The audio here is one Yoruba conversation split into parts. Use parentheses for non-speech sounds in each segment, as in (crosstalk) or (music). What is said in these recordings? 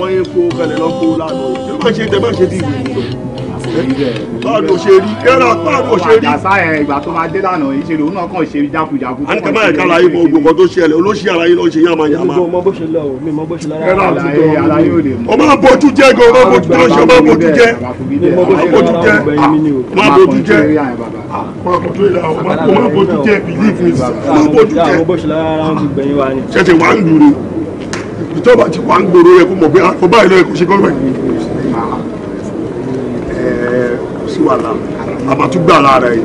bọ́ yẹn kó kalẹ̀ lọ kó lánàá o ṣé máa ṣe tẹ máa ṣe bí ìwé báàdù ò ṣe rí kẹ́rà báàdù ò ṣe rí. àṣà ẹ̀ ìgbà tó máa dé lánàá yìí ṣe lè òun náà kàn ṣe jákujàku. a ní kí n máa kára yín mọ ogun kan tó ṣẹlẹ̀ olóṣì ara yín lọ ṣe yàmà yàmà. mi mọ bó ṣe lọ o mi mọ bó ṣe lọ rárá. kẹ́rà àlàyé òde mọ. ọmọ abojú jẹ gan ọmọ abojú jẹ ọmọ abojú jẹ abojú jẹ ọmọ abojú jẹ ọmọ abojú jẹ ọmọ abojú jẹ bìlíf tó bá ti wà ń gbòòrò rẹ kó mọ̀ pé àkọ́ ah, báyìí lọ́yẹ̀ kó ṣe gọ́ọ̀mẹ̀. kò sí wàhálà àbátúgbà lára ẹ̀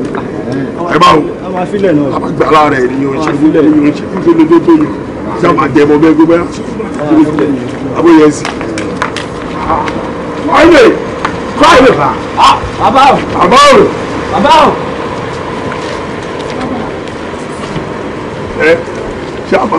ẹ bá wò àbàgbà lára ẹ̀ ni yóò ṣe fún yóò ṣe fún tó tó tó yìí ṣé àmà jẹ ẹmọ bẹ́ẹ̀ gbogbo ẹ̀ àbóyẹ ẹ̀sìn. Friday Friday. bàbá o bàbá o bàbá o. ẹ ṣé àmà.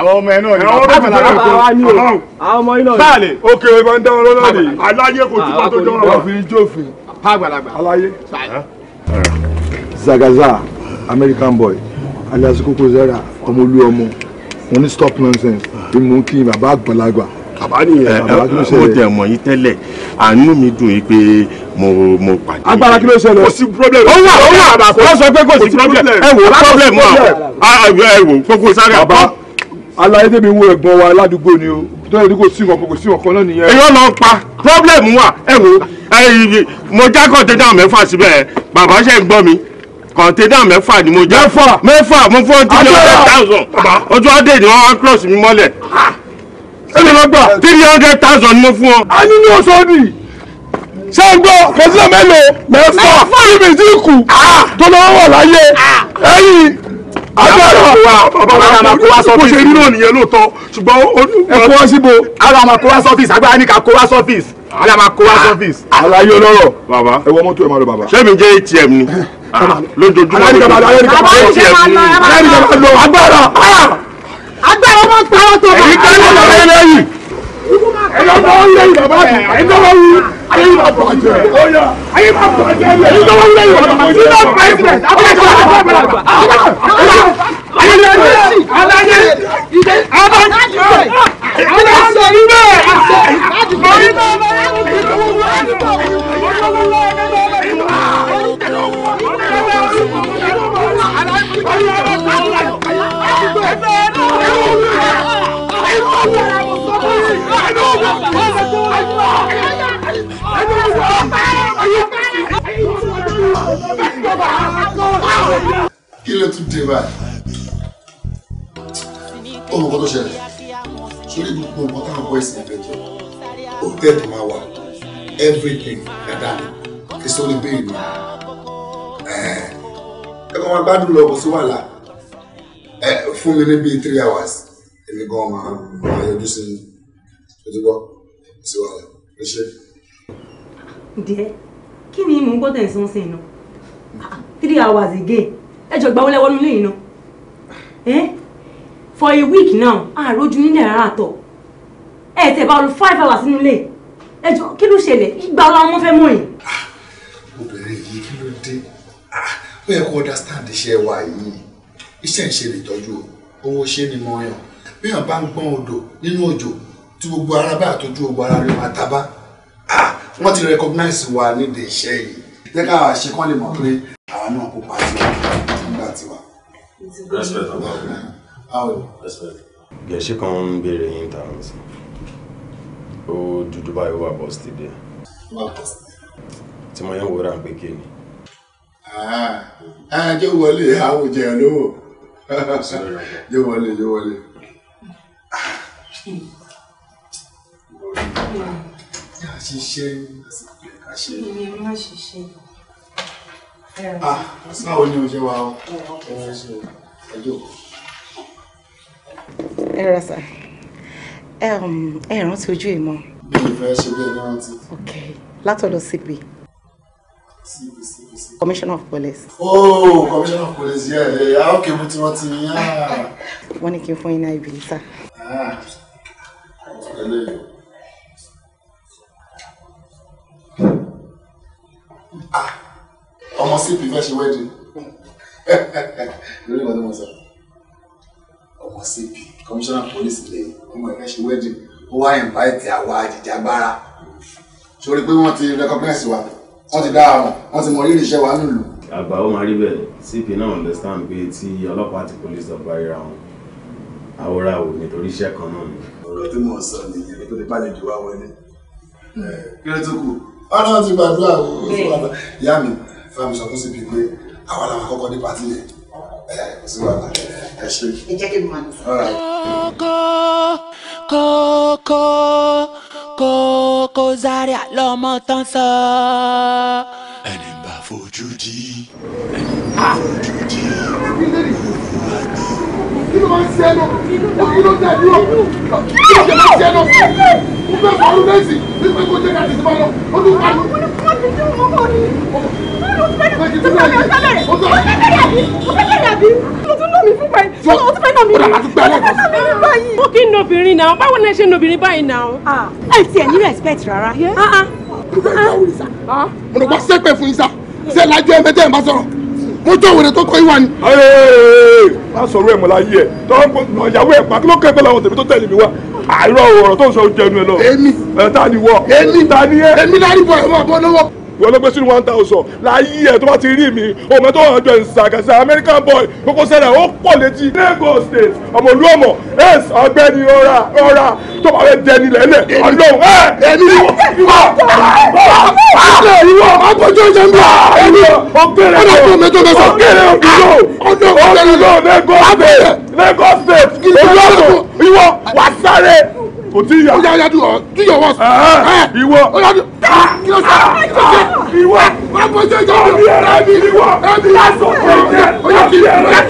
àwọn ọmọ ẹ náà ni àwọn ọmọ ẹ náà ni àwọn ọmọ ẹ náà ni. báàlì òkè ìbọn ń dáwọn lọ́nà ni aláyé kò tí kò tó jọ wọn. òfin jófin pàgbàlagbà aláyé. zagaza American boy alias Koko Zaria ọmọ olú ọmọ wọn ní stop nonsense ìmú kí bàbá àgbàlagbà ó tẹ mọ yín tẹ́lẹ̀ àánú mi dùn yín pé mo mo pàdé. agbára kí ló ṣẹlẹ̀. kò sí problem. ó wà ó wà kò sọ pé kò sí problem. ẹ wò problem ẹ wò Koko Zaria. bàbá aláyé wo ẹ̀gbọ́n wa ládùúgbò ni o tó yẹ kó sí nǹkan kò sí nǹkan náà nìyẹn. èyí ló ń pa problem wà ẹ wo mo já kọ̀ǹténà mẹ́fà síbẹ̀ bàbá ṣe ń gbọ́ mi kọ̀ǹténà mẹ́fà ni mo já mẹ́fà mẹ́fà mo fọ́ three hundred thousand ojú adé ni wọ́n wá cross mi mọ́lẹ̀ ẹni lọ gbà three hundred thousand ni mo fún ọ. a nínú ọ̀sán ni ṣé ń gbọ́ kọ̀ǹténà mélòó mẹ́fà níbi tí kù ah. tó lọ́wọ́ láyé ah. ẹ̀yìn agbára wa bàbá wa máa kó wá sọ́fíìsì. bó ṣe rí náà nìyẹn lóòótọ́ ṣùgbọ́n. ẹ kó wá síbo. ara máa kó wá sọ́fíìsì agbára ní ká kó wá sọ́fíìsì. ara máa kó wá sọ́fíìsì. àlàyé olóró. bàbá ẹ wọ mọ́tò ẹ máa lọ bàbá. ṣé mi jẹ́ ATM ni. lójoojúmọ́ lójoojúmọ́ ATM ni. agbára agbára máa ń parọ́ tó bá. èyí kẹ́lẹ́ lọ́wọ́ eléyìí ẹ̀yọ́ bá wọ́n lẹ́yìn bàbá mi ẹ̀yìn bá wọ́n wú ayé yìí máa bọ̀ jẹ́ ayé máa bọ̀ jẹ́ ẹ̀yìn bá wọ́n lẹ́yìn bàbá mi nínú pẹ́ẹ́pẹ́ Thank you. kí ló tún dé báyìí ó mọ̀ kó tó ṣẹlẹ̀ sórí gbogbo nǹkan táwọn bọ́ ẹ̀sìn ẹ̀fẹ̀ jọ òtẹ́ẹ̀lì máa wà everything dáadáa kí sórí bẹ́ẹ̀ ni ẹ kọ́ máa gbádùn lọ kò sí wàhálà ẹ fún mi ní bíi three hours èmi gan-an máa yọjú sí i ojúbọ sí wàhálà ẹ ṣe díẹ̀ kí ni mò ń gbọ́ tẹ̀ No, sọ́n sìn nù ah, three hours again ẹ jọ gbà wọ́n lẹ́wọ́ nílé No, eh? for a week now àròjù nílẹ̀ rárá tọ̀ ẹ tẹ̀ bá lu five hours nínú ilé ẹ jọ kí ló ṣẹlẹ̀ ìgbà ọlá wọn fẹ́ mọ̀ yìí. Ah, obìnrin yìí kí ló dé ah, ó yẹ kó understand iṣẹ́ wa yìí iṣẹ́ ń ṣe lè tọ́jú o owó ṣe ni mo yàn bí wọn bá ń gbọ́n odò nínú òjò tí gbogbo ara bá àtọ́jú gbogbo ara rẹ̀ máa ta wọ́n ti recognize wa nídìí iṣẹ́ yìí jẹ́ ká ṣe kán lè mọ̀ pé àwa náà kó pa tiwa nígbà tiwa. respect ọba ọba how respect. gẹ̀ẹ́sì kan ń béèrè yín ta ọ̀hún sí ó dúdú báyìí wà bọ́ sí díẹ̀. tí mo yẹn wúra pé kí ni. Ah, ah, jẹ́ wọlé àwùjẹ lówó jẹ́ wọlé jẹ́ wọlé. Yeah ṣiṣẹ́ lásìkò yẹ ká ṣe. mi ò má ṣiṣẹ́. báwo ni o ṣe wà o ẹjọ́. ẹ rà sà ẹ rántí ojú ẹ mọ. mi ò fẹ́ ṣe bí ẹ rántí. ok látọ̀dọ̀ síbi. Commissioner of Police. Oh, Commissioner of Police, yeah, yeah, yeah. Ah, okay, mo ti rántí yín. Ah. Wọ́n ní kí n fún yín náà ibi níta. Ah, ọ̀rẹ́ lẹ́yìn. Ah, ọmọ sípì fẹ́ ṣe wẹ́dìn lórí ìwádìí wọn sọ ọmọ sípì kọmíṣánná pólísì lè ọmọ ẹ̀fẹ́ ṣe wẹ́dìn ó wá invite àwa àjìjàgbara sórí pé wọ́n ti rẹ́kọ́gínẹ́sì wa wọ́n ti dá àwọn wọ́n ti mọ rírì iṣẹ́ wa nílùú. àgbà ó máa rí bẹ́ẹ̀ cp náà understand pé tí ọlọ́pàá àti police ọba ríra wọn àwòrán àwò nítorí iṣẹ́ kan náà ni. ọ̀rọ̀ tí mò ń sọ nìyẹn nítorí bá lè jù wá wọlé kí ló tún kù ọlọ́run ti gbàdúrà o ìyá mi fáwọn sọ fún sí bíi pé àwọn làwọn kọ́kọ́ ní pàtí yẹn kò sí wàhálà ẹ ṣe. ẹ jẹ́ kí n máa lọ. kókó kókó Zaria lọmọ tán sọ. ẹni bá fojú di ẹni bá ah! fojú di ló máa ń ṣe ẹnu mo kí ló dẹ̀ dúró kí ló dẹ̀ máa ṣe ẹnu mo fẹ́ fọ ọdún mẹ́sì ní pé kó jẹ́ ká tètè máa lọ ọdún pa lọ. Mo kí n obìnrin náà, báwo ni ẹ ṣe ń obìnrin báyìí náà? Ẹ tiẹ̀ ní respect rárá. Mo lọ gbọ́ sẹ́pẹ̀ fún yín sá, ṣé lájú ẹ̀mẹ́tẹ̀ ẹ̀ máa sọ̀rọ̀? mo jọ wèrè tó kọ ìwà ni. má sọ̀rọ̀ ẹ̀ mọ̀ láyé ẹ̀ tọ́ ìyàwó ẹ̀ pàkí ló kẹ́ pẹ́ làwọn tèmi tó tẹ̀lé mi wá àìrọ̀ ọ̀rọ̀ tó ń sọ jẹnu ẹ lọ. èmi. ẹ ta ni wọ. èmi ta ni ẹ. èmi lárí bọ̀ ẹ̀ wọ́n bọ́ lọ́wọ́ wọ́n ló gbé sínú one thousand láyé ẹ̀ tó bá ti rí mi òun tó hàn jọ ìsàkàsà American boy kókó sẹ́dà ó pọ̀ létí Lagos state ọmọlúọmọ ẹ̀s ọgbẹ́ni ọ̀ra ọ̀ra tó bá fẹ́ dẹni lẹ́lẹ̀ ọlọ́run ẹ̀ ẹ̀mí wọ́n akọjọ ìjọ mi ẹ̀mí ọ̀gbẹ́rẹ̀ ọ̀gbẹ́rẹ̀ ọ̀gbẹ́rẹ̀ ọ̀gbẹ́rẹ̀ ọ̀gbẹ́rẹ̀ Lagos state olùwàsó ìwọ wàsáré kò tí ì yà. ó yà ó yà do your do your worst. Ah, ah, eh, ìwọ. ó yà do kí ló ṣe jọ mi ẹrẹ mi ìwọ. ẹbí lásọ ìjẹ ó yà kí ẹrẹ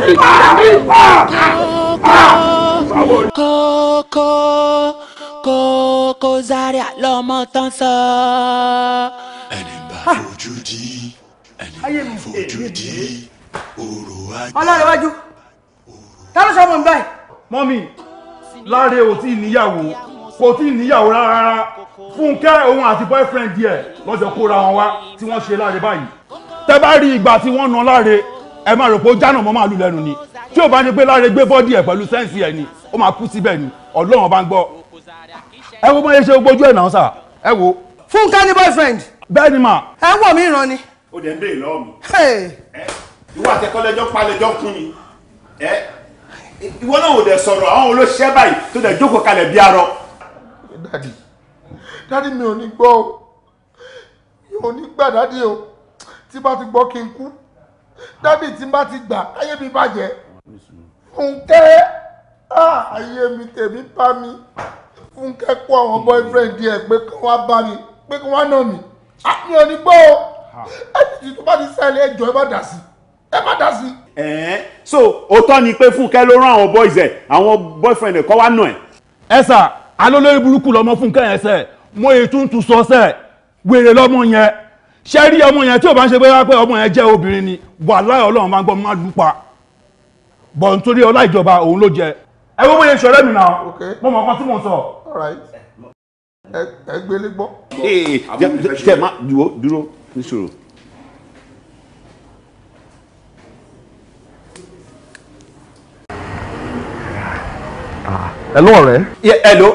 mi. kókó kókó Zaria lọmọ tán sọ. ẹni bá ah. fojú di ẹni bá fojú di ọ̀rọ̀ ajé. ọlọ́run iwájú ta ló sọ mọ́mí. Láre ò tí ì níyàwó kò tí ì níyàwó rárá Fúnkẹ́ òun àti boyfriend díẹ̀ lọ́jọ́ kóra wọn wá tí wọ́n ṣe Láre báyìí tẹ́ bá rí ìgbà tí wọ́n na Láre ẹ máa rò pé ó jánà mọ́ màálù lẹ́nu ni tí ò bá ní pé Láre gbé bọ́dì ẹ̀ pẹ̀lú sẹ́ǹsì ẹ̀ ni ó máa kú síbẹ̀ ni Ọlọ́run bá ń gbọ́ ẹ wo bá yẹ ṣe gbójú ẹ̀ náà sà ẹ wo. Fúnkẹ́ ní boyfriend. bẹ́ẹ̀ ni mà. ẹ wọ̀ mí ìran ni. ó dẹ̀ ń bèè lọ́ọ̀ mi. ìwọ àtẹkọ́lẹ́jọ́ palẹ̀jọ́ kún ni ìwọ náà ò dẹ̀ sọ̀rọ̀ àwọn olóṣẹ́ báyìí tó dẹ̀ jókòó kalẹ̀ bí arọ. dadi dadi mi ò ní gbọ́ o mi ò ní gbà dadi o tí bá ti gbọ́ kí n kú dadi tí bá ti gbà ayé mi bàjẹ́ fúnkẹ́ ah, ayé mi tèmi bá mi fúnkẹ́ kó àwọn boyfriend díẹ̀ pé kí wọ́n bá mi pé kí wọ́n nà mí ah, mi ò ní gbọ́ o ẹ ti tì tó bá ti ṣẹlẹ̀ ẹjọ́ ẹ má dà sí ẹ má dà sí ẹ̀ẹ́n eh? so òótọ́ ni pé fúnkẹ́ ló rán àwọn boys ẹ̀ àwọn boyfriend ẹ̀ kọ́ wá nù ẹ̀. ẹ sà alólórí burúkú lọmọ fúnkẹ́ yẹn sẹ mo èyí tún tún sọ sẹ wèrè lọmọ yẹn ṣe rí ọmọ yẹn tí ò bá ń ṣe pé pé ọmọ yẹn jẹ́ obìnrin ni wàláhì ọlọ́run máa ń gbọ́ máa lù pa bọ̀ nítorí ọlá ìjọba òun ló jẹ ẹ wọ́n bóyá ìṣọ̀rẹ́ mi náà mo mọ̀ ọkọ tí mo sọ. ẹ gbélé gbọ́. dúró dúró níṣòro hello ọ̀rẹ́. hello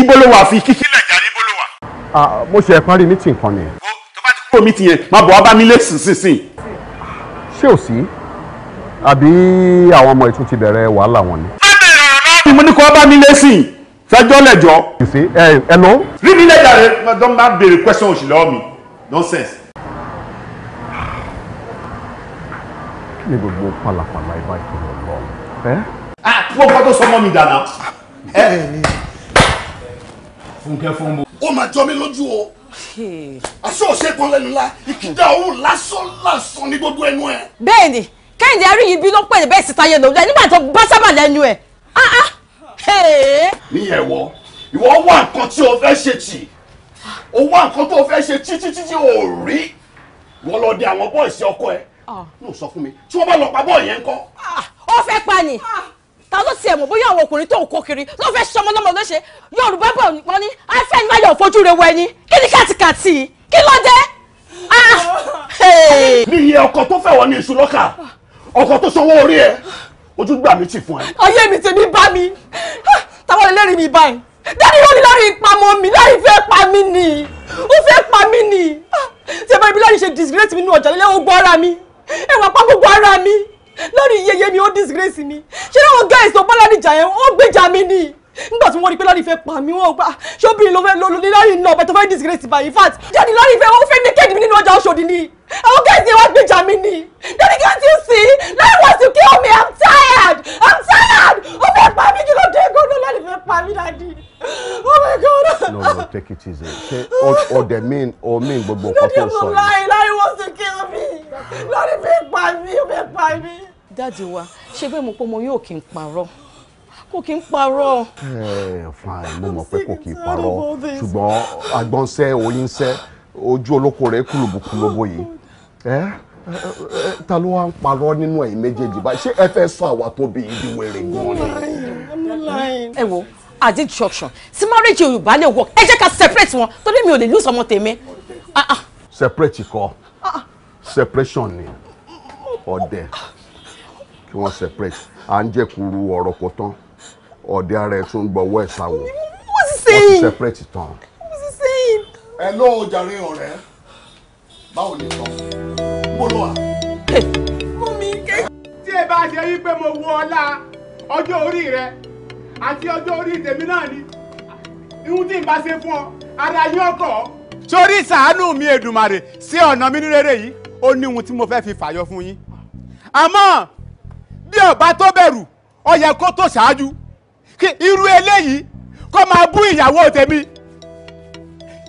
ibo ló wà fi kíkí lẹ̀ jáde ibo ló wà. Ah, mo ṣe ẹ̀kan rí mítìn kan ni. tó bá ti kúrò mítìn yẹn máa bọ̀ wá bá mi lé sísìn. ṣé ò sí àbí àwọn ọmọ ìtún ti bẹ̀rẹ̀ wàhálà wọn ni. bẹ́ẹ̀ni mo ní kó bá mi lé sí i fẹjọ́ lẹ́jọ́. you see ẹ ẹ lọ. rí mi lẹ́jà rẹ don máa béèrè question òsì lọ́wọ́ mi nonsense. kí ni gbogbo pàlàpàlà ìbá ìpínlẹ̀ lọ wọ́n kọ́ tó sọmọ mi dànù. Fúnkẹ́ Fọ́nbó. ó máa jọ mí lójú o aṣọ òṣèkùn lẹ́nu la ìkìdá òun lásán lásán ní gbogbo ẹnu ẹ. bẹ́ẹ̀ni kẹ́hìndé aríyìnbí ló pè é bẹ́ẹ̀ sì táyé lòun nígbà tó bá sábà lẹ́nu ẹ̀ ah, ah. níyẹn wọ ìwọ wá nǹkan tí o fẹ́ ṣe tì o wá nǹkan tó o fẹ́ ṣe títí títí o rí wọ́n lọ dé àwọn bọ́ọ̀sì ọkọ ẹ̀ ní o sọ fún mi tí wọ́n bá lọ pa bọ́ọ̀ yẹn ńkọ́. Ah, ó fẹ́ pa ni ta ló tiẹ̀ mọ̀ bóyá àwọn ọkùnrin tó ń kó kiri ló fẹ́ ṣọmọ lọ́mọ ló ṣe yorùbá bọ̀ wọ́n ni, afẹ́ ní báyọ̀ fojú rẹ wọ ẹni kí ni kàtìkàtì kí ló dé. Ah! mi yẹ ọkọ tó fẹ́ wọ ní iṣu lọ́kà ọkọ tó sanwó orí ẹ ojú gbà mí ti fún ẹ. ayé mi tèmi bá mi táwọn ẹlẹ́rìí mi báyìí dáàdi ló ní lórí ìpamọ́ mi lórí fẹ́ pa mi, ni ó fẹ́ pa mí ni tí ẹ bá ibi lórí ṣe disgrace mi nínú ọjà lẹ́lẹ́ ó gbọ́ ara mi ẹ̀wọ̀n pa gbogbo ara mi lórí yẹyẹ mi ó disgrace mi ṣé láwọn guys tó bá ládìjà yẹn ó gbèjà mi ni nígbà tí wọ́n rí pé láti fẹ́ pa mí wọ́n gbà ah, ṣóbìnrin ló fẹ́ lọ ní láyé náà bẹ́ẹ̀ tó fẹ́ disgrace by in fact jáde láti fẹ́ wọ́n fẹ́ naked mi nínú ọjà Ọ̀ṣọ́dì ni àwọn guys yẹn wá gbèjà mi ni daddy can't you see láì wọ́n ti kill me i'm tired i'm tired ó fẹ́ pa mí kí ló dé gbọ́dọ̀ láti fẹ́ pa mí dáadé oh my god. no no take it easy ṣe ọdẹ mean or mean gbogbo nǹkan tó sọ yìí. lórí mo láì láì wọ́n ti kill me lórí fẹ́ pa mí ó fẹ́ pa mí dáàdi wa ṣé bẹ́ẹ̀ mo pé mo yóò kí n parọ́ kò kí n parọ́. ẹ eh, fine mo mọ̀ pé kò kí n parọ́ ṣùgbọ́n agbọ̀nsẹ́ oyinṣẹ́ ojú olóko rẹ̀ kúlòbókúlòbó yìí eh, eh, ta ló wá ń parọ́ nínú ẹ̀yin méjèèjì báyìí ṣé ẹ fẹ́ sọ àwa tó bí ibi wẹ̀rẹ̀ gan-an ni. Hmm? ẹ wo àdí instruction tí marriage yorùbá lè work ẹ jẹ́ ká separate wọn torí mi ò lè lose ọmọ tèmi. Ah, ah. separate kọ́ ah, separation ni ọ̀dẹ̀ kí wọ́n separate à ń jẹ́ kuru ọ̀rọ̀ kò tán ọ̀dẹ ara ẹ̀ tún gbọ́wọ́ ẹ̀ sáwọ̀ wọ́n ti separate tán. ẹ ló ń jàre báwo ni sọ mo lọ à. tí ẹ bá ṣe wí pé mo wo ọlá ọjọ́ orí rẹ àti ọjọ́ orí tèmi náà ni ihun tí n bá ṣe fún ọ ara yín ọkọ. torí ṣàánú mi Èdùmàrè sí ọ̀nà mi nírèrè yìí ó ní ohun tí mo fẹ́ fi fàyọ fún yín àmọ́ bí ọba tó bẹ̀rù ó yẹ kó tó ṣáájú kí irú eléyìí kó máa bú ìyàwó tèmi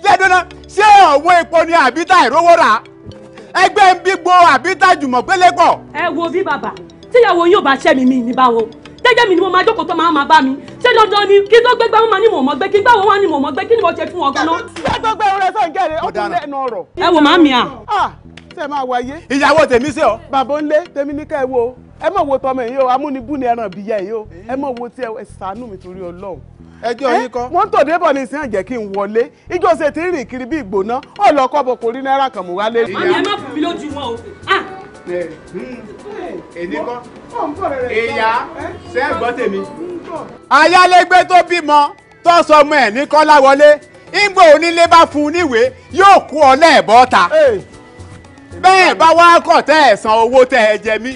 lẹ́dọ̀nà ṣé ọ̀wọ́ epo ni àbíta ìrówó rà ẹgbẹ́ ń bí gbo àbíta jùmọ̀ pélé pọ̀. ẹ wo bí bàbá tíyàwó yóò bá ṣẹ́ mi mi ní báwo jẹ́jẹ́ mi ni mo máa jókòó tó máa máa bá mi ṣé dandan ni kí ló gbégbá wọn máa ní mò mọ́ gbé kí gbáwọ́ wọn ní mò mọ́ gbé kí ni mo ṣe fún ọgbọ́n náà. ṣé gbogbo ẹ̀rọ ẹ̀fọ́ ń kẹ́rẹ́ ó tún lẹ́nu ọ̀rọ̀. ẹ wò má mi à. Ah, ṣé máa wáyé. ìyàwó tèmi sí ọ. bàbá ń lé tèmi ní ká ẹ wo ẹ mọ̀ wo tọmọ yìí o amúnibú ni ẹran ìbíyà yìí o ẹ mọ̀ wo tí ẹ ṣàánú mi torí ọlọ́run. ẹjọ́ yín kọ́. wọ́n tò débọ̀ ní ìsìn àjẹ́ kí n wọlé ijó ṣe ti ń rìn kiri bí ìgbóná ọlọ́kọ́ bọ̀ kò rí náírà kan mú wálé. àyè má fún mi lójú wọn o ah! hmm. èdè kọ́ ìyá sẹ́gbọ́n tèmi. ayálégbé tó bímọ tó sọ ọmọ ẹ̀ ní kọ́láwọlé ìgbò onílé bá fún un níwèé yóò kú bẹ́ẹ̀ bá wá kọ̀ tẹ́ ẹ̀ san owó tẹ́ ẹ jẹ mí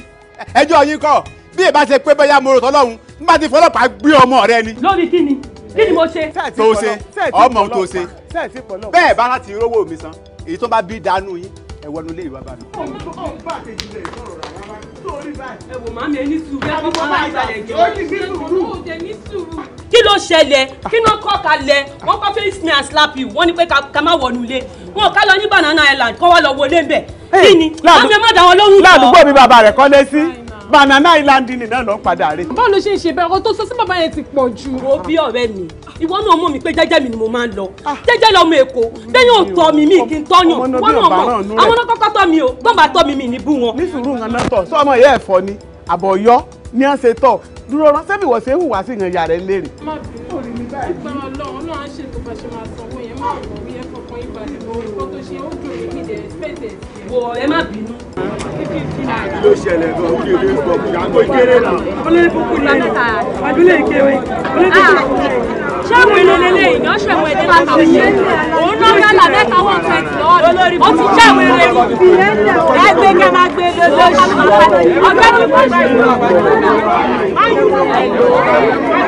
ẹjọ́ yín kọ́ bí ìbá ṣe pé bóyá mo rò tọ́lọ́hún nígbà tí fọlọ́pàá gbé ọmọ rẹ ni. lórí kí ni kí ni mo ṣe. tó ṣe ọmọ tó ṣe bẹ́ẹ̀ bá láti rówó mi san èyí tó bá bí dànù yín ẹ̀wọ́nulé ìwà bá mi. ọ̀hún bá àtẹ̀jílẹ̀ ìtọ́rọ̀ rà wá kí ló ṣẹlẹ̀ kí ló kọ́ kalẹ̀ wọ́n kọ́ face me and slap you wọ́n ní pé ká má wọnú ilé wọn ká lọ ní banana island kọ́ wá lọ wọlé ń bẹ̀ kí ni wọ́n fi má dá wọn lóhùn tọ́. láàdúgbò mi bàbá rẹ̀ kọ́lé sí banana island ni náà lọ padà rè. báwo ló ṣe ń ṣe bẹ́ẹ̀ ọkọ tó sọ sí bàbá yẹn ti pọ̀ jù. o bí ọ̀rẹ́ mi ìwọ náà mọ̀ mí pé jẹ́jẹ́ mi ni mo máa ń lọ ah. jẹ́jẹ́ lọ́mọ èkó lẹ́yìn òtọ́ mi mi kì í tọ́yàn wọ́n náà mọ̀ àwọn náà kọ́kọ́ tọ́ mi o bọ́ọ̀bà tọ́ mi mi ní bú wọn. ní sùúrù nǹkan náà tọ̀ sọ́mọ ìyá ẹ̀fọ́ ni àbọ̀yọ́ ni a ṣe tọ̀ dúró rán sẹ́bí wọ̀ṣẹ́ hùwà sí ìyànjà rẹ̀ léèrè. má bí kò rí mi báyìí. ìgbàlọ́ ọlọ́run á ṣètò bá ṣe máa ó dùn wọ ẹ má bínú. kí ṣẹlẹ̀ gan kí ilé gbọ́ ìyàgò ìkéré nà. olórí kúkú ni ìkéwé olórí kúkú ìlélẹ́lẹ́ ìyàn ṣẹ̀mu ẹ̀dẹ́ látàwọn ṣẹ́ òun náà yálà mẹ́ta wọ́n fẹ́ tì lọ́wọ́ ni ó ti ṣẹ́mu eré mi ẹgbẹ́ kẹ́ máa gbé lójú ọgbẹ́ mi kò sí.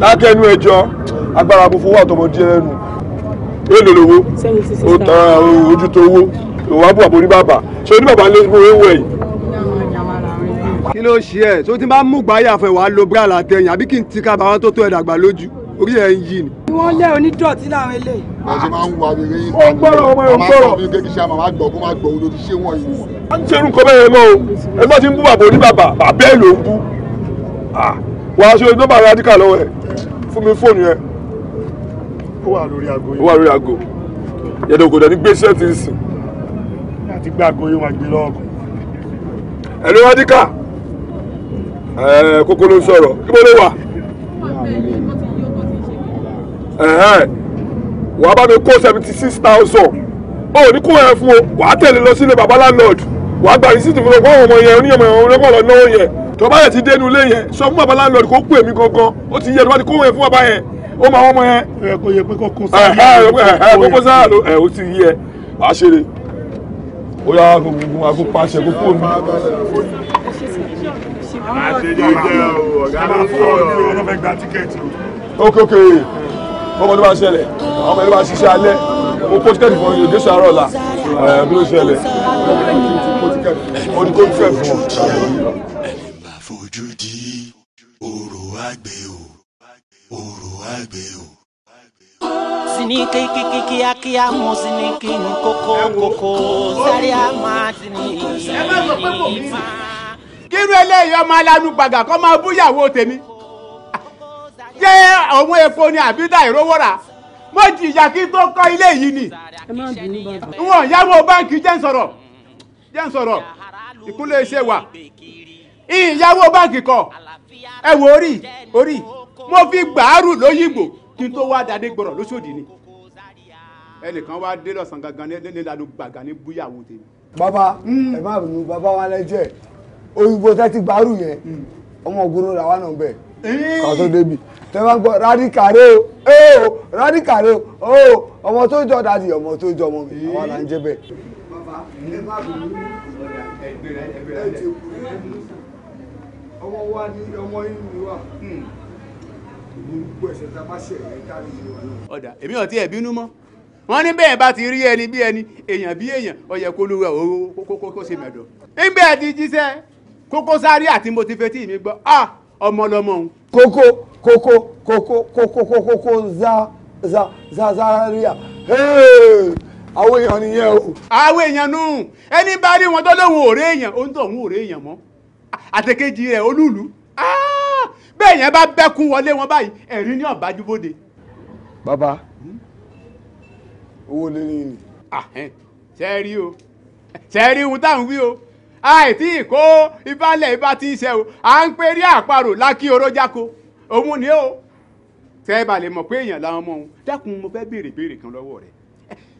dákẹ́nu ẹjọ́ agbára funfun wà tọmọ díẹ̀ lẹ́nu èlò lówó ó tan ojú tó owó ìwà bùwà bò ní bàbá ṣé oní bàbá lé fún owó ẹ̀yìn. kí ló ṣe ẹ tó ti máa ń mú gbáyà fún ẹ wàá lo bíra àtẹyìn àbí kí n ti ka bàbá tó tó ẹ lójú orí ẹ ń yí ni. wọ́n lé onídọ̀tí láwọn eléyìí. ọ̀sẹ̀ ń wà mí rí ìgbà mi lọ màmá sọ mi kékeré ṣe àmàmà gbọ̀ kó má gbọ̀ a ń ṣerú nǹkan bẹ́ẹ̀ yẹn o ẹgbẹ́ wàá ṣe nọ́mbà radical lọ́wọ́ ẹ̀ fún mi fóònù ẹ̀. ó wà lórí aago yìí. ó wà lórí aago yẹ̀dọ̀ kò dẹ̀ ní gbé sẹ́ẹ̀tì ìsìn. láti gbé aago yìí wàá gbé lọ́wọ́ kan. ẹ̀lú radical kókó ló ń sọ̀rọ̀ ibo ló wà. wàá bá mi kó seventy six thousand ó ní kó ẹ fún o wàá tẹ̀lé lọ sílé babaláńlọ́ọ̀dù wàá gbà rìsíìtì fún ọgbọ́n ọmọ yẹn oníyẹ̀mọ̀ ọmọ ọlọ́gbọ̀n lọ́wọ́ yẹn tó bá yẹ ti dénú ilé yẹn sọ fún bàbá láńlọ́ọ̀dù kó pè mí gangan ó ti yẹ tó bá ti kó yẹn fún bàbá yẹn ó máa wọ́n mọ yẹn. ẹ kò yẹ pé kò kún sáà ló kò kún sáà ló ẹ ó ti yí ẹ àṣírí ó yà kó gungun àgó pàṣẹ kó kó mi. ok ok ọmọ tó bá ṣẹlẹ̀ ọmọ tó bá ṣiṣẹ́ alẹ́ o kó tíkẹ́ẹ̀tì fún yòókè sàárọ̀ la bí ló ṣẹlẹ̀ o ti kó tíkẹ́ẹ̀tì fún ọ fojú di òrò àgbẹ̀ o òrò àgbẹ̀ o. sinike kiki kíákíá mo sinike nkoko nkoko sáré a máa sinike ma. kírú eléyìí ọmọ alánú gbàgà kó máa búyàwó tèmi ṣé òun epo ni àbí dá ìrówó rà mo jìyà kí tó kọ́ ilé yìí ni n ò yáwó báńkì jẹ́ ń sọ̀rọ̀ jẹ́ ń sọ̀rọ̀ ìkúnlẹ̀ iṣẹ́ wa ìyàwó báǹkì kan ẹ wo orí orí mo fi gbàárù lóyìnbó kí n tó wá dáadé gbọrọ lóṣòdì ni ẹnìkan wá dé lọ́sàn gangan ní ìlànà gbàgà ní búyàwó tèmi. bàbá hmm. ẹ má bínú bàbá wa lẹ́jẹ̀ oyinbo tẹ́ ti gbàárù yẹn ọmọ ògúnrún làwa náà bẹ̀ kà tó débi tẹ́ bá ń gbọ́ rádìkàrẹ́ o rádìkàrẹ́ oh o ọmọ tó jọ dàdí ọmọ tó jọ ọmọ mi àwa là ń jẹ bẹ́ẹ̀ ọmọ wa ní ọmọ inú mi wà hmm. gbogbo ẹ̀ṣẹ̀ tá a bá ṣẹ̀ ẹ̀ dárí ni wà náà. ọ̀dà èmi ò tiẹ̀ bínú mọ́ wọ́n ní bẹ́ẹ̀ bá ti rí ẹni bí ẹni èèyàn bí èèyàn ọ̀yẹ̀ kó lóra òwò kókó ṣe mẹ̀dọ̀. nígbà tí jíṣẹ́ Kókó Sárì àti mo ti fetí mi gbọ́ ah ọmọ lọmọ òun. kókó kókó kókó kókó kókó za za za Zaria àwọn èèyàn nìyẹn o. àwọn èèyàn nù ẹni bá rí wọn tó lóun ò rí èèyàn ó ń tọ̀ òun ò rí èèyàn mọ́ àtẹ̀kejì rẹ̀ olúùlú ah! bẹ́ẹ̀ yẹn bá bẹ́kún wọlé wọn báyìí ẹ̀rí ní ọ̀bájúbóde. bàbá hmm? owó lé ní. Ah, ṣe rí o ṣe rí ohun táwọn wí o àìtí ìkó ìbálẹ̀ ìbá ti ń ṣe o à ń pè rí àparò lákì orójáko òun ni o tẹ́ ẹ bá lè mọ̀ pé èèyàn làwọn ọmọ òun dákun mo fẹ́ béèrè béèrè kan lọ́wọ́ rẹ̀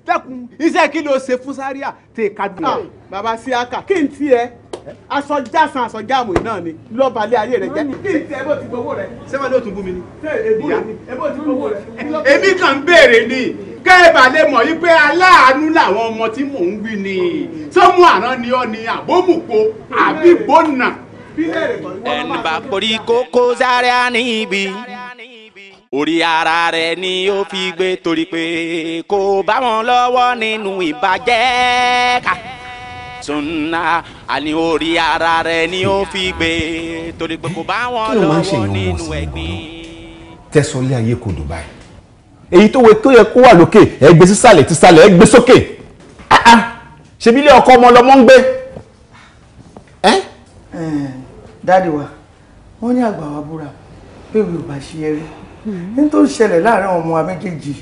dákun iṣẹ́ kí ló ṣe fún sáríà tẹ̀ ká dùn. Ah, bàbá síákà kí n tiẹ̀ asọjá san asọjá àmọ̀ náà ni lọ́ba alẹ́ ayé rẹ jẹ́. kí ni tẹ ẹbọ ti gbowó rẹ. sẹ́wọ́n ló tún bú mi ni. ìyá ẹbọ ti gbowó rẹ. èmi kàn ń béèrè ni kẹ́ẹ̀bà lè mọ̀ yí pé aláàánú làwọn ọmọ tí mò ń wí ni sọ́mù àná ni ọ́ ni àbómùpo àbí gbóná. ẹni bá porí kókó sáré á ibi orí ara rẹ ni ó fi gbé torí pé kò bá wọn lọ́wọ́ nínú ìbàjẹ́ ká sunna àní orí ara rẹ ni ó fi gbé torí pé kò bá wọn lọ́wọ́ nínú ẹ̀gbin. tẹ́sán lé ayé kò dùn báyìí èyí tó wẹ tó yẹ kó wà lókè ẹ gbé sísàlẹ̀ tísàlẹ̀ ẹ gbé sókè ah, ah. ṣebí ilé ọkọ ọmọ lọmọ ń gbé. dáàdi wa wọ́n ní àgbà wa búra pé mi ò bá ṣe eré ní tó ń ṣẹlẹ̀ láàárín ọmọ wa méjèèjì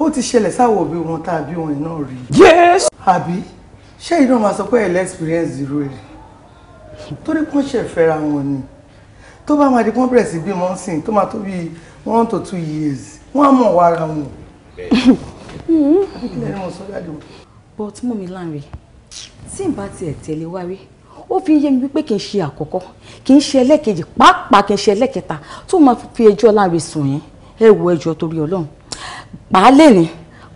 ó ti ṣẹlẹ̀ sáwọn òbí wọn tá a wọn náà rí. yẹ́sì. àbí ṣé iná máa sọ pé ẹ̀lẹ́ experience zero rẹ̀ torí pọ́n ṣe fẹ́ra wọn ni tó bá máa di pọ́n bẹ̀rẹ̀ sí bímọ sí tó máa tó bíi one to two years wọ́n á mọ̀ wá ara wọn. but mú mi láǹrẹ̀ tí n bá tiẹ̀ tẹ̀lé wá rí ó fi yé mi wípé kì í ṣe àkọ́kọ́ kì í ṣe ẹlẹ́kejì pàápàá kì í ṣe ẹlẹ́kẹta tó máa fi ẹjọ́ láǹrẹ̀ sùn yẹn ẹ wo ẹjọ́ torí ọlọ́run pàá lè rìn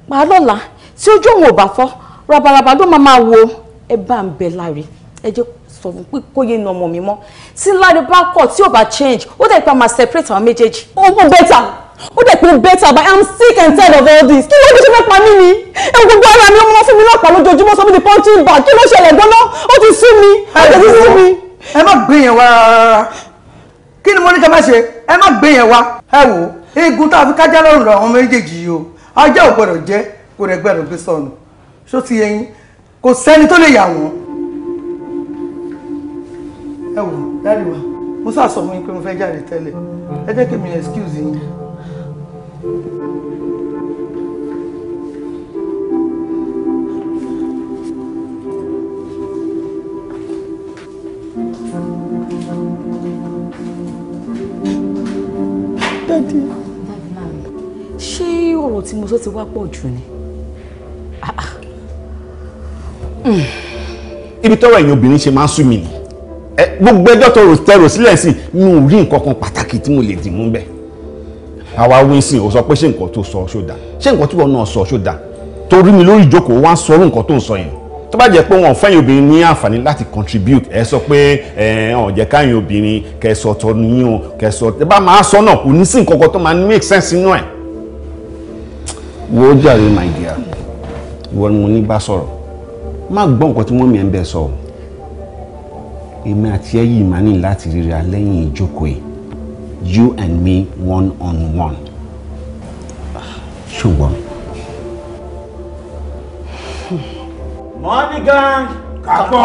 pàá lọ́la tí ojú òun ò bá fọ́ rabaraba ló máa wo ẹ bá ń bẹ láre ẹ jẹ́ sọ fún pé kó yé na ọmọ mi mọ́ tí láre bá kọ̀ tí ò bá change ó dẹ̀ pa máa separate àwọn méjèèjì. ó mú bẹ́tà ó dẹ̀ pé bẹ́tà but i'm sick and tired of all this kí ló dé ṣe fẹ́ pa mí ni ẹ̀wọ̀n gbogbo ara mi ọmọ fún mi lọ́pàá lójoojúmọ́ sọ mi di punching bag kí ló ṣẹlẹ̀ gbọ́ná ó ti sú mi ó ti sú mi. ẹ má gbìyànjú rárá kí ni mo ní ká má ṣe ẹ má gbìyànjú wa ẹ wò eégún tá a fi kájá lọ́rùn lọ àwọn méjèèjì yìí o ajá ò gbọdọ̀ jẹ́ kò rẹ̀ gbẹ̀rù gbé sọnù ṣó ti yẹyin kò sẹ́ni tó lè yà wọ́n. ẹ wò dáàdì wa mo sá sọ fún yín pé mo fẹ́ jáde tẹ́lẹ̀ ẹ jẹ́ kí mi excuse yín. dáàdì. ṣé ọ̀rọ̀ tí mo sọ ti wá pọ̀ jù ni? Ah, ah ibi tọ́wọ́ ẹ̀yin obìnrin ṣe máa ń sùn mí ni gbogbo ẹjọ́ tọrọ tẹrọ sílẹ̀ sí mi ò rí nǹkan kan pàtàkì tí mo lè dì mú bẹ́ẹ̀ àwa winsin ò sọ pé ṣé nǹkan tó sọ ṣódà ṣé nǹkan tí wọn náà sọ ṣódà torí mi lórí ìjókòó wá ń sọrú nǹkan tó ń sọ yẹn tó bá jẹ́ pé wọn fẹ́yìn obìnrin ní àǹfààní láti contribute ẹ sọ pé ẹ ọ̀ jẹ́ káyìn obìnrin kẹsọ tọ nìyí o kẹsọ tẹ bá máa sọ náà kò ní sí nǹkan kan tó máa make sense nínú ẹ. wo jàre my dear ìwọ ni mo ní bá sọ̀rọ̀ má gbọ́ nǹkan tí wọ́n mi ẹ̀ ń bẹ sọ èmi àti ẹ yìí máa ní láti ríra lẹ́yìn ìjókòó yìí you and me one on one ṣùgbọ́n. money gang kakọ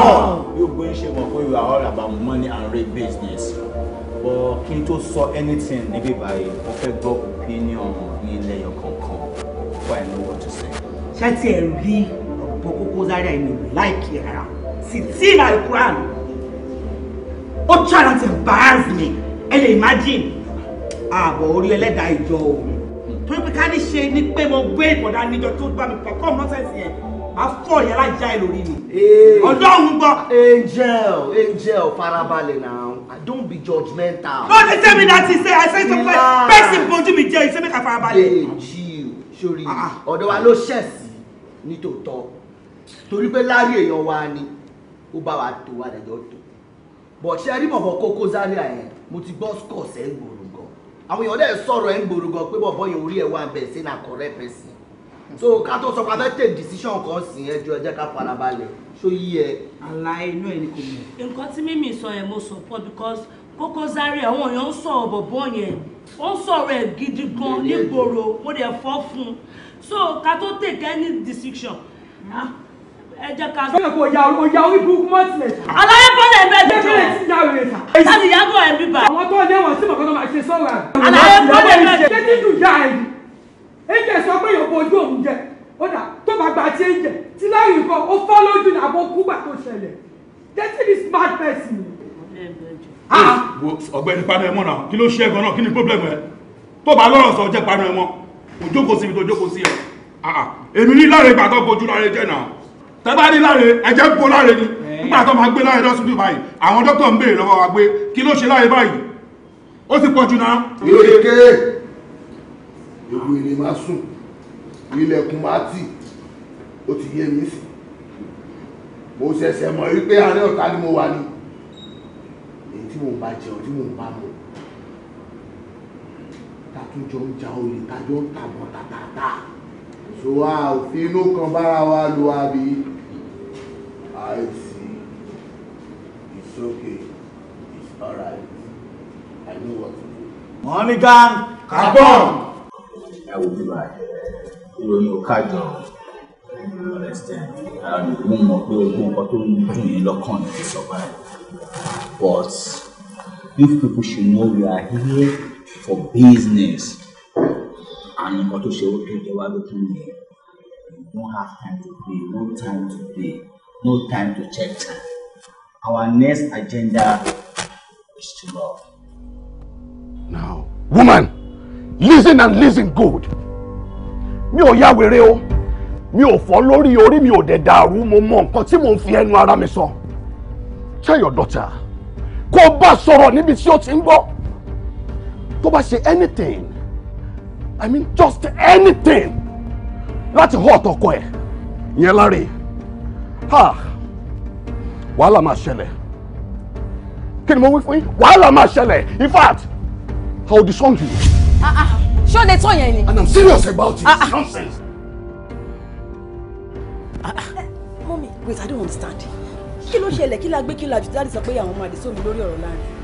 yóò gbé ṣe mọ̀ pé you are all about money and rate business but kí n tó sọ anything níbí báyìí mo fẹ́ gbọ́ opinion ní ilé ẹyọ before I know what to say. ṣé ti ẹ̀ rí i nǹkan kókó Zaria èmi ò láìkí rárá sì tí ìlà ìkúrán ó try not to embarrass me ẹ lè imagine ààbọ̀ orí ẹlẹ́dàá ìjọ o torí pé ká ní ṣe ni pé mo gbé ìkọ̀dá níjọ tó bá mi pẹ̀kọ́ mọ́sẹ̀sì yẹn afọ yẹn lájà ìlórí mi. ọlọ́run gbọ́. angel angel farabalẹ̀ now don't be judgmental. no dey tell me that thing say i say to pe person bojú mi jẹ you say make i farabalẹ̀. ee chill sori ah, ah. ọ̀dọ̀ wa ló ṣẹ̀ sí nítòótọ́ torí pé lárí èèyàn wa ni ó bá wa tó wa lẹ́jọ́ tó bọ̀ ṣe rí mọ̀mọ́ kókó Zaria yẹn mo ti gbọ́ scores ẹ̀ ń gbòòrò gan àwọn èèyàn dẹ̀ sọ̀rọ̀ ẹ̀ ń gbòòrò gan pé bọ̀bọ̀ yẹn orí ẹ̀ wà bẹ̀ sí na correct person so ká tó sọ pé a fẹ́ take decision kan sí ẹjọ́ ẹ jẹ́ ká farabalẹ̀ ṣó yí ẹ. àlá inú ẹ ni kò mọ̀. nǹkan tí mímì sọ yẹn mo support because kókó Zaria àwọn èèyàn ń sọ̀rọ̀ bọ̀bọ̀ yẹn ó ń sọ̀rọ̀ ẹ̀ gidi gan nígboro mo dẹ̀ fọ́ fún un so ká tó take any decision. Mm -hmm. Ah, ẹ jẹ́ ká. sọ́yìn kò ya ọ̀ya orí burúkú mọ́ tilẹ̀. aláyé bọ́lá ẹgbẹ́ jọ. ẹgbẹ́ rẹ̀ ti ya rẹ̀ ta. láti yàgò ẹ̀ bíbà. àwọn tó lé wọn sí mọ̀kànlá máa ṣe sọ́ra. aláyé bọ́lá ẹgbẹ́ jọ. ṣé títù ya ẹ̀ yìí. ẹ̀jẹ̀ sọ pé yòókù ojú òun jẹ. ó dà tó bá gba ti ẹ̀jẹ̀ tí láyìn kan ó fọ́ lójú ní abo kúgbà tó ṣẹlẹ̀. tẹ́tí ni smart person. Ah! ọ̀gbẹ́ni panu ẹ mọ náà kí ló ṣe ẹ ganan kí ni problem ẹ tó bá lọ́rọ̀ sọ jẹ́ panu ẹ mọ òjókòó síbi tó jókòó sí ẹ ah, ah, èmi ní láre gbàgbọ́ bojú láre jẹ́ náà tẹ́bá rí láre ẹ̀jẹ̀ ń po láre ni nígbà tó máa gbé láre lọ́sùn bí báyìí àwọn dókítà ń béèrè lọ́wọ́ wa pé kí ló ṣe láre báyìí ó ti pọ̀ jù náà. ìrèké ewu èrè máa sùn ilẹ̀kùn máa tì ó ti yé mi sí mo ṣẹ̀ṣẹ̀ mọ̀ wípé àárẹ̀ ọ̀tá ni mo wà ní èyí tí mò ń bá jẹun tí mò ń bá mu tàtújọ ń ja olè tájọ ń tàbọ̀ tàtàtà so a inú kan bára wa lo àbí. I see. It's okay. It's alright. I know what to do. Money come on! I will be back. you ò kájọ understand. Mo mọ̀ pé ogun to tó ń dùn yín lọ́kàn ní survive. But if people should know we are here for business. Àwọn nǹkan tó ṣe ó tó jẹ́ wá lókun yẹn. We don't have time to play, no time to play no time to check time. Our next agenda is to love. Now, woman, listen and listen good. Mi ò ya wèrè o. Mi ò fọ́ lórí orí mi ò dẹ̀ dàrú mo mọ nǹkan tí mò ń fi ẹnu ara mi so. Tell your daughter. Kó o bá sọ̀rọ̀ níbi tí o ti ń gbọ́. Tó bá ṣe anything, I mean just anything láti hot ọ̀tọ̀kọ ẹ̀ yẹn láre ha wàhálà máa ṣẹlẹ̀ kí ni mo wí fún yín wàhálà máa ṣẹlẹ̀ in fact I will disown you. ṣé o lè tọ́ yẹn ni. and I'm serious about it. Ah ah! nonsense. Uh-uh. Ah, ah. mọ́mí wait I don't understand kí ló ṣẹlẹ̀ kí la gbé kí la jù dáàdì sọ pé àwọn ọmọ àdìsọ́ mi lórí ọ̀rọ̀ láàrin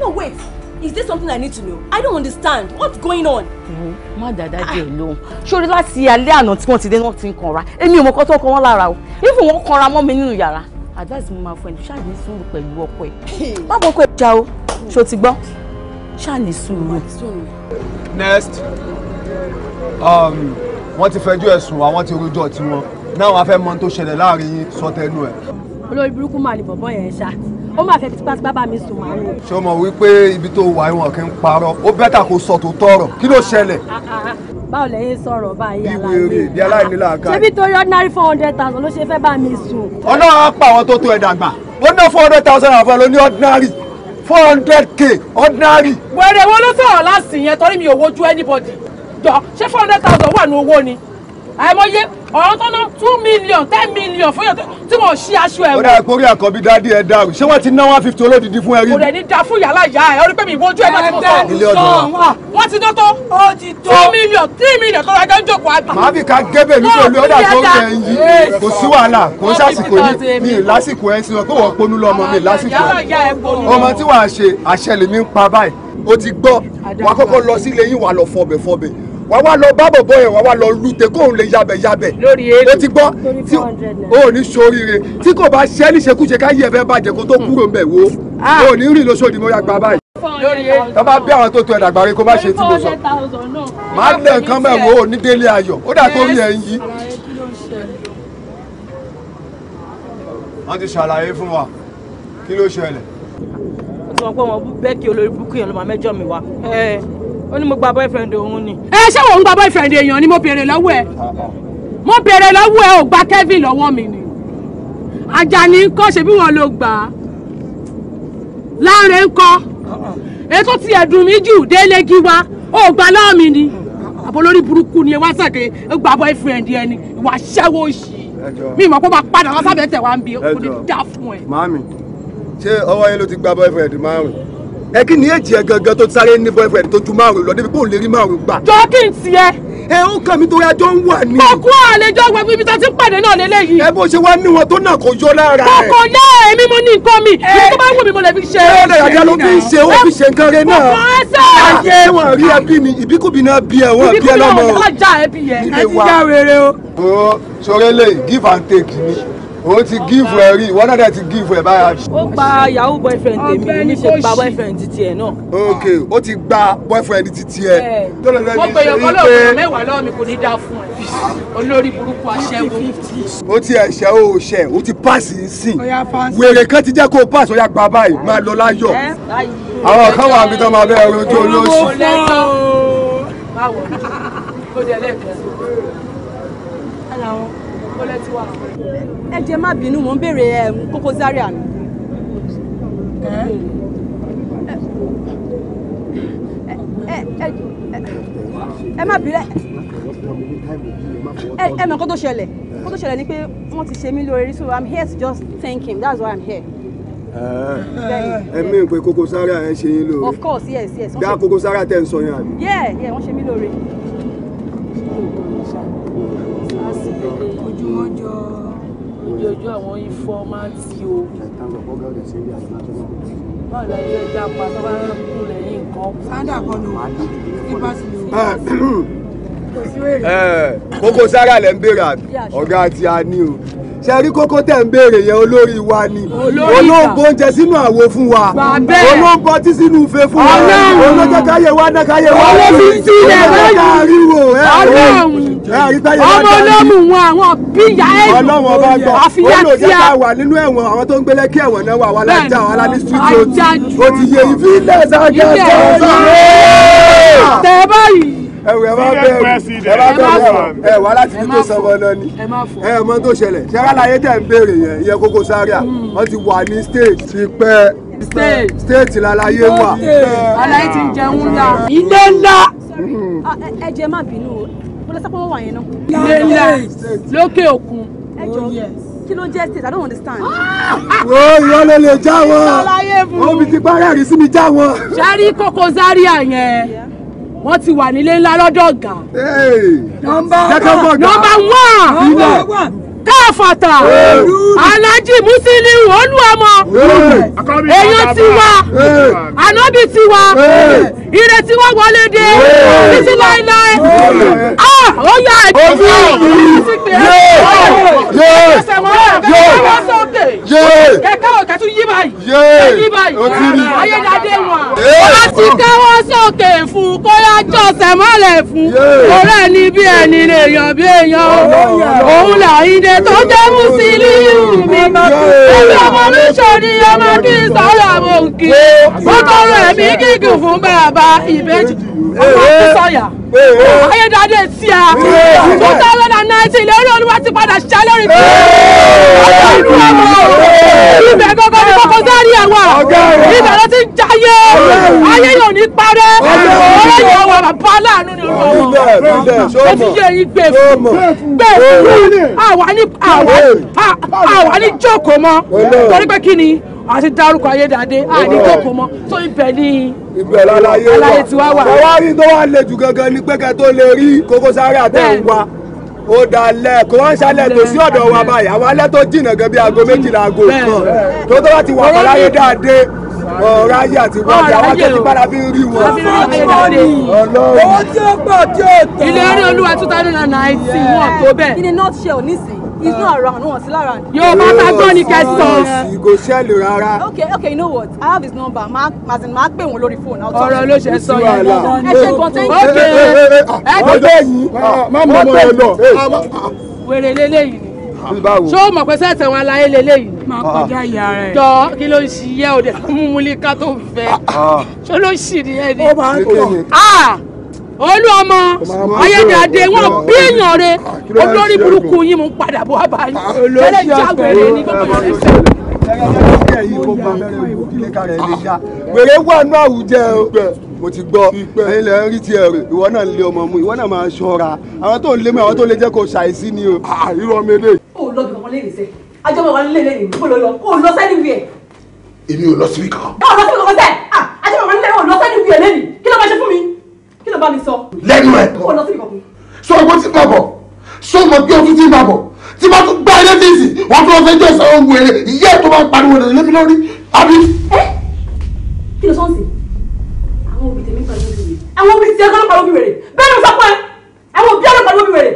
no wait is this something i need to know i don't understand what's going on. wo má dàda jẹ lóhùn sórí láti alẹ́ àná tí wọ́n ti dé náà ti ń kanra èmi ò mọ kọ́tọ́ kan wọ́n lára o even wọ́n kanra mọ́ mi nínú yàrá advice mo máa fún ẹni ṣáà ní sùúrù pẹ̀lú ọkọ ẹ̀ hmm. má bọ́ ọkọ ẹ̀ já o ṣó ti gbọ́ ṣáà ní sùúrù. next um, wọ́n ti fẹjọ́ ẹ̀sùn wa wọ́n ti rojọ́ tiwọn náà wọ́n á fẹ́ mọ ohun tó ṣẹlẹ̀ láàrin yín sọ tẹnu ẹ̀. olórí burúkú máa ní bọ̀bọ̀ yẹn ṣáà ó máa fẹ́ tipátipá bá mi sùn màá nù. ṣé o mọ̀ wípé ibi tó wà ìwọ̀n kí n parọ́ ó bẹ́tà kó sọ tó tọrọ kí ló ṣẹlẹ̀. báwo lẹ́yìn sọ̀rọ̀ báyìí aláìní. bí wèrè bí aláìní làákà. ṣé bí torí ordinary four hundred thousand ló ṣe fẹ́ bá mi sùn. ọlọ́run á pa àwọn tó tó ẹ̀ dàgbà ó ná four hundred thousand àbọ̀ ló ní ordinary four hundred k ordinary. wẹ̀rẹ̀ wo ló sọ̀rọ̀ láti yẹn torí mi ò wojú anybody jọ ṣé four hundred thousand wà ní owó ni àìmọye ọ̀rọ̀ tọ́nà two million ten million fún yàn tí wọ́n ṣí aṣọ ẹ̀wọ̀. ó dà ìpórí àkànbí dádì ẹ dàrú ṣé wọ́n ti ná one fifty olódìdí fún ẹrí. kò dẹ̀ ní da fún yàrá ìyá ẹ ọ rí pé mi ìwọ́jú ẹ láti mọ̀ sọ. ilé ọ̀dọ̀ wa wọ́n ti ná tó two million three million tó ra ẹjọ́ ń jókòó àbí. màá fi ka gébè ní pẹ̀lú ọ̀dà tó ń bẹ̀ yìí kò sí wàhálà kò ń sàsìkò yìí mi lásìkò ẹ sọ pé wọ́n ponú lọ́mọ mi ah, lásìkò ọmọ tí wàá ṣe àṣẹ lèmi ń pa báyìí ó ti gbọ́ wàá kọ́kọ́ lọ sí ilé yín wàá lọ fọbẹ̀ fọbẹ̀ wà wá lọ bá bọ̀bọ̀ yẹn wà wá lọ lùtẹ̀ kóun lè yabẹ̀ yabẹ̀ o ti gbọ́ tí o ní sóríire tí kò bá ṣẹ́ níṣekúṣe ká yẹ̀ fẹ́ bàjẹ́ kó tó kúrò mbẹ̀ wo ah. o ní rìn lóṣòdì mo yà gba báyìí tó bá bí àwọn tó tu ẹ̀dà gbàgbé kó má ṣe tí mo sọ máa lẹ̀ nǹkan bẹ́ẹ̀ wo ní délé ayọ̀ ó dà tó rí ẹ̀ ń yí. wọ́n ti ṣàlàyé fún wa kí ló ṣẹlẹ̀. mo ti mọ̀ pé wọn bú bẹ́ẹ̀kì olórí búkú yẹn ló máa mẹ́jọ mi wá ó ní mo gba boyfriend òun ni. ẹ ṣé wò ń gba boyfriend èèyàn ni mo béèrè lọ́wọ́ ẹ ah, ah. mo béèrè lọ́wọ́ ẹ ò gba Kevin lọ́wọ́ mi ni Àjàní ńkọ́ ṣe bí wọ́n ló gbà á Láńrè ńkọ́ ah, ètò ti ẹ̀dùn mi jù délé gíwá ò gba lọ́wọ́ mi ni àbólórí burúkú ni ẹ wá sàké ẹ gba boyfriend ẹ ni ìwà ṣẹ́wó ṣì mi mọ̀ kó máa padà wá sábẹ́ tẹ̀ wá ń bi kò ní dá fún ẹ. màámi ṣé ọwọ́ yẹn ló ti gba boyfriend márùn-ún ẹ kí ni èjì ẹ gangan tó sáré ní boyfriend tó ju márùn lọ débi pé òun lè rí márùn gbà. jọ kí n tiẹ. ẹ ń kàn mí torí ajọ ń wà ní. kókó àlejò wẹ ibi tá a ti pàdé náà lélẹyìí. ẹ bó ṣe wá ní wọn tó náà kò yọ lára rẹ. kókó náà èmi mo ní nǹkan mi ibi bá wù mí mo lè fi ṣe. ẹ ọ̀dà yàrá ló fi ń ṣe ó fi ṣe nǹkan rẹ náà. kókó ẹsẹ̀. ayé ah, wọn rí ẹbí mi ìbíkúbi bí ẹ wọn bí ẹ lọ́mọ o ti gífù ẹ rí ìwọ náà dẹ ti gífù ẹ báyà. ó gba yahoo boyfriend tèmi èmi ṣe gba boyfriend ti tiẹ̀ náà. ok ó ti gba boyfriend ti tiẹ̀. mo gbé yọkọ lóògùn mẹ́wàá lọ́wọ́ mi kò ní dáa fún ẹ olórí burúkú aṣẹ́wó. ó ti ẹ̀ṣẹ̀ ó ṣẹ̀ ó ti páàsì ń wèrè kan ti jẹ́ kó o páàsì gba báyìí máa lọ láyọ̀ àwọn kan wà níbi máa bẹ́ẹ̀ rojú olóṣù. báwo ló wọn kọ́lẹ́ tí wà ẹ jẹ́ má bínú mò ń béèrè Koko Zaria ni. ẹ má bínú ẹ ẹ kó tó ṣẹlẹ̀ kó tó ṣẹlẹ̀ ni pé wọ́n ti ṣe mí lórí so i'm here to just thank him that's why i'm here ah, ẹ mí pé Koko Zaria ẹ ṣe yín lóore of course yes yes dá Koko Zaria tẹ ń sọ yẹn àbí. yeah yeah wọ́n ṣe mí lóore. ojúmọ́jọ́ bí ojú àwọn ifọ́mátì o. báwo la ilé ẹja pa tó bá kú lẹ́yìn nǹkan. sáńdà kan ló wà ní bá ti lè wọ. kókó sára lẹ ń béèrè àbí ọ̀gá àti àní o ṣe rí kókó tẹ̀ ń béèrè yẹn olórí wa ni olóńgbò oúnjẹ sínú àwo fún wa olóńgbò ọtí sínú ife fún wa olóńgbò káyé wa náà káyé wa olóńgbò sílẹ̀ báyìí olóńgbò ọmọ olóòmù wọn àwọn bíyà ẹ̀yìn àfihàn tí a. olùjẹ́ta wà nínú ẹ̀wọ̀n àwọn tó ń gbélé kí ẹ̀wọ̀n náà wà wà lájà wà lá ní sítúdíò ó ti yẹ ibi ilé ìsájà sọ̀rọ̀. tẹ̀ báyìí ẹwù ẹ bá bẹ̀rù ẹ bá bẹ̀rù ẹ wà láti ní tó sanwó náà ni ẹ mọ tó ṣẹlẹ̀ ṣẹlẹ̀ àlàyé tẹ ń béèrè yẹn ìyẹn Koko Zaria wọn ti wà ní state ti pẹ́ state lálàyé wà. àlàyé ti jẹun ńlá. Hmm. ilé ńlá. ẹ jẹ́ má bínú o ló sọ pé wọ́n wà yẹn náà. ilé ńlá lókè òkun. ẹ jọ oh, kí ló jẹ́ state i don't understand. wo ìwọ ló lè já wọn omi ti parẹ́ àrí sí mi já wọn. sari koko zaria yẹn wọ́n ti wà nílé ńlá lọ́dọ̀ ọ̀gá. nọ́mbà one káfàtà alhaji musiliu olúwamọ èèyàn tiwa ànábì tiwa ire tí wọ́n wọlé dé títí láéláé ah, ó yá ẹ̀jẹ̀ sí i tè. kẹ̀kẹ́ òkè tún yí báyìí. yí báyìí. ayédáde wọn. wọ́n ti káwọ́ sókè fún kóyá jọ̀sẹ̀ mọ́lẹ̀ fún. ọ̀rẹ́ ni bí ẹni lèèyàn bí èèyàn o. òun làyíǹde tó jẹ́ Musiliu mi. ẹbí ọmọ mi ṣòdi ọmọ kí n sọ̀rọ̀ àwọn òǹkì. ó tọrọ ẹ̀mí gígùn fún bàbá ìbejì. ọmọ kí sọ̀yà ayédáadé tí a two thousand and nineteen lórí olúwa ti padà ṣiṣẹ́ lórí tí ọjọ́ ìlú ọmọ ibẹ̀ gbogbo ní kókó sáré ẹ̀wà ibẹ̀ ló ti ń jayé ayé yóò ní parẹ́ ọ̀rẹ́ yóò wà bàbá aláàánú ni olú ọmọ ó ti yé yín gbé fún gbé fún àwa ní jókòó mọ́ torí pé kí ni àti dárúkọ ayédáadé àní jókòó mọ́ tó ibẹ̀ ní ibẹ̀ lálàyé wa àlàyé tí wá wà. ọwọ́ rí tó wà lè jù gangan ni pé kẹ́ tó lè rí Koko Zaria tẹ̀ ń wa ó dalẹ̀ kó wọ́n ṣalẹ̀ tó sí ọ̀dọ̀ wa báyìí àwọn alẹ́ tó jìnnà gan bí aago méjìlá aago kan tó tó bá ti wà fọlá ayédáadé ọ̀rọ̀ ayé àti ìwádìí àwọn akẹ́kọ̀ọ́ padà fi ń rí wọn. owó tí ó pọ̀ tí ó tọ́. ilé orí olúwa two thousand and nineteen wọn tó bẹ́ẹ̀. kí ni north shell nísìnyí he's not around no one's still around. yorùbá ta gbọ́ ni kẹsàn-án. ọ̀sì kò ṣẹlẹ̀ rárá. okay okay you know what i have his number Mark, as in ma pè wọ́n lórí phone. ọ̀rọ̀ ló ṣe sọ yẹn ẹ ṣe gbọ̀ntẹ́yìn. ok ẹ kò dé yìí ah, má mọ ọmọ rẹ lọ. wèrè lélẹ́yìn ni ah. ṣó mọ̀ pé sẹ́tẹ̀ wọn aláyé lélẹ́yìí. máa kọjá ìyá ah. rẹ̀. jọ kí ló ń ṣiyẹ́ òde tó mú múlíká fẹ́ ṣó ló ń ṣì ní ẹni. ó máa ń tọ̀ olú ọmọ ayédáadé wọn bí èèyàn re olórí burúkú yín mú padà bọ́ abáyé ah, tẹ́lẹ̀ jáwèrè ní gbogbo ọ̀rẹ́ sẹ́yìn. wèrè wà nù àwùjẹ o mo ti gbọ́ ilẹ̀ ń rí tiẹ̀ rè ìwọ náà lé ọmọ mu ìwọ náà máa ṣọ́ra àwọn tó ń lé mi àwọn tó lè jẹ́ kó ṣàìsí ni o. Ah, irọ́ mi lè. o lọ bí ọmọ lẹ́yìn sẹ́ ajọ́mọ̀ wa nílé lẹ́yìn kó lọ lọ kó lọ sẹ́ni wíyẹ. èmi ò lọ síbi kankan. báwo lọ síbi kankan sẹ́ ah, ajọ́mọ̀ wa nílé lẹ́yìn ò lọ sẹ́ni wíyẹ lẹ́yìn kí ló máa ṣe fún mi ló bá mi sọ. lẹ́nu ẹ̀. kó lọ sí ìkọ̀kọ̀. sọ owó tí bàbọ̀ sọ ọmọ bí ọtún tí bàbọ̀ tí bá tún gbá ilé fíìsì wọn fún ọfẹ jọ sọ ohun èrè ìyá ẹ tó bá ń pariwo rẹ lébi lórí àbí. ẹ kí ló sọ́ọ̀sì àwọn òbí tèmi pariwo bí wèrè àwọn òbí tèmi pariwo bí wèrè bẹ́ẹ̀ ni mo sọ fún ẹ àwọn òbí ọ̀rọ̀ pariwo bí wèrè.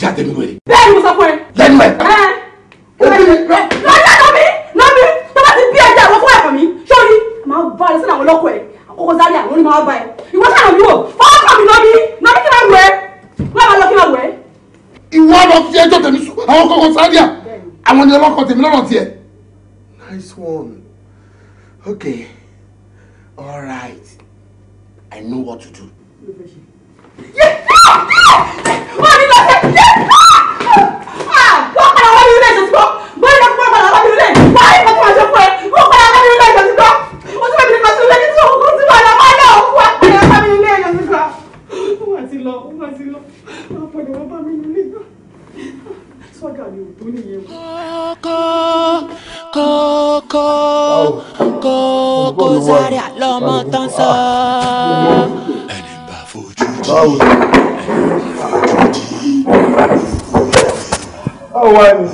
ìyá tèmi wèrè. bẹ́ẹ̀ ni mo sọ fún ẹ. lẹ́nu ẹ̀. òbí mi. lọ́ọ̀dà lọ́mí lọ́mí tó bá ti bí ẹja àwọn fún ẹ̀fọ́ mi sórí màá bá ọ owó sáré àwọn onímọ̀ ọba ẹ̀ ìwọ sàrọ̀ mi wò fọwọ́ kàn mí lọ́bí lọ́bí kí wọ́n wẹ̀ wọ́n máa lọ kí wọ́n wẹ̀. ìwọ lọ fi ẹjọ́ tèmi sùn àwọn kókó sáré à àwọn ni ọlọ́kọ tèmi lọ́rọ̀ tiẹ̀. nice one okay all right i know what to do. wọ́n ní lọ sẹ́yìn. Ah! wọ́n padà wọ́n ní ilé ìṣòṣùpọ̀ wọ́n ní lọ fún wọn padà wọ́n ní ilé wọ́n á yẹ kó tó máa ṣe fún lọ ó máa ti lọ máa padà wá bá mi nílé náà sọ́gà mi ò tó nìyẹn. kókó kókó sáré àlọ́mọ tán sọ. ẹni bá fojú di ẹni bá fojú di. báwo wá ni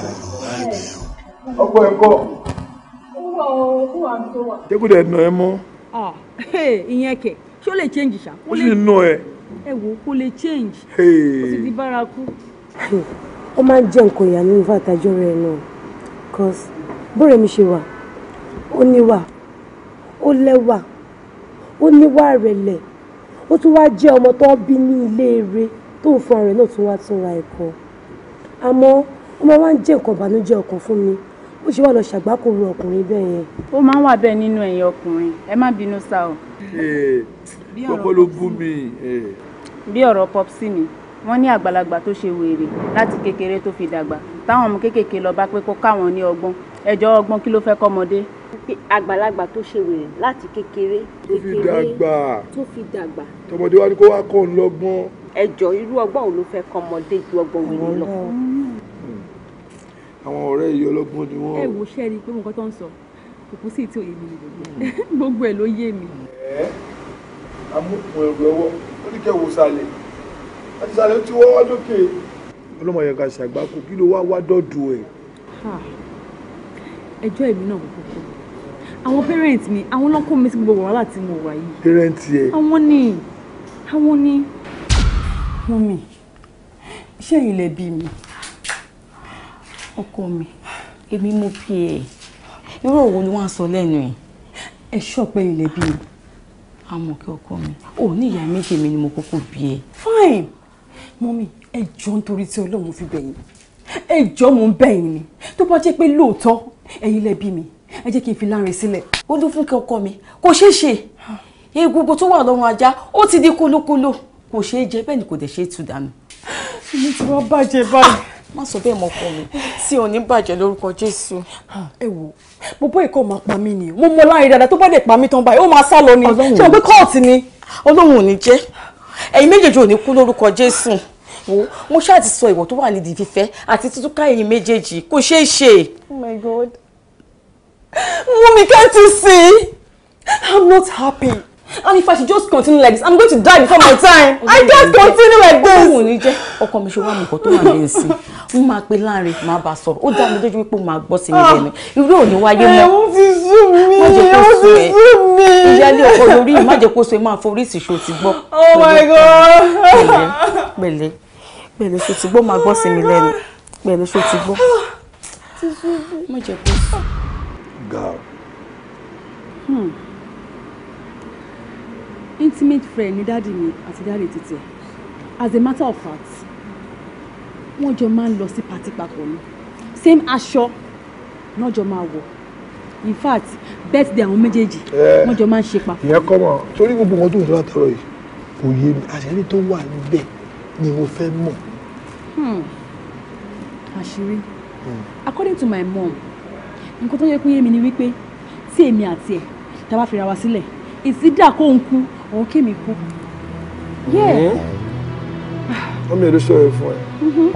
ọkọ ẹkọ. jẹ́kùdẹ̀ nà ẹ mọ́. Ah, (laughs) ìyẹn kẹ̀ ṣó lè change ṣá. ó sì nà ẹ ẹ wò ó kó lè change ó ti di bárakú. ó máa ń jẹ́ nǹkan ìyá nínú fàtàjọ́ rẹ̀ náà cos bóre mi ṣe wà ó níwà ó lẹ́wà ó níwà rẹ̀lẹ̀ ó tún wáá jẹ́ ọmọ tó bí ní ilé eré tó ń fún ọ̀rẹ́ náà tún wá tún ra ẹ̀kọ́ àmọ́ ó máa ń jẹ́ nǹkan ìbànújẹ́ ọkàn fún mi ó ṣe wà lọ ṣàgbákòrò ọkùnrin bẹ́ẹ̀ yẹn. ó máa ń wà bẹ́ẹ̀ nínú ẹ̀yin ọkùnrin ẹ má bínú sá o pọpọ ló bú mi. bí ọ̀rọ̀ popsi mi wọ́n ní àgbàlagbà tó ṣe wèrè láti kékeré tó fi dàgbà táwọn ọmọ kéékèèké lọ bá pé kó káwọn ní ọgbọ́n ẹjọ́ ọgbọ́n kí ló fẹ́ kọ́mọdé. àgbàlagbà tó ṣe wèrè láti kékeré tó fi dàgbà tó fi dàgbà. tọmọdé wa ni kó wá kọ́ ń lọ́gbọ́n. ẹjọ́ irú ọgbọ́n wo ló fẹ́ kọ́mọdé ju ọgbọ́n wèrè lọ. àwọn ọ̀rẹ́ hmm. yìí ọlọ́gbọ́n ni wọ́n. ẹ wo ṣẹ́ni pé mo kọ́ tó ń sọ kò kú sí òye mi (laughs) amúkùn ẹrù ọwọ́ ó ní kẹ́ wò sàlẹ̀ àti sàlẹ̀ tí wọ́n wá lókè. ọlọ́mọ yẹn ká ṣàgbákò kí ló wá wá dọ́dọ̀ ẹ̀. ẹjọ́ èmi náà kúkú àwọn pẹ́rẹ́ǹtì mi àwọn lọ́kọ́ mi sí gbogbo wàhálà tí mo wà yìí. pẹ́rẹ́ǹtì ẹ. àwọn ni àwọn ni. mọ́mì ṣé ẹ̀yin lẹ bí mi ọkọ mi èmi mo fi ẹ̀ irú òwò ni wọ́n á sọ lẹ́nu ẹ̀ ẹ̀ ṣọ́ pé ẹ̀yin bí mi amọ̀kẹ́ ọkọ mi ò ní ìyá méjì mi ni mo kókó bí ẹ. fine mọ́mí ẹ jọ nítorí tí ọlọ́run fi bẹ̀yìn ẹ jọ mò ń bẹ̀yìn ni tó bá jẹ́ pé lóòótọ́ ẹ̀yin lẹ bí mi ẹ jẹ́ kí n fi láàrin sílẹ̀. ó dún fúnkẹ́ ọkọ mi kò ṣeé ṣe egungun tó wà lọ́rùn ajá ó ti di kólókóló kò ṣeé jẹ bẹ́ẹ̀ ni kò dẹ̀ ṣeé tú dànù. èmi ti wá bàjẹ́ báyìí má sọ bẹ́ẹ̀ mọ́ fún mi tí ò ní bàjẹ́ lórúkọ jésù. ẹ wo bọ́bọ́ ìkọ́ máa pa mí ni mo mọ láàrin dáadáa tó bá dé pa mí tán báyìí ó máa sá lọ ni ṣé o pé kóòtù ni. ọlọ́run ò ní jẹ́ ẹ̀yin méjèèjì ò ní kú lórúkọ jésù wo mo ṣáà ti sọ ìwọ tó wà nídìí fífẹ́ àti tútúká ẹ̀yin méjèèjì kò ṣeé ṣe. oh my god mummy can't you see i'm not happy and if I should just continue like this I'm going to die before my time (laughs) oh, I just continue like oh, this. ọkọ mi jẹ ọkọ mi ṣe wá mi kọ tó wà lẹ́yìn sí n máa pe láàrin máa bá sọ̀rọ̀ ó dá mi lójú wípé mo máa gbọ́ sí mi ah. lẹ́nu irú òní wáyé mọ́ ẹ̀wọ̀n ti sú mi ẹ̀wọ̀n ti sú mi ìyáálé ọkọ lórí má jẹ́ máa forí ìsìṣó ti gbọ́. oh my god pẹ̀lẹ́ pẹ̀lẹ́ pẹ̀lẹ́ ṣó ti gbọ́ máa gbọ́ sí mi oh lẹ́nu pẹ̀lẹ́ ṣó ti gbọ́ ah, má jẹ́ Hmm intimate friend ni dáàdì mi àti dáàdì títí as a matter of fact wọ́n jọ máa ń lọ sí pàtí papọ̀ ni same aṣọ náà jọ máa wọ̀ in fact birthday àwọn méjèèjì eh, wọ́n jọ máa ń ṣe papọ̀. ìyẹn kọ́ mọ̀ torí gbogbo wọn tó ń sọ àtọ̀rọ̀ yìí kò yé mi àṣírí tó wà níbẹ̀ ni mo fẹ́ mọ̀. Hmm. àṣírí hmm. according to my mom nǹkan tó yẹ kó yé mi ni wípé tí èmi àti ẹ̀ tá a bá fira wa sílẹ̀ ìsídà kó ń kú òun kí mi kú. ọmọ èdè sọ̀rọ̀ fún ẹ. Mm-hmm.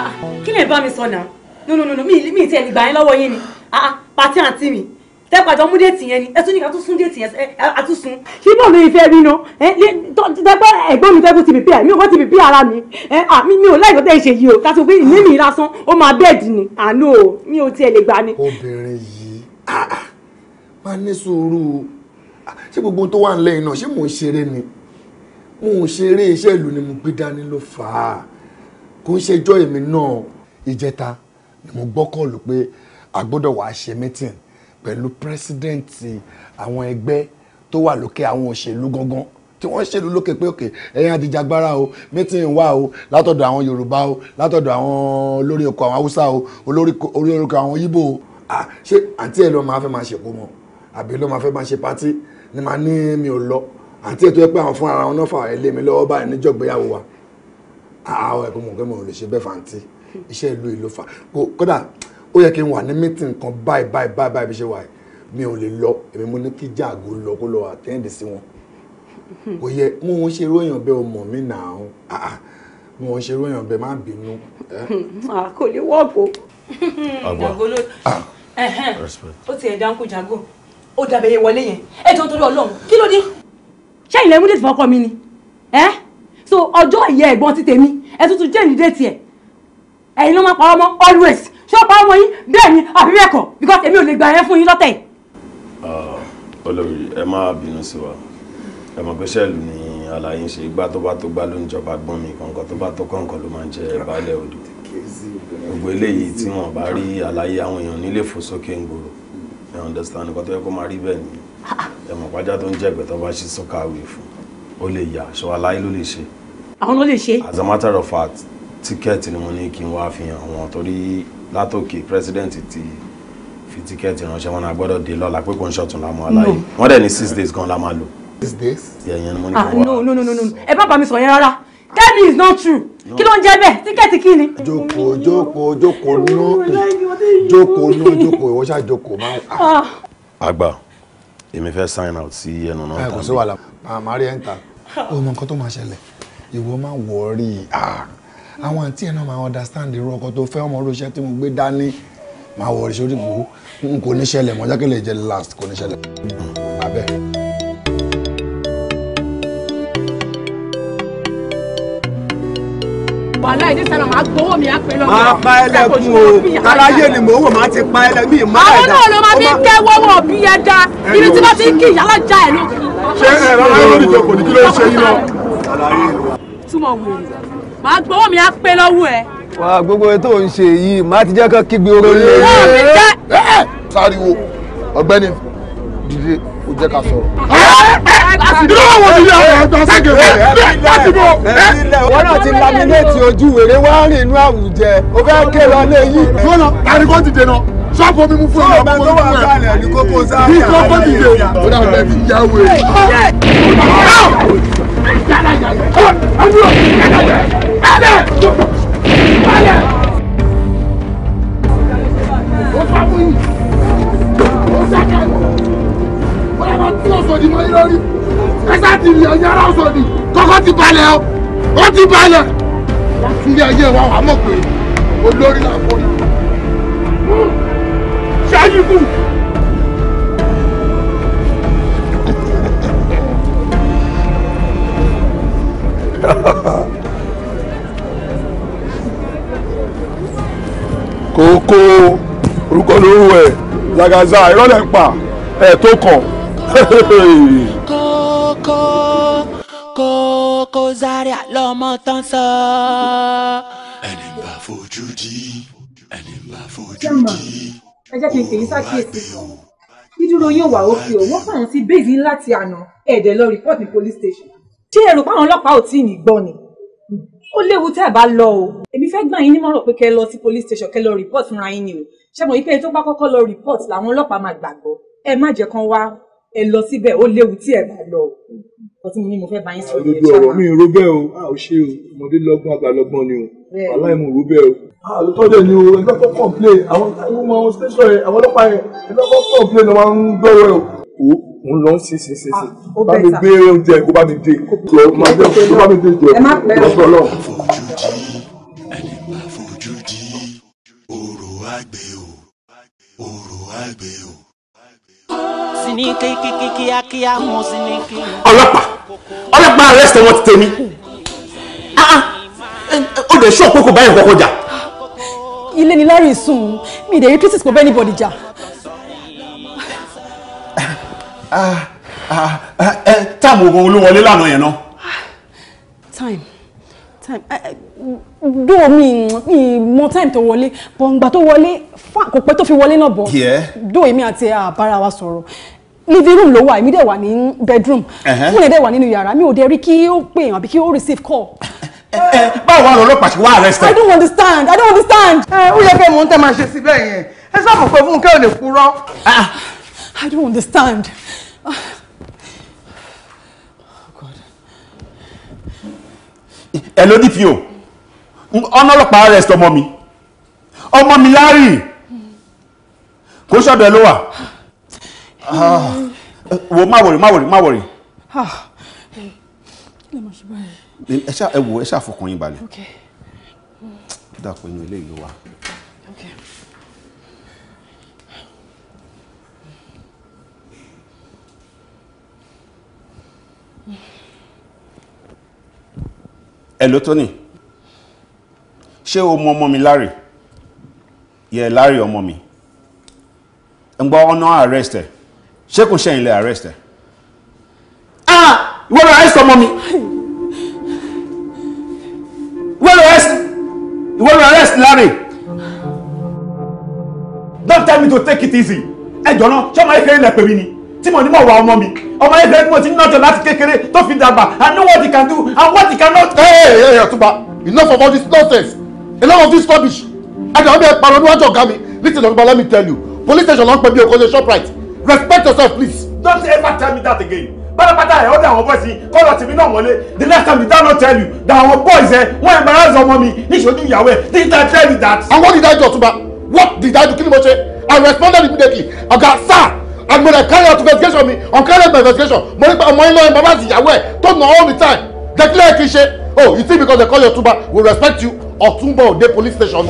Ah, kí lè bá mi sọ náà no no no mi ì tẹ̀lé gbà yín lọ́wọ́ yín ni ah, ah, pàtí àǹtí mi tẹ́pàjọ́ mú déètì yẹn ni ẹ tún ní ká tún sún déètì yẹn a tún sún. ṣé bọ́ọ̀ ló ìfẹ́ rí náà ẹ dẹ́pẹ́ ẹ̀gbọ́n mi fẹ́ẹ́ ti bìbí ẹ̀ mi ò kọ́ ti bìbí ara mi mi ò láìpẹ́ tẹ́ ṣe yìí o kátó pé ìní mi lásán ó máa bẹ́ẹ̀dì ni àánú o mi ò tiẹ̀ lè gbà ni. obìnrin yìí ah, ah, máa ní sùúrù ṣé gbogbo tó wà nílẹ̀ iná ṣé mò ń ṣeré ni mò ń ṣeré iṣẹ́ ìlú ni mo gbé dání ló fà á kò ń ṣe mẹ́tìrì pẹ̀lú pírẹsidẹ́ǹtì àwọn ẹgbẹ́ tó wà lókè àwọn òṣèlú gangan tí wọ́n ṣèlú lókè pé òkè ẹ̀yin àdìjàgbara o mítìn wà o látọ̀dọ̀ àwọn yorùbá o látọ̀dọ̀ àwọn olórí oko àwọn haúsá o olórí oko àwọn yíbò o ṣé àǹtí ẹ̀ ló máa fẹ́ máa ṣèkó mọ́ àbí ló máa fẹ́ máa ṣe pátí ni màá ní mi ò lọ àǹtí ẹ̀ tó yẹ pé àwọn fúnra wọn náà fà ẹ̀ lé mi lọ́wọ́ báyìí níjọ́gbéyàwó wa àwọn ẹ̀kọ́ mọ̀ pé mo lè ṣe bẹ́ẹ̀ fàǹtí iṣẹ́ ìlú ó yẹ kí n wà ní mítìn kan báyìí báyìí báyìí báyìí bí ṣe wà mi ò lè lọ èmi mo ní kí jáàgó lọ kó lọ àtẹ́ǹdì sí wọn (laughs) kò yẹ Mo wọn ṣe ròyìn bẹ́ẹ̀ o mọ̀ mí nà án mú wọn ṣe ròyìn bẹ́ẹ̀ má bínú. (laughs) kò lè wọ́ọ̀bù. àgbà (laughs) ah. ó ti ẹ̀ dáńkù jago ó dàbẹ̀ yẹ wọlé yẹn ẹ jọ torí ọlọ́run kí ló dé. ṣẹ́yìn lẹ́mú dèjì fọkọ mi ni ẹ́ so ọjọ́ ìyá ẹ̀gbọ́n ti tèmi ẹ tuntun jẹ́ ìdílé tiẹ̀ ẹ̀yin ló máa pa ọmọ always ṣé ọ̀pá ọmọ yín bẹ́ẹ̀ ni àbí bẹ́ẹ̀ kọ́ èmi ò lè gbà yẹn fún yín lọ́tẹ̀ ah, olórí ẹ má bínú sí wa ẹ mọ̀ ni àlàyé ṣe ìgbà tó bá tó gbá ló ń jọba gbọ́n mi kọ̀ǹkan tó bá tó kọ̀ǹkan ló máa ń jẹ baálẹ̀ odò gbogbo eléyìí tí wọn bá rí àlàyé àwọn èèyàn nílé fò sókè ń gbòòrò ẹ understand nǹkan tó yẹ kó máa rí bẹ́ẹ̀ ni ẹ pàjá tó ń jẹ̀gbẹ́ tó bá ṣe sọ́kà àwẹ̀ fún ó lè yà aṣọ àlàyé ló lè ṣe. àwọn ló lè ṣe. as a matter of fact tíkẹ́ẹ̀tì ni mo ní kí n wá fi hàn wọn torí látòkè president ti fi tíkẹ́ẹ̀tì ránṣẹ́ wọn náà gbọ́dọ̀ dé lọ́la pé kò ń ṣọ̀tún lámú aláyé wọ́n dẹ̀ ní six days gan la máa lò. six days. ìyẹn ni mo ní ah, kó wá. no no no no ẹ bá bàmí sọ yẹn rárá tell me it's not true kí ló ń jẹ bẹ́ẹ̀ tíkẹ́ẹ̀tì kí ni. jókòó jókòó jókòó nú oh, jókòó nú jókòó ìwọ ṣáà jókòó máa ah. ń ah. kà. àgbà èmi fẹ́ sign out sí ẹnu náà eh, tàbí. ẹ kò sí wàhálà màmá rí ẹ̀ ń ta. ó mọ nǹkan tó máa ṣẹlẹ̀ ìwọ máa wọ̀ ọ́ rí i àwọn àǹtí ẹ̀ náà máa understand irú ọkọ tó fẹ́ ọmọ oríṣẹ́ tí mo gbé dání máa wọ̀ ọ̀rẹ́ṣẹ́ orí gbogbo n kò ní ṣẹlẹ̀ mọ́ jákèlè jẹ́ last kò ní ṣẹlẹ̀ abẹ́. wàhálà ìdí sẹ́nà máa gbowó mi á pè lọ́wọ́. máa pa ẹlẹ́kùn o káráyé ni mò ń wò máa ti pa ẹlẹ́mí ìmọ̀ ẹ̀dá. àwọn náà ló máa fi kẹ́wọ́ wọ̀ bí ẹja ibi tí wọ́n ti ń kí ìyálà já ẹ̀ ló. ṣé ẹ̀rọ ayélujára kò ní kí ló ń ṣe yín lọ. túmọ̀ wèrè màá gbowó mi á pé lọ́wọ́ ẹ. wà á gbogbo ètò ń ṣe yìí màá ti jẹ́ kán kígbe oró lé. sáriwo ọ̀gbẹ́ni dìde ó jẹ́ ká sọ̀rọ̀. ìdúró wo ni ilé àwọn ọjọ́ sẹ́kẹ̀ rẹ̀ láti bọ̀. wọ́n náà ti laminéètì ojú wèrè wá rìn inú àwùjẹ ó fẹ́ ké lọ lé yìí. lọ́nà àríkọ́ ti dènà sọ́ọ̀bù omi mú fún ìyá ọmọ tó wà lálẹ́ ní kókó sáré. bí kókó ti dè ó dà bẹ́ẹ̀ ti yá wèrè. Balẹ̀! Balẹ̀! Ó fà mú yìí. Ó sẹ́kẹ̀. Wọ́n yà máa tí ọ̀sọ̀dì mọ́ yín lórí. Ẹ̀sà ti rí ọ̀yìn ara ọ̀sọ̀dì. Kọ́kọ́ ti balẹ̀ o. Ó ti balẹ̀. Ilé ayé wa wà mọ̀ pé olórí là ń bọ̀ ní. Ṣáyí kù. Ha ha ha. kókó orúkọ lórúkọ ẹ̀ zagaza ìrọ̀lẹ́ ń pa ẹ̀ tó kàn. kókó kókó Zaria lọmọ tán sọ. ẹni bá fojú di ẹni bá fojú di ẹ jẹ́ kí n pè yín sákìyèsí kan dídúró yóò wà òkè o wọ́n fàwọn ti bẹ́ẹ̀sì láti àná ẹ̀ẹ́dẹ̀ lọ rìpọ́ọ̀tì ní police station ṣé ẹ rò páwọn ọlọ́pàá ò tí ì ní gbọ́ ni ó léwu tẹ́ ẹ̀ bá lọ o èmi fẹ́ gbà yín nímọ̀ràn pé kẹ́ ẹ lọ sí police station kẹ́ ẹ lọ report fúnra yín ni o ṣé mo yí pé tó bá kọ́kọ́ lọ report làwọn ọlọ́pàá máa gbàgbọ́ ẹ má jẹ́ kán wá ẹ lọ síbẹ̀ ó léwu tí ẹ bá lọ o tí mo ní mo fẹ́ bá yín sọ̀rọ̀ ìṣẹ́ ọ̀rọ̀ mi ro bẹ́ẹ̀ o a ò ṣe o ọmọdé lọ́gbọ́n àgbà ni o aláìmọ̀ ro bẹ́ẹ̀ o. àlùtọ́ dẹ̀ ni o ẹgbẹ́ kọ́ complain àwọn ọmọ station yẹn àwọn ọlọ́pàá yẹn ẹgbẹ́ kọ́ complain ló máa ń gbọ́rọ̀ ẹ̀ o ń lọ sí sí sí sí ah, bá mi gbé oúnjẹ kó bá mi dé jọ máa jẹ kó bá mi dé jọ lọ́sọ̀ náà. ọlọ́pàá ọlọ́pàá arrest wọn ti tèmi ah, ah. ó lè ṣọ́ọ̀pù kò báyìí kọ́kọ́ jà. ilé ni larry sùn mi ì dẹ̀ rí tracy kò bẹ́ẹ̀ ní bọ́dì jà. Ah, ah, Time táàmù ogun ló wọlé lánàá yẹn náà. time time Do eh, eh, mi mi mọ time to tó wọlé bọ̀ ǹgbà tó wọlé kò pẹ́ tó fi wọlé náà bọ̀ dóò èmi àti àbára wa sọ̀rọ̀ living room ló wà èmi dẹ̀ wà ní bedroom mo uh-huh. lè dẹ̀ wà nínú yàrá mi ò dẹ̀ rí kí ó pè yàn àbí kí ó receive call eh, báwo ni ọlọ́pàá ti wá arrested. i don't understand i don't understand. ẹ ó yẹ kẹ́ mò ń tẹ́ máa ṣe síbẹ̀ yẹn ẹ sábà pé fúnkẹ́ ò lè purọ́. Ah, i don't understand Oh God! Elodie, o ọ̀nà ọlọ́pàá arrest ọmọ mi ọmọ mi láàrin kò ṣọ́dọ̀ ẹ ló wà ah. wò má wọ̀rì má wọ̀rì má wọ̀rì ẹ ṣáà ẹ show ẹ ṣáà fọkàn yín balẹ̀ dàpọ̀ inú ilé ìlú hello Tony ṣé o mọ ọmọ mi Larry yẹ Larry ọmọ mi ń gbọ́ ọ̀nà arrest ẹ̀ ṣé kò ṣẹ̀yìn lẹ́ arrest ẹ̀ ah ìwọ lọ arrest ọmọ mi ìwọ lọ arrest ìwọ lọ arrest Larry don't tell me to take it easy ẹ jọ̀ọ́ náà ṣé ọmọ ayé kéré lẹ pè ni tí mo ní mọ̀ wá ọmọ mi ọmọ yẹn fẹ́ẹ́ ti ní nọ́jọ láti kékeré tó fi dàgbà I know what he can do and what he cannot. ẹ ẹ ẹ tuba enough of all this nonsense enough of this rubbish adàwọn bẹ parọ́ níwájú ọ̀gá mi listen to me let me tell you police station ló ń pè mí okòó ṣe shoprite respect yourself please. don't ever tell me that again pátápátá ẹ̀ ọ́dọ̀ àwọn boys yìí kọ́lọ̀ tìmí náà wọlé the next time the town tell you that our boys ẹ eh, wọ́n embarrass ọmọ mi níṣojú ìyàwó ẹ̀ this time tell you that. and what did I do Ọ̀túnba what did I do kí ni mo ṣe I responded immediately ọ̀gá sir. I'm gonna carry out investigation me, I'm carrying my investigation mo ní pa ọmọ iná Told me all the time declare kì í oh you think because they call you Ọ̀túnba we respect you Ọ̀túnba Òde police station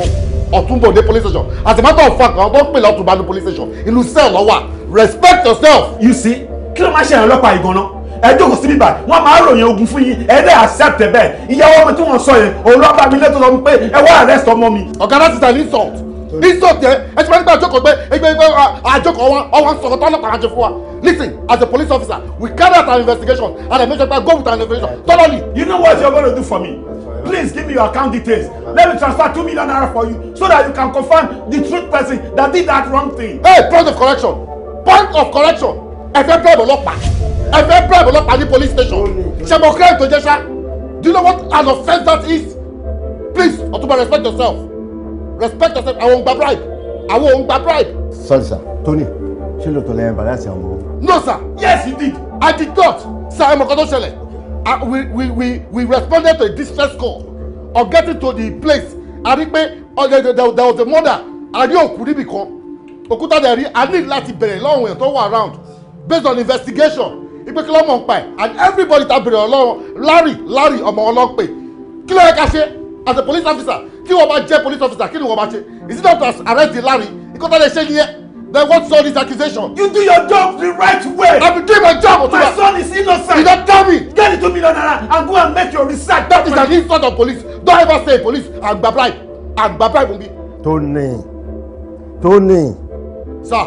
Ọ̀túnba Òde police station as a matter of fact àwọn tó ń pè lọ́túnba ní police station ìlú cell what? respect yourself. you see kí ló máa ṣe àwọn ọlọ́pàá ìgànnà ẹ jókòó síbí bá wọn máa ròyìn ogun fún yín ẹ dẹ accept ẹ bẹ́ẹ̀ ìyàwó mi tí wọn sọ yẹn òun lọ bá mi lẹtọ lọ pé ẹ wá arrest ọmọ mi. ọ̀gá láti ta ní salt ní sọ̀tẹ̀ ẹ ti máa nígbà àjọkọ̀ pé ẹgbẹ́ ẹgbẹ́ àjọkọ̀ wa ọwọ́ sọ̀rọ̀ tọ́lọ́pàá àjọ fún wa listen as a police officer we carry out our investigation and i make sure that go with our investigation thoroughly. you know what you're gonna do for me please give me your account details let me transfer two million naira for you so that you can confirm the truth person that did that wrong thing. hey point of correction point of correction ẹ fẹ́ bribe ọlọ́pàá ẹ fẹ́ bribe ọlọ́pàá ní police station ṣe mo kí ẹ tó do you know what an offence that is please Otunba respect yourself respect yourself àwọn ò ń gba bribe àwọn ò ń gba bribe. sorry sir Tony ṣé lóòótọ́ lẹ́yìn bàdá àti àwọn ọmọ. no sir yes he did i did not sir ẹ mọ̀ kan tó ṣẹlẹ̀ we we we we responded to a distress call on getting to the place a rí pé oh, there was a murder a rí kan òkúta dẹ̀ rí a ní láti bẹ̀rẹ̀ lọ́wọ́ èèyàn tó wà around based on investigation ipe kí lọ́mọ̀ ń pa ẹ̀ and everybody ta bẹ̀rẹ̀ ọlọ́run Larry Larry ọmọ ọlọ́pẹ̀ kí ló yẹ ká ṣe as a police officer tí wọ́n bá jẹ́ police officer kí ni wọ́n bá ṣe is it not to arrest the larry Because tó lè ṣe nìyẹn then what's all this accusation. you do your job the right way. i been doing my job otuba. my son is innocent. you don tell me. get the two million naira and go and make your research. that is an insult of police don't ever say police and gba bribe and gba bribe omi. Tony Tony. sir.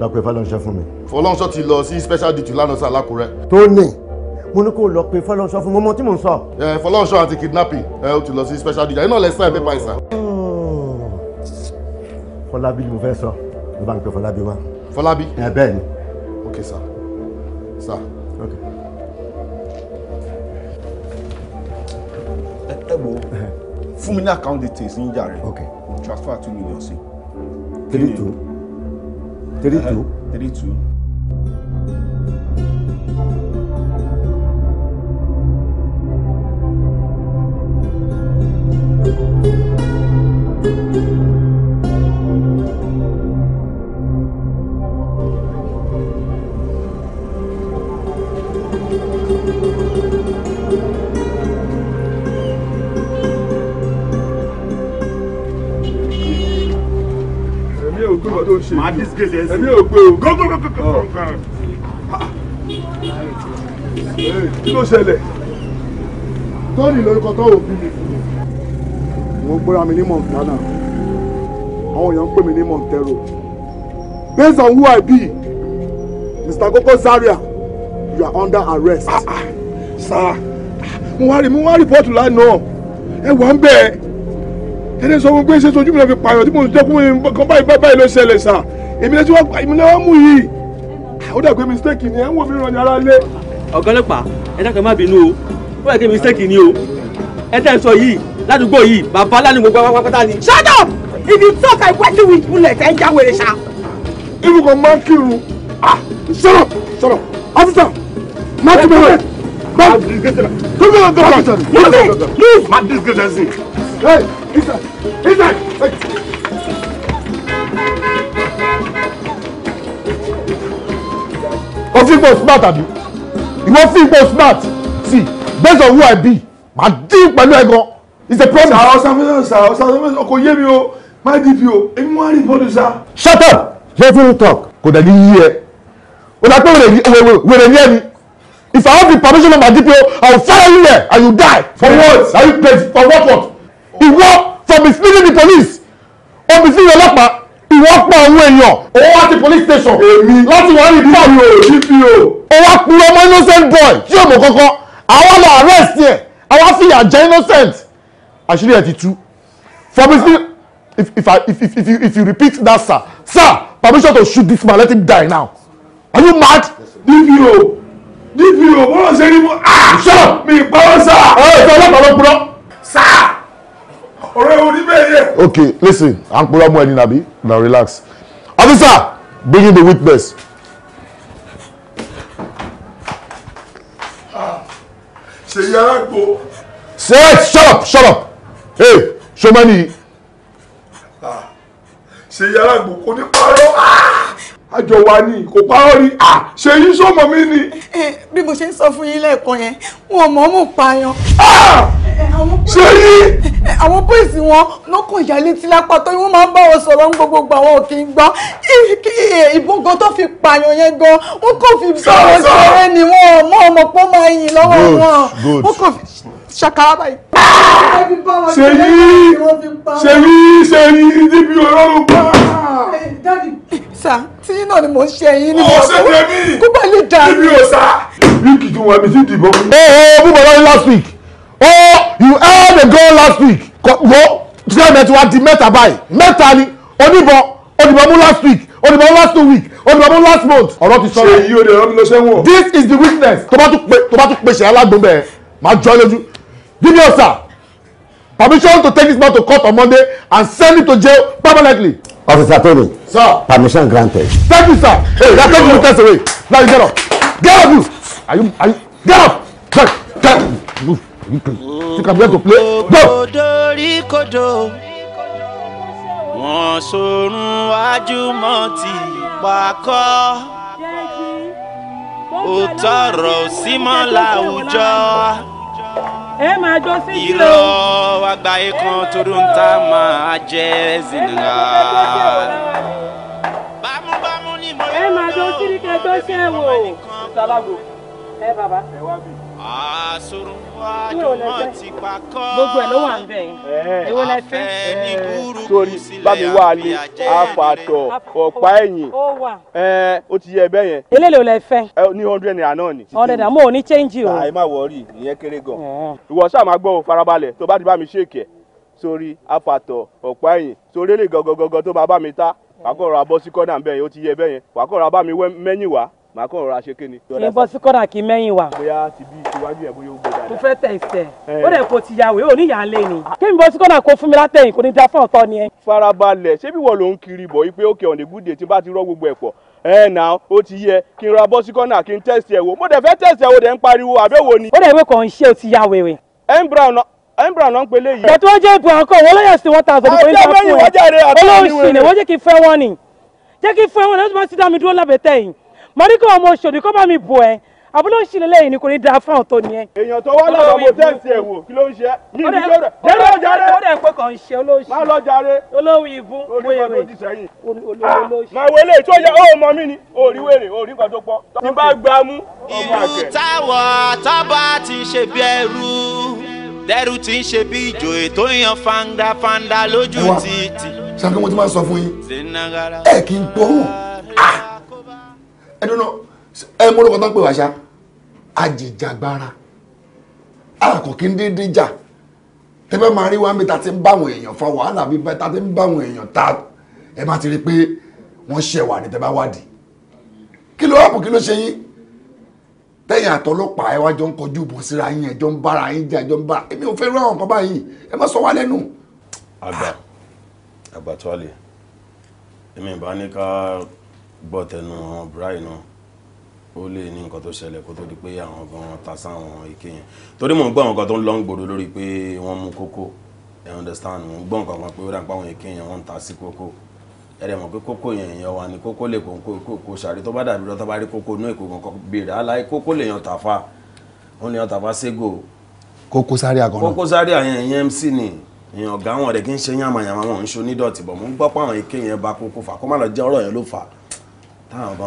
dàpẹ́ fàlọ́nṣẹ́ fún mi. fọlọ́nṣọ́ ti lọ sí special duty lánàá sí alákùrẹ́. Tony mo ní kó lọ pé fọlọ́nṣọ́ fún mọ́mọ́ tí mò ń sọ. ẹ fọlọ́nṣọ́ àti kidnapping ẹ ó ti lọ sí special dj iná lẹ́sẹ̀ pépà ìsà. fọlábí ni mo fẹ́ sọ ló bá ń pe fọlábí wá. fọlábí. ẹ bẹ́ẹ̀ ni. ok sir sir. ok. ẹ wo fún mi ní account details ń jà rẹ transfer two million sí. three two three two. three two. ma disgrace ẹ sí. èmi ò gbé o. go go go go go. Ah. kí ló ṣẹlẹ̀? tọ́ni lórúkọ tó wò bí mi fún mi mo gbọ́ra mi ní montana àwọn èèyàn ń pè mí ní montero based on who i be mr koko zaria you are under arrest. Ah, ah, sir ah, mo wá rí mo wá rìpọ́ọ̀tù lánàá ẹ wà ń bẹ́ẹ̀ ẹni sọ fún pé ṣe sojú mi lọ fi pààyàn tí mo jẹ́ kó kan báyìí báyìí ló ṣẹlẹ̀ sà èmi lẹ́sìn wá èmi lẹ́wọ́ mú yìí ó dà pé mistake ni ẹ̀ ń wò mí ràn yàrá lé. ọ̀gá ọlọ́pàá ẹ dákẹ́ má bínú o ó yẹ kí mistake ni o ẹ tẹ́ ẹ sọ yìí ládùúgbò yìí bàbá lánìí gbogbo wa pátá ni. shut up if you talk i wettle with bullet ẹ já wèrè ṣá. irú kan máa ń kírun ah shut up shut up officer má kí mi rẹ má kí mi rẹ dọ́kítà move move má disgrace ẹ sí. hey inside inside. o fi gbọ́ smart àbí ìwọ fi gbọ́ smart see based on who i be màá dín pẹ̀lú ẹ gan it's a problem. sàá ọ̀sán fẹ́ràn sàá ọ̀sán fẹ́ràn ọkọ̀ yé mi o my dì bí o èmi wá rí bọ́ọ̀lù shut up let him talk kò dàbí yí ẹ o dà pé wèrè ní ẹni if i have the permission of my dpo i will fire you here and you die. for what are you paid for what what. ìwọ for misleading the police or misleading ọlọ́pàá ìwọ pa àwọn èèyàn. o wá ti police station. èmi láti wá rí dpo dpo. o wá purọ́ mọ́ innocent boy tí o mọ̀ kankan àwa lọ arrest yẹn àwa fìyà jẹ innocent àṣírí ẹ̀ ti tú for me if if i if if you if you repeat that sir sir permission to shoot this man let him die now are you mad. dpo dpo bọ́lá ṣe ní mo ṣọ́ mi ìpawọ́ sá. ẹ ẹ ìfọwọ́ ọlọ́pàá ló purọ́. sá ọ̀rẹ́ o ní bẹ́ẹ̀ yẹ. okay listen à ń purọ́ mú ẹni nàbí now relax officer bring in the witness. Ah, ṣèyí arágbó. say shut up shut up ee ṣọmọ nìyí. ṣe yàrá gbòkó ní parọ́ ah, àjọ wa ni kò parọ́ ni ah, ṣe yí sọ́mọ mi ni. Eh, eh, bí mo ṣe ń sọ fún yín lẹ́ẹ̀kan yẹn wọn mọ̀ ọ́n mọ̀ pààyàn. Ah, eh, ṣe yí. àwọn bóyìsì wọn lọ́kàn ìyá létí lápá tó wọ́n máa ń bá wọn sọ̀rọ̀ ń gbogbo àwọn òkè ń gbọ́ ìbọn gan tó fi pààyàn yẹn gan wọ́n kàn fi sọ̀rọ̀ sọ̀rọ̀ ni wọ́n mọ̀ ọmọ pọ́ máa yìn lọ́wọ́ wọn ṣàkàrà báyìí. ṣèyí ṣèyí ṣèyí níbi ọlọ́run pa. sà tí náà ni mò ń ṣe yín ní ọ̀sẹ̀ kó bá lè dà. níbi òsà wíìkì tí wọn mi ti dìbò. ẹ ẹ búbọ̀ lọ́yìn last week oh you had a girl last week wo tíkẹ́mẹ̀ tí wàá di mẹ́ta báyìí mẹ́ta ni oníbọn oníbọn mú last week oníbọn mú last two week oníbọn mú last month ọ̀rọ̀ ti sọ̀rọ̀. ṣe yí o de ọ̀rọ̀ mi lọ sẹ́wọ̀n. this is the witness tó bá tún pè ṣe alágbóńbẹ̀ máa jọ́ lójú give me your sir permission to take this man to court on Monday and send him to jail permanently. Officer Tony. Sir. Permission granted. Thank you, sir. Hey, now take your test away. Now you get up. Get up, you. Are you, are you, get up. Get, get, move. You can, you can be to play. Go. Kodo, wọ́n sorun wájúmọ́ ti pakọ́ òtọ̀rọ̀ símọ́ láwùjọ ẹ máa jó sí jù o. irọ́ àgbáyé kan torú ń ta máa jẹ́ zinra. ẹ máa jó sí kẹjọ ṣẹ́ wò. ẹ bàbá. ẹ wá bì gbogbo ẹ ló wà ń bẹ̀ yín eh. èwo lẹ fẹ́. Eh. sórí bámi wá lé àfàtọ̀ ọ̀pá ẹ̀yìn eh, ti yẹ bẹ́ẹ̀ yẹn. eléyìí lẹ fẹ́. ní hundred naira náà ni. ọ̀rẹ́ dàmú ò ní chẹ́ńjì o. àì ah, má wọrí ìyẹn kéré gan. ìwọ sáà máa gbọ́ farabalẹ̀ tó bá ti bá mi ṣèkì ẹ̀ sórí àfàtọ̀ ọ̀pá ẹ̀yìn sórí eléyìí gangan gangan tó bá bá mi ta wàá kọ̀ ra bọ́ sí kọ́nà bẹ́ẹ̀ yẹn ti yẹ bẹ́ẹ̀ wàá kọ̀ ra bá mi mẹ́yìn wá màá kọ̀ rọra ṣe kéni. kì í bọ́ sí kọ́nà kí mẹ́yìn wa. bóyá ti bí ìṣíwájú ẹ̀ bóyá ó gbé dáadáa. mo fẹ́ tẹ̀ ìṣẹ̀ ó dẹ̀ kó ti yàwé ò ní ìyá lé ni. kí n bọ́ sí kọ́nà kó fún mi látẹ̀yìn kò ní dá fún ọ̀tọ́ ni ẹ. farabalẹ̀ ṣé bí wọ́n ló ń kiri bọ̀ wípé òkè ọ̀nà ìgúdè tí bá ti rọ́ gbogbo ẹ̀ pọ̀ ẹ nà ó ti yẹ kí n ra bọ́ sí kọ́nà kí n tẹ̀sí ẹ̀ wò mo dẹ̀ fẹ́ tẹ̀sí ẹ̀ wò dẹ̀ ń pariwo àbẹ́wò ni. ó dẹ̀ wé kàn ń ṣe o ti ya wèrè. m brown m brown náà ń pelé yìí. bẹ̀tú wọ́n jẹ́ ipò àǹkọ́ wọ́n lọ́yẹ̀ sí one thousand kò ní sá fún ẹ. ọjọ́ mẹ́rin wọ́n jẹ́ mo ní kí ọmọ òṣòdì kó bá mi bò ẹ́ àbúrò ń lẹ́yìn ni kò ní dáa fún tó ní ẹ. èèyàn tó wá lọ́dọ̀ mo tẹ̀sí ẹ̀ wò kí ló ń ṣe é. mi ìdí lọ́dọ̀ jẹ́rẹ́ ó dẹ̀ pé kàn ń ṣe olóṣù. má lọ jàre. olówó ibú wéèrè ah, olóṣù. màá wọlé tó yẹ ó mọ mí ni òrí wèrè òrí nǹkan tó pọ̀. tí bá gbá mú. ìlú táwọ̀ tábà ti ṣe bí ẹrú dẹ́rù ti ń ṣe bí ìjò ètò yan fandafanda lójú títì. ṣàkóso mo máa sọ fún yín ẹ kì í gbóhùn ah! ẹnu náà ẹ mú orúkọ tó ń pè wá ṣá ajìjàgbara àkọ́kí ń dídí jà tẹ́fẹ́ máa rí wá ń bí ta ti ń báwọn èèyàn fa wàhálà bí ta ti ń báwọn èèyàn ta ẹ má ti rí pé wọ́n ṣẹ̀wà ní tẹ́fẹ́ wádìí kí ló wàpù kí ló ṣe yín tẹ́yìn àtọlọ́pàá ẹ wá jọ ń kọjú ìbọn síra yín ẹjọ́ ń bára yín jà ẹjọ́ ń bára èmi ò fẹ́ rú àwọn kan báyìí ẹ má sọ wá lẹ́nu. àgbà àgbà tó a lè èmi ìbá ní ká gbọ́ tẹnu àwọn bùráì náà ó lè ní nǹkan tó ṣẹlẹ̀ kó tó di pé àwọn gan ta sáwọn ike yẹn torí mò ń gbọ́ àwọn kan tó ń lọ ń gbòdo lórí pé wọ́n mú kókó ẹ̀ understand mò ń gbọ́ nǹkan kan pé ó dà pé àwọn ike yẹn wọ́n ń ta sí kókó ẹ̀rẹ̀ mọ̀ pé kókó yẹn èèyàn wà ní kókó lè kóńkó kókó ṣàrí tó bá dàbí lọ́tọ́ bá rí kókó inú èkó kankan béèrè aláì kókó lè yan tàfa ó lè yan tàfa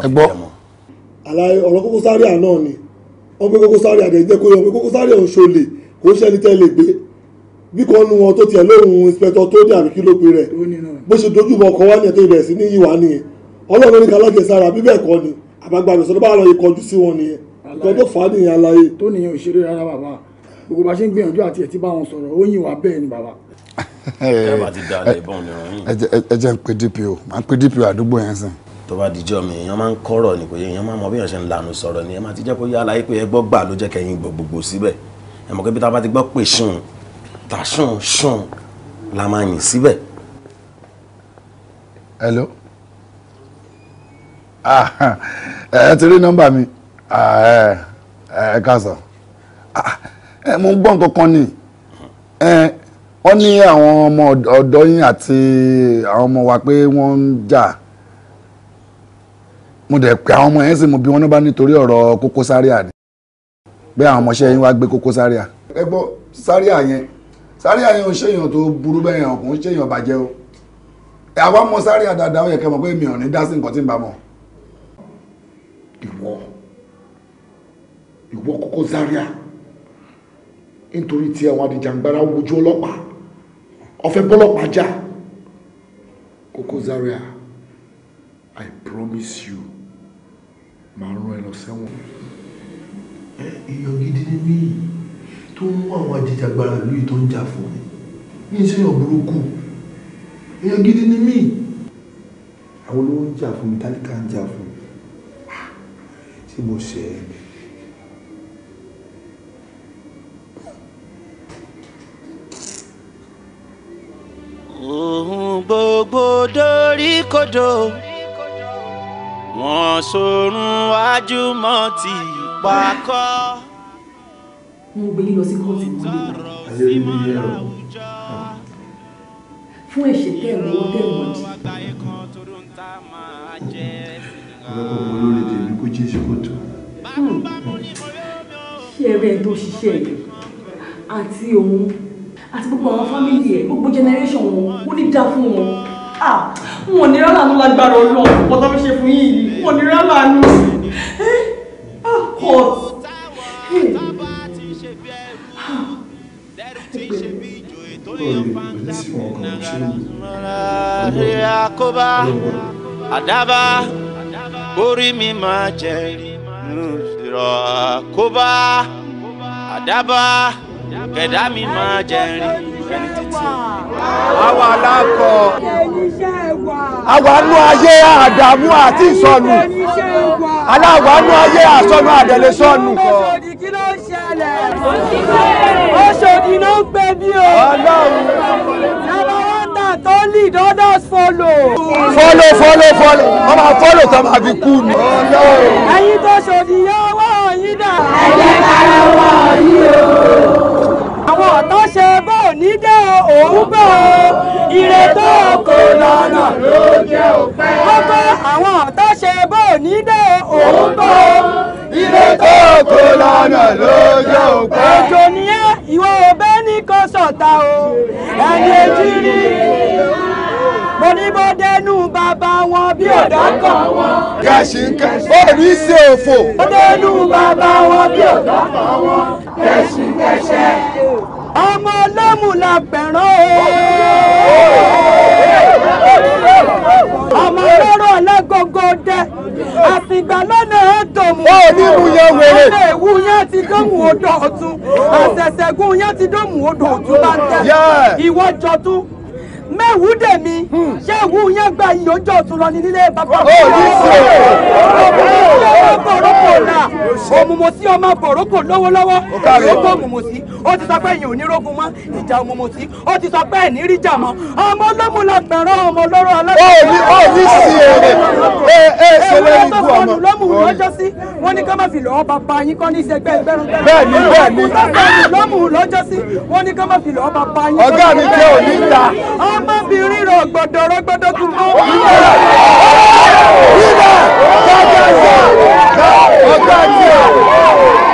ẹ gbọ́. àlàyé ọ̀rọ̀ Koko Zaria náà ni wọ́n pé Koko Zaria àdéjẹ́ kó yọ pé Koko Zaria òṣòlè kò ń ṣẹ́ni tẹ́lẹ̀ gbé bí kan nu wọn tó tiẹ̀ lóhùn inspector tó ní àbí kí ló pe rẹ̀ bó ṣe dojú mọ́ ọkọ wá ní ẹ̀ tó ìbẹ̀rẹ̀ sí ní yìí wá nìyẹn ọlọ́run ní kalájẹ sára bíbẹ̀ ẹ̀kọ́ ni àbágbàbẹ̀ sọ́dọ́ bá lọ ìkọjú sí wọn nìyẹn tọ́jọ́ fà á nìyẹn aláyé. tó nìyẹn ò ṣeré rárá bàbá gbogbo bá ṣe ń gbìyànjú àti ẹ̀ tí bá wọn sọ̀rọ̀ ó yìn wá bẹ́ẹ̀ ni bàbá. ẹ jẹ́ ń pe DPO máa ń pe DPO àdúgbò yẹn sìn tó bá dijọ́ mi èèyàn máa ń kọ́rọ̀ ni kò yẹ èèyàn máa mọ bí èèyàn ṣe ń lanu sọ̀rọ̀ ni ẹ máa ti jẹ́ kó yá aláyé pé ẹgbọ́ gbà ló jẹ́ kẹyìn gbogbogbò síbẹ̀ ẹ mọ̀ pé bí tá bá ti gbọ́ pè ṣùn tà ṣùn ṣùn la máa yìn síbẹ̀. hello ah, (laughs) ẹ ti rí nọ́mbà mi ah, ẹ káàsán ah, mo ń gbọ́ nǹkan kan ni wọ́n ní àwọn ọmọ ọ̀dọ́ yín àti àwọn ọmọ wa pé wọ́n ń jà. Ja mo dẹ̀ pé àwọn ọmọ yẹn sì mo bí wọn náà bá nítorí ọ̀rọ̀ Koko Zaria ni bẹ́ẹ̀ àwọn ọmọọṣẹ́ yín wá gbé Koko Zaria. ẹ gbọ́ Zaria yẹn Zaria yẹn ò ń tó burú bẹ́ẹ̀ yẹn bàjẹ́ o àwa mọ dáadáa ó yẹ kẹ́ mọ̀ pé ò ní dá sí nǹkan tí ń bá mọ̀. Koko nítorí adìjàngbara wojú ọlọ́pàá I promise you màá rán ẹ lọ sẹ́wọ̀n. èèyàn gidi ni mí tó ń mú àwọn ajìjàgbara ìlú tó ń jà fún mi ní ìṣẹ́yàn burúkú èèyàn gidi ni mí àwọn olówó ń jà fún mi tálíkà ń jà fún mi tí ah, mo ṣẹ̀ ẹ́ gbogbo dorí kodò wọ́n sorun wájú mọ́ ti pakọ́. mo gbé yín lọ sí kóòtù ìmọ̀lẹ́ ayé ní iye rẹ̀ fún ẹ̀ṣẹ̀ tẹ́ ẹ̀rọ ọdẹ ìmọ̀jì. ọlọ́pàá ọmọ lórí tèmi kó jí sí kóòtù. ṣé ẹrẹ tó ṣiṣẹ́ yìí àti òun àti gbogbo àwọn fámìlì ẹ̀ gbogbo jẹnẹrẹ́ṣọ̀n wọn ó ní dá fún wọn. Ah, ò ní rárá ló lágbára ọlọ́run ọ̀pọ̀ mi. fi ṣe fún yìí n ò ní rárá nù kọ́ àkóbá àdábá orí mi máa jẹ ìrọ̀ adaba, keda mi máa jẹ rí àwa alákọ. àwa nú ayé àdààmú àti ìsọnù. aláwa nú ayé àsọnù àdẹ̀lẹ̀ sọnù. oṣòdì ló ń ṣẹlẹ̀. oṣòdì o. ọlọ́run only the others follow. follow follow follow wọ́n máa follow tó máa fi kú ni. ẹ̀yin tó ṣòdìyàn owó yín dà. ẹ̀jẹ̀ kára wọ̀ yìí o. àwọn ọ̀tọ́ ṣe bó ní dé òun bọ̀ o ire tó kò lọ́nà ló jẹ́ òpẹ́. ọkọ àwọn ọ̀tá ṣe bó ní dé òun bọ̀ o ire tó kò lọ́nà ló jẹ́ òpẹ́. òjò nìyẹn ìwọ òbẹ́ ní kò sọ̀tà o ẹni etí rí mo ní bó wọn bí ọ̀dà kan wọn. kẹ́sì ń kẹ́sì. ní ṣe òfò. bó dẹnu bàbá wọn bí ọ̀dà kan wọn. kẹ́sì ń ọmọ ọlọ́mù la pẹ̀rán o ọmọ ọlọ́rọ̀ ọlọ́gọ́gọ́ dẹ àfìgbà lọ́nà ẹ̀dọ̀mù ọ̀nà ìwú yẹn ti dọ́mù odò ọ̀tún àṣẹ̀ṣẹ̀gún yẹn ti dọ́mù odò ọ̀tún bá ń tẹ̀ ìwọ́jọ́tún mẹ́wù dèmi hmm. ṣé ìwú yẹn gba iye ojú ọ̀tún lọ ní nílé bàbá mi. ó ní sè é. ọmọ sí ọmọ bòrókò lọ́wọ́lọ́wọ́ oh, ìrókò òmùmọ̀ sí ó ti sọ pé ẹ̀yìn onírógun mọ́ ìjà òmùmọ̀ sí ó ti sọ pé ẹ̀ níríjà mọ́ ọmọ ọlọ́mú la gbẹ̀rán ọmọ ọlọ́rọ̀ aláṣẹ. Oh, oh, eh, eh, eh, ọ̀gá mi jẹ́ òní ta ọmọbìnrin rọ̀ gbọ̀dọ̀ rọ̀ gbọ̀dọ̀ tún mọ́. ìdá ìdá kàkàṣà kàkàṣà.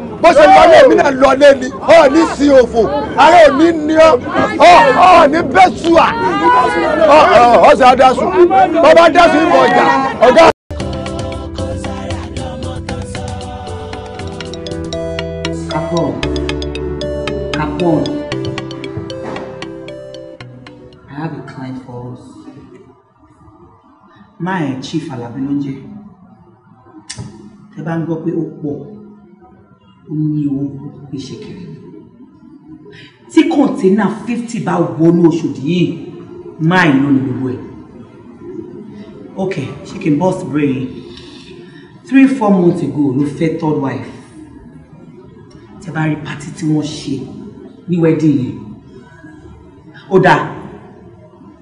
bó ṣe lọlé èmi náà lọlé ni ọ ní sí òfò ara ò ní ọ ọ ní bẹ́sùà ọ̀sẹ̀ adásù bọ́bá dásù ìbọn ọjà ọ̀gá. I have a client for us. My Chief Alabi ló ń jẹ́. Ẹ bá ń gbọ́ pé ó pọ̀ ní owó gbé ṣe kiri tí kọ̀ǹténà fifty bá wọnú Òṣòdì yìí máa ìlú ni gbogbo ẹ̀ ok she can n brain three four months ago ló fẹ́ third wife tẹ bá rí pátí tí wọ́n ṣe ní wedding yẹn ó dáa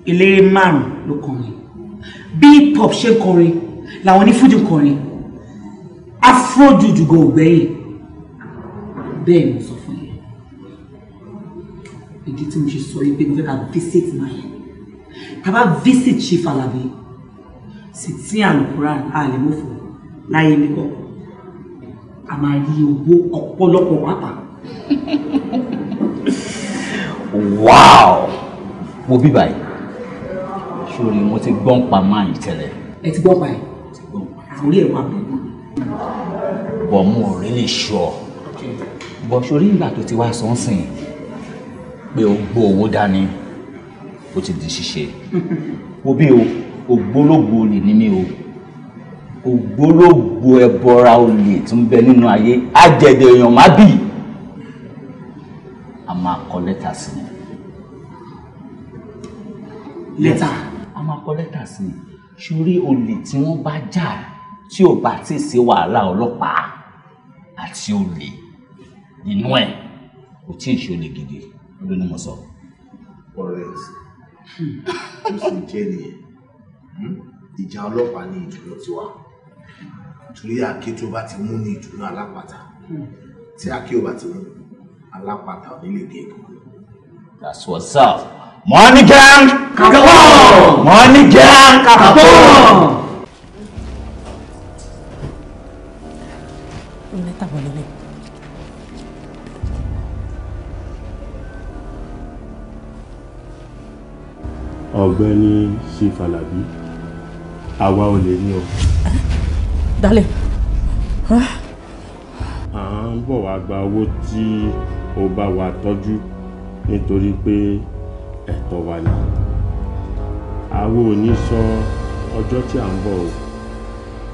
eléré márùn ló kọrin bí pop ṣe kọrin làwọn onífújì kọrin afro jùjù gan ògbẹ́yìn bẹ́ẹ̀ mo sọ fún yẹn ìdí tí mo ṣe sọ yìí pé mo fẹ́ ka visit máa yẹn visit Chief Alabi sìtì alukuran àlèmọ́fò láyé nìkọ́ a máa yí owó ọ̀pọ̀lọpọ̀ pátá. wow mo bí báyìí sórí mo ti gbọ́n pa máa yìí tẹ́lẹ̀. ẹ ti gbọ́n pa ẹ̀ àwọn orí ẹ̀ wà bẹ́ẹ̀ bọ́ mo really sure bọ́ sórí ìgbà tó ti wá sọ́nsìn pé o gbó owó dání o ti di ṣíṣe wo bí o ògbólógbò olè ní mi o ògbólógbò ẹbọra olè tó ń bẹ nínú ayé àjẹdẹ èèyàn má bì a máa kọ lẹ́tà sí i. lẹ́tà a máa kọ lẹ́tà sí i sórí olè tí wọ́n bá jà tí ò bá ti ṣe wàhálà ọlọ́pàá àti olè nínú ẹ̀ kò tí ì ṣe olè gidi ló ní mo sọ. correct ó sì jẹ́ nìyẹn hmm? ìjà ọlọ́pàá ní ìdúró tiwa torí àké tó bá ti mú ní ìdúró alápàtà hmm. tí àké ò bá ti mú alápàtà ò ní lè that's what's up. Money gang, come Money gang, come on! ọ̀gbẹ́ni Chief Alabi àwa ò lè ní o. dalẹ̀. à ń bọ̀ wá gba owó tí o bá wa tọ́jú nítorí pé ẹ̀tọ́ wa ni àwo ò ní sọ ọjọ́ tí à ń bọ̀ o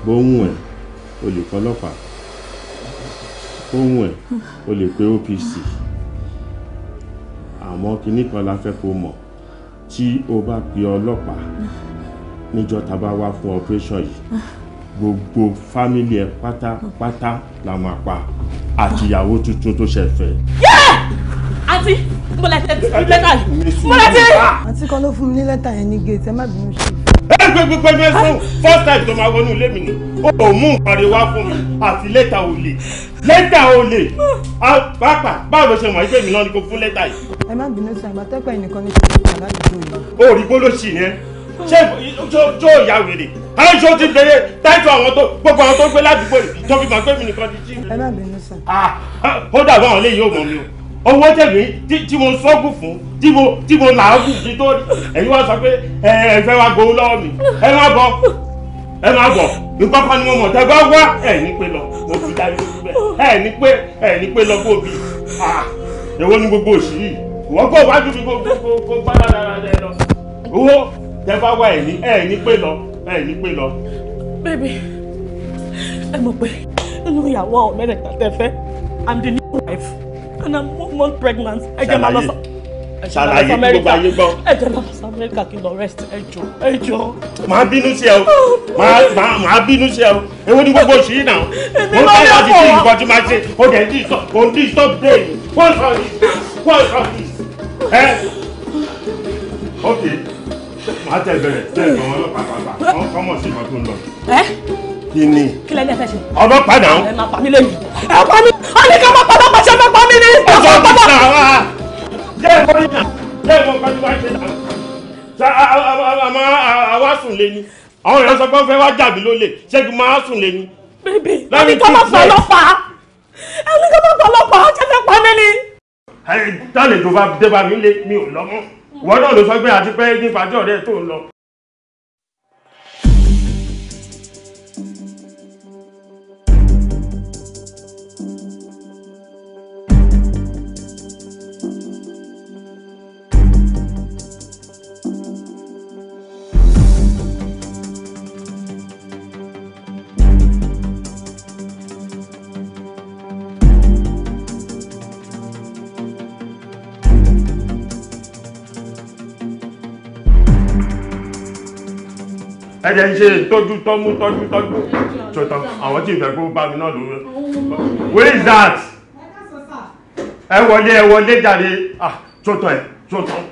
bó ń wẹ̀ ọlọ́pàá bó ń wẹ̀ pe OPC àmọ́ kinní kan la fẹ́ kó mọ̀ tí o bá pe ọlọ́pàá níjọ́ tá a bá wá fún operation yìí gbogbo fámìlì ẹ pátápátá la máa pa àtìyàwó tuntun tó ṣe fẹ́. àti mo lẹ tẹ lẹ́tà yìí mo lẹ tẹ. àti kan ló fún mi ní lẹ́tà yẹn ní gate ẹ má bínú ṣe. ẹ gbé gbogbo ẹgbẹ́ sùn first time tó máa wọnú ilé mi ni ó ò mú nǹkan rẹ wá fún mi àti lẹ́tà olè lẹ́tà olè pàápàá báwo ṣe mọ̀ ẹgbẹ́ mi náà ni kò fún lẹ́tà yìí ẹ má bínú sí àmọ̀tẹ́pẹ́ nìkan ní ṣe ìgbà ládùúgbò yìí. ó rí bólóṣì yẹn ṣé jó ìyá wèrè aṣọ ti bẹ̀rẹ̀ táìtù àwọn tó gbogbo àwọn tó ń gbé ládùúgbò yìí tó fi gbàgbé mi nìkan ti jí. ẹ má bínú sí. ó dàbí àwọn eléyìí ò mọ mi o owó tẹ̀mí tí mo sọ́gùn fún tí mo tí mo làágùn sí tó ẹ̀yin wá sọ pé ẹ fẹ́ wá gbowó lọ́wọ́ mi ẹ má bọ̀ ẹ máa bọ̀ nǹkan kan ni mo mọ̀ tẹ́ bá wá ẹ̀ ní pé lọ mo fi dá yín lójú bẹ́ẹ̀ ẹ̀ ní pé ẹ̀ ní pé lọ bóbi èwo ni gbogbo òṣì yìí wọ́n gbọ́ wájú mi kó gbá dára rẹ lọ owó tẹ bá wá ẹ̀ ní ẹ̀ ní pé lọ ẹ̀ ní pé lọ. bébì ẹ mọ̀ pé inú ìyàwó àwọn mẹ́rẹ̀ẹ̀ta tẹ fẹ́ i'm the new wife and i'm one month pregnant ẹ jẹ́ máa lọ sọ. ṣàlàyé gbogbo ayé gbọ́. ẹ jẹ́ lọ sọ amẹ́ríkà kí n lọ rest ẹ jọ ẹ jọ. màá bínú sí ẹ o màá bínú sí ẹ o èwo ni gbogbo òṣì yìí náà mo ń bá láti ṣe nǹkan tí màá ṣe o dẹ̀ ń dí stop o ń dí stop dé wọ́n sọ yìí wọ́n sọ yìí ẹ ok màá tẹ bẹ̀rẹ̀ tẹ ìgbọ̀n ọlọ́pàá pàápàá wọn kọ́ mọ̀ sí ìgbọ̀n tó ń lọ. ẹ kí ni. kí lẹ́ni ẹ fẹ́ ṣe. ọlọ́pàá dàn. ẹ máa pa mí lẹ́yìn. ẹ pa mí ọ ní ká máa padà pàṣẹ máa pa mí ní. ọjọ́ ìgbà wa jẹ́ ẹ̀kọ́ yìí náà jẹ́ ẹ̀kọ́ kan tí wàá ṣe náà. ṣá àmọ́ àwa sùn lé ni àwọn èèyàn sọ pé wọ́n fẹ́ wá jàbí lólè ṣẹ́gun máa sùn lé ni. bèbè ẹnì kan máa fọ ọlọ́pàá ẹnì kan máa fọ ọlọ́pàá ṣẹ́fẹ́ pa mí ni tálejò bá dé bá mi lé mi ò lọ́mú ìwọ náà ló sọ pé àti pé nípa tí tó ń lọ jẹ́ ń ṣe tọ́jú tọ́mú tọ́jú tọ́jú ṣọ̀tàn àwọn tí ìfẹ́ kó bá mi náà lóore where is that ẹ wọlé ẹ wọlé jáde ṣọ̀tàn ah, ẹ ṣọ̀tàn.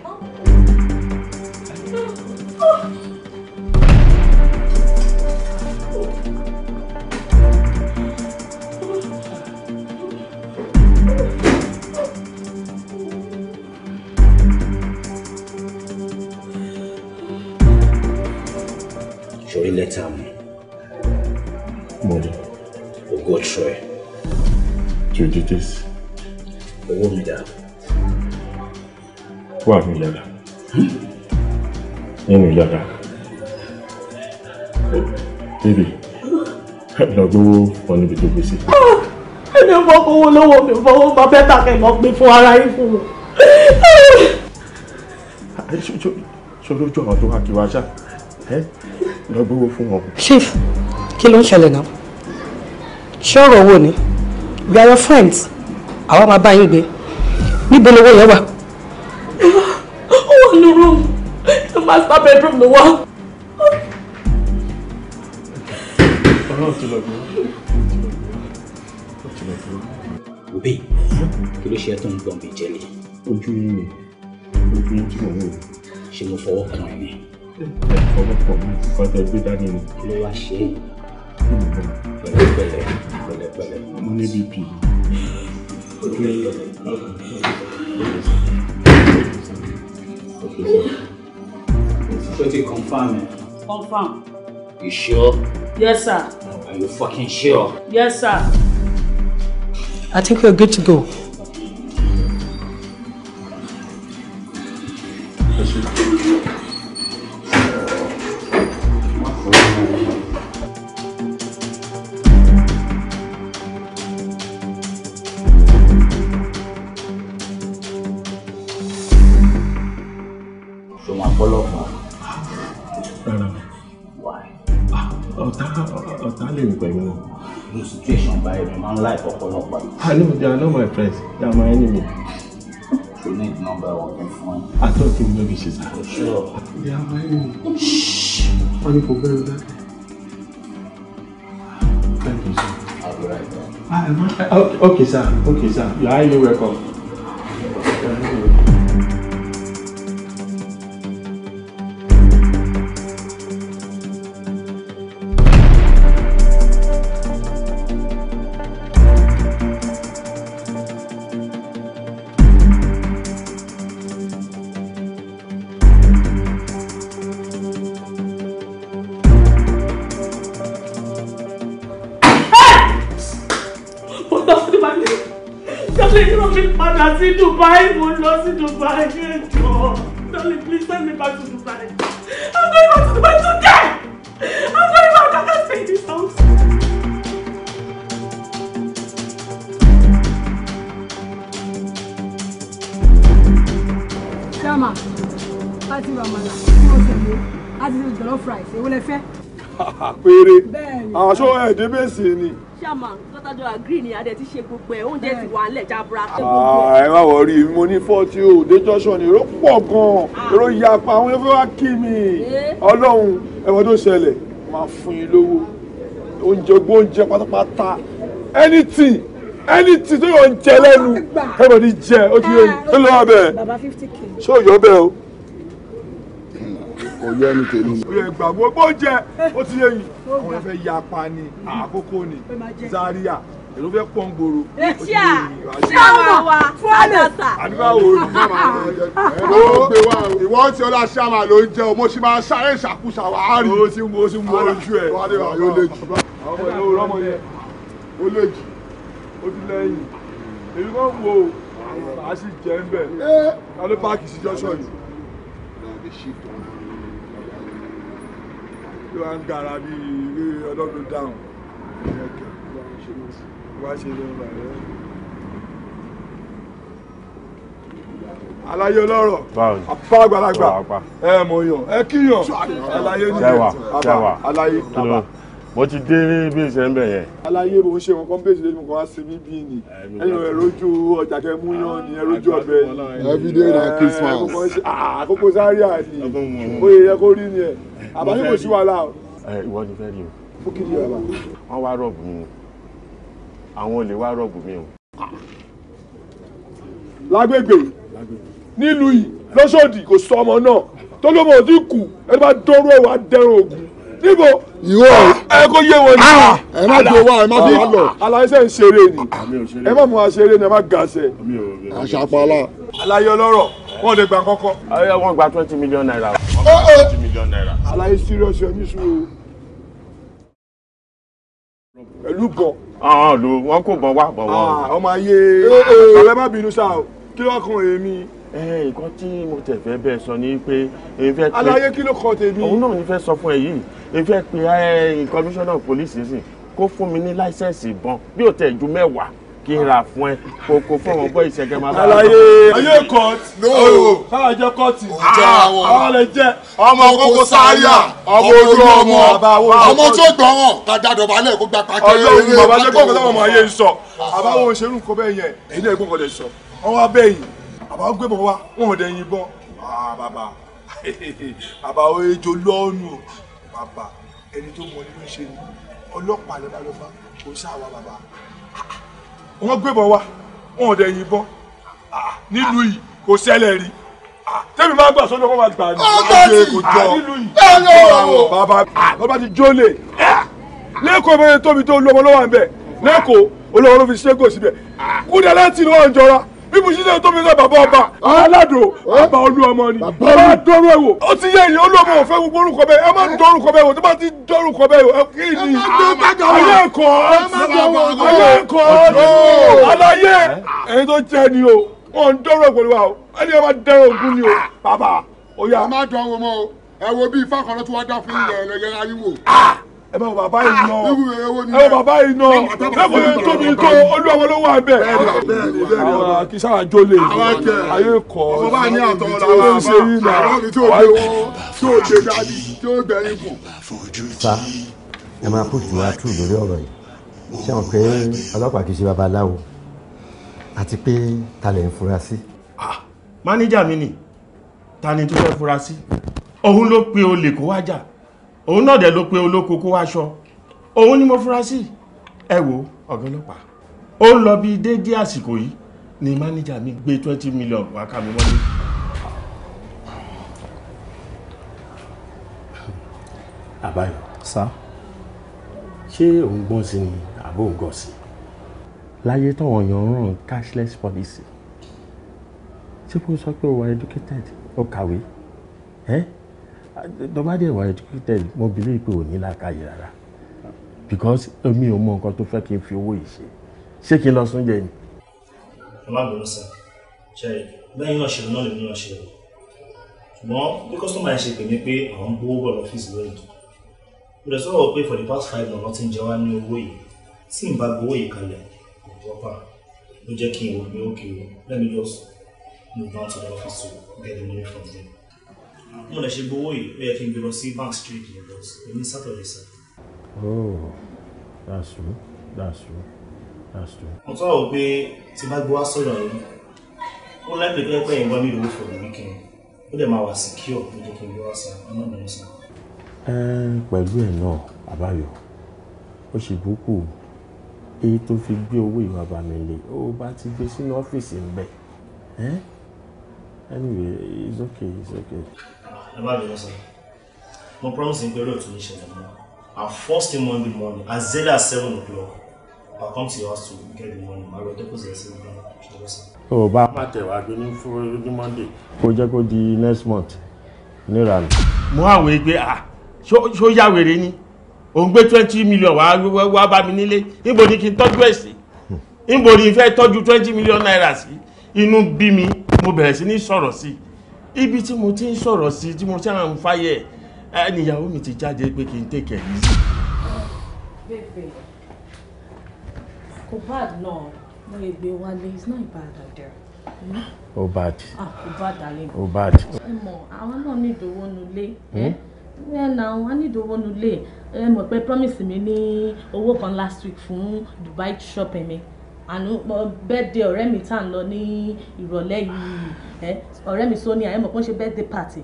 dúró wọn níbi tó gbèsè. Ah, ẹni ọmọ kówó lọ́wọ́ mi fọwọ́ bá bẹ́tà kẹ́kọ̀ọ́ pé fún ara yín fún un. Ah, ṣolójú àwọn tó wá kí wá ṣá lọ gbówó fún wọn. chief kí ló ń ṣẹlẹ̀ náà ṣé ọ̀rọ̀ owó ni we are your friends àwa máa bá yín gbé níbo lowó yẹn wà. ó wà ní rúùmù master bedroom ló wà. náà ti lọ gbé ó ti lọ gbé. òbí kí ló ṣe ẹ́ tó ń gbọ̀n bí jẹ́lẹ̀. ojú yín ni ojú yín tí mò ń ṣé mo fọwọ́ kan ẹ̀ ni. ọwọ́ kan mi kọ́ tẹ gbé dání ni. kí ló wá ṣe é. pẹ̀lẹ́pẹ̀lẹ́ pẹ̀lẹ́pẹ̀lẹ́. mo ní bp. Okay, sir. So confirm it. Confirm. You sure? Yes, sir. Are you fucking sure? Yes, sir. I think we're good to go. like ọ̀pọ̀lọpọ̀. I ah, know they are not my friends, they are my enemy. You need number one phone. I thought think maybe she's Sure. They are my enemy. Shh. Only for very Thank you, sir. I'll be right back. Ah, I, I, ah, okay, sir. Okay, sir. You are highly welcome. lọ Dubai darling please send me back to Dubai I'm going back to Dubai today I'm going back to I can't stay in this house. Grandma, láti ramala, tí mo tẹ̀lé, láti ṣe jollof rice, èwo lẹ fẹ́? Péré, àṣọ ẹ̀ẹ́dẹ́gbèsè ni. Ṣé àmà? àjọ agree ni adẹ ti ṣe gbogbo ẹ oúnjẹ ti wà nílẹ̀ jábúra. Ah, ẹ má wọrí mo ní fọ́ọ̀tì o dé junction èrò pọ̀ gan-an ah. èrò yapa àwọn ẹgbẹ́ wa kí mi ọlọ́run ẹ̀wọ̀n tó ṣẹlẹ̀ máa fún yín lówó oúnjẹ gbóúnjẹ pátápátá anything anything tó yọ ń jẹ lẹ́nu everybody jẹ ó ti yẹ ló ah. lọ́ọ́ bẹ́ẹ̀ ṣé ò bẹ́ẹ̀ o kò yẹ ẹni tèmi. ó yẹ bó jẹ ó ti yẹ yìí àwọn ẹ̀fẹ̀ ya pa ni àkókò ni Zaria èrò fẹ́ pọ́n gbòòrò. ṣé àwọn wa fúlẹ̀sà. àdúrà wo ni ṣé máa lọ jẹ. ẹ̀rọ ó gbé wa o. ìwọ ti ọlá ṣáma ló ń jẹ o mo ṣì máa sáré ìṣàkóso àwọn àárín. o ti mú o ti mú ojú ẹ. wàá lè wà yóò lè jù. ọmọ ìlú ọmọ yẹn ó lè jù ó ti lẹ́yìn èyí kan wo a sì jẹ́ ń bẹ̀ ká ló páàkì sí jọ́sọ̀ yìí ló wá ń gara bí ilé ọlọ́dún dáhùn ẹ̀kẹ́ wá ṣe lọ́rùn rẹ̀. aláyé ọlọ́rọ̀ apá àgbàlagbà ẹ̀ mọ̀ yàn ẹ̀ kíyàn aláyé nìyẹn aláyé bàbá mo ti dé bíìsì ẹ̀ ń bẹ̀ yẹn. aláyé mo ń ṣe wọn kọ́ bíìsì lójú mi kan wá sí mi bíi ni ẹ̀yin ẹ̀ rojú ọjà kẹ́ mú yan ni ẹ̀ rojú ọbẹ̀ ni. everyday na Christmas. àkókò sáríà ni oyè yẹ kó rí ni ẹ̀ àbájú kò sí wàhálà o. ìwọ ni fẹ́ rí o. ó kì í di ọba. wọ́n wá rọ̀bù mi ni àwọn olè wá rọ̀bù mi o. lágbègbè nílùú yìí lọ́sọ̀dì kò sọ ọmọ náà tó ló mọ̀ ọ́ ti kù ẹni bá dọ́rọ̀ wá dẹ́rùn ògùn níbo. ìwọ ẹ kó yé wọn ni. Ah! ẹ má di owó ẹ má di lọ. aláìsẹ̀ ń ṣeré ni ah, ẹ má mú wa ṣeré ni ẹ má ga ṣe. àṣàpàlà. aláyé ọlọ́rọ̀ wọn ò lè gba kọ́kọ́. ayé wọn gba twenty million naira. Oh, oh. twenty million naira. aláyé serious yọ ní sùúrù. pẹ̀lú bọ̀. ọ̀hún ah, ló wọn kò bọ̀ wá bọ̀ wá. ọmọ ayé ọ̀rẹ́ oh, má bínú sáà kí lọ́kùnrin mi nǹkan tí mo tẹ̀ fẹ́ bẹ́ẹ̀ sọ ni pé èmi fẹ́ pe àlàyé kí ló kọ tèmi. òun náà ni fẹ́ sọ fún ẹ yìí èmi fẹ́ pe commissioner of police nísìn kó fún mi ní láìsẹ̀nsì ìbọn bí ò tẹ̀ ju mẹ́wàá kí n ra fún ẹ kò kò fún ọmọ bọ́ ìṣẹ̀gẹ̀ máa bá a. àlàyé ayé kọ́ọ̀tì káà jẹ́ kọ́ọ̀tì àwọn lè jẹ́. ọmọ kókó sáyà ọmọ ojú ọmọ ọmọ tó gbọ́ wọn kájà dọ̀bálẹ̀ kó gba pàkẹ́. ọjọ́ òun bàbá jẹ́ kókó sáwọn ọmọ ayé ń sọ àbáwọn òṣèlú nǹkan bẹ́ẹ̀ yẹn èyí ni ẹ̀gbọ́n kan lè sọ ọwọ́ abẹ́yìn bàbá gbé bàbá wa wọn ò dẹ̀yìn bọ́ ah, bàbá bàbá ó ejò lọ́ọ̀nù bàbá ẹni tó mọ nínú ṣe ni ọlọ́pàá lè bá lọ bá kò sáàwá bàbá wọn gbé bàbá wa wọn ò dẹ̀yìn bọ́ ah, nílùú yìí kò ṣẹlẹ̀ rí ah, tẹ́mi máa gbà sọ́dọ̀ kó máa gbà ní ọjọ́ kò jọ nílùú yìí bàbá bàbá ti jólè lẹ́kọ̀ọ́ ìbẹ̀rẹ̀ tóbi tó lọ́mọ lọ́wọ́ à ń bẹ̀ lẹ́kọ̀ọ́ olówó ló fi ṣẹ́gò síbẹ̀ kúndẹ̀ láti ní wọ́n jọra ibùsílẹ̀ tó mi náà bàbá ọba aládò bàbá olúọmọ ni bàbá dọ́rọ̀ ẹ̀wò ó ti yẹ ìyẹn olúọmọ ò fẹ́ gbogbo orúkọ bẹ́ẹ̀ ẹ má dọ́rùkọ bẹ́ẹ̀ wò tó bá ti dọ́rùkọ bẹ́ẹ̀ wò kí ni ayé ẹ̀kọ́ ayé ẹ̀kọ́ aláyé ẹni tó jẹ́ ni o wọn ń dọ́rọ̀ pẹ̀lú wa o ẹni ẹ má dẹ́rọ̀ ògún ni o bàbá ó yá. ẹ má dán wo mọ́ o ẹ wo bí ifá kan ló tún wá dá fún ilẹ̀ ẹ̀ lọ yẹra yín wò. Ah! ẹ bá wo bàbá yìí nọ ah, ẹ wo bàbá yìí nọ lẹ́kọ̀ọ́ yẹn tóbi tó olúwàwọ̀ ló wà bẹ́ẹ̀. àwọn kìsà àjọlé ayé kọ́ ibi tí ó ń ṣe yìí nà wáyé tí ó ṣe dáadé tí ó gbẹ̀yìn kù. sa ẹ máa kó ìwà tù lórí ọ̀rọ̀ yìí ṣé wọn pé ọlọ́pàá kì í ṣe babaláwo àti pé ta lè ń fura sí. máníjà mi ni ta ni tó fẹ́ fura sí òun ló pe olè kó wájà òun náà dẹ̀ ló pe olóko kó wáṣọ òun ni mo fura sí ẹ wo ó ń lọ bí déédé àsìkò yìí ni mánéjà mi gbé twenty million wá ká mi wọlé. àbáyọ sá ṣé òun gbọ́n sí ni àbó òun gọ̀ sí. láyé táwọn èèyàn ń ràn cashless policy ṣé kò sọ pé o wà educated o kàwé ẹ́ eh? dọ́bá dẹ̀ wà educated mo believe pé ò ní làákàyè rárá because èmi ò mọ nǹkan tó fẹ́ kí n fi owó yìí ṣe ṣé kí n lọ sún jẹ ni. ẹ má bẹ̀rù sá ṣẹ́rí bẹ́ẹ̀ náà ṣe náà lèmi náà ṣe rẹ̀ ṣùgbọ́n bí kọ́sọ́mà yẹn ṣe pè mí pé àwọn ń gbowó bọ̀ lọ́fíìsì lónìí mo lè sọ̀rọ̀ pé for the past five months wọ́n ti ń jẹ wá ní owó yìí tí n bá gbowó yìí kalẹ̀ kò tọ́pà ló jẹ́ kí n wò ní òkè let me just move down to the office to get the money from them mo lè ṣe gbowó yìí ó yẹ kí n gbé lọ sí bank street yẹn lọ sí saturday sir. oh that's true that's true that's true. mo tọ́ ọ pé tí bá gbowó sọ̀rọ̀ yìí ó láìpẹ́ pé pé ìwà mi lòó fò ní weekend ó dẹ̀ máa wà secure ló jẹ́ kí n gbé wá sí ọmọ ìbẹ̀rẹ̀ sàn. pẹ̀lú ẹ̀ náà àbáyọ ó ṣe búkú èyí tó fi gbé owó ìwà bàmí lé ó bá ti gbé sínú ọ́fíìsì ń bẹ̀ anyway it's okay it's okay ẹ má bẹ̀rẹ̀ sọ mo promise pé rẹ̀ ò tún ní ṣẹlẹ̀ mọ́ and first thing monday morning as early at seven o'clock i come to your house to get the money my brother deposit ẹ̀ sí mi náà ṣọwọ́ sí. o bá a máa tẹ̀wá gbé ní fúru monday kó jẹ́ kó di next month níra ni. mo àwọ̀ ẹgbẹ́ à ṣó yá wèrè ni òun gbé twenty million wá wá bá mi nílé níbo ni kí n tọ́jú ẹ̀ sí níbo ni n fẹ́ tọ́jú twenty million naira sí inú bí mi mo bẹ̀rẹ̀ sí ní sọ̀rọ̀ sí i ibi tí mo ti ń sọ̀rọ̀ sí tí mo ṣáà ń fáyẹ̀ ẹnìyàwó mi ti jáde pé kí n tèkẹ̀ ní. bébè kò bad náà mo lè gbé wálé it's not bad out there. ó bad. ó ah, bad àlejò. ó bad. ẹ àwọn náà ní ìdòwò nulẹ̀ ẹ na wọn ní ìdòwò nulẹ̀ ẹ mọ̀ pé promise mi ní owó kan last week fún Dubai shop mi àánú birthday ọ̀rẹ́ mi tá à ń lọ ní ìrọ̀lẹ́ yìí ọ̀rẹ́ mi Sonia ẹ mọ̀ pé ó ń ṣe birthday party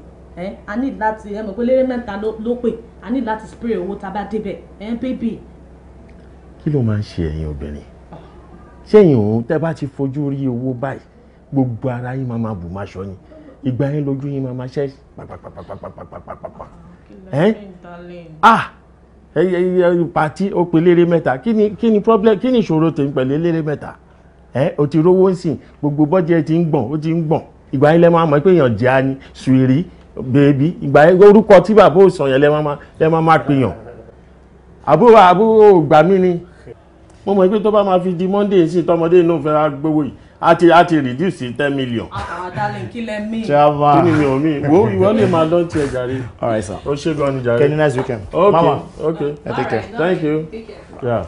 a ní láti ẹ mọ̀ pé lérè mẹ́ta ló pè a ní láti spray owó tá a bá débẹ̀ baby. kí ló máa ń ṣe ẹ̀yin obìnrin ṣẹ́yìn òun tẹ́ bá ti fojú rí owó báyìí gbogbo ara yín máa máa bù máa ṣọ́ yín ìgbà yín lójú yín máa máa ṣẹ́ pàpàpàpàpàpàpàpàpà pàtí ó pe eléré mẹ́ta kí ni kí ni problem kí ni ìṣòro tèmi pẹ̀lú eléré mẹ́ta ẹ o ti rówó ń sìn gbogbo bọ́jẹ̀ ti ń gbọ̀n ó ti ń gbọ̀n ìgbà yín lẹ́ máa mọ̀ pé èèyàn jẹ́ ani sùírí bèbí ìgbà yín orúkọ tí bàbá òsàn yẹn lẹ́ máa lẹ́ máa máa pèèyàn àbúrò àbúrò ògbà mi ni mo mọ̀ pé tó bá máa fi di Monday sí tọmọdé inú fẹ́ ra gbowó yìí a ti reduce sí ten million. àtàwọn ah, ah, darling kí lẹ mí. travel kí ni mi ò mí wo ìwọ lè máa dán tiẹ̀ jàre. all right sir. o ṣe gan ni jàre. kẹ́ni nice weekend. okay Mama. okay. Yeah, take care. thank you. take Yeah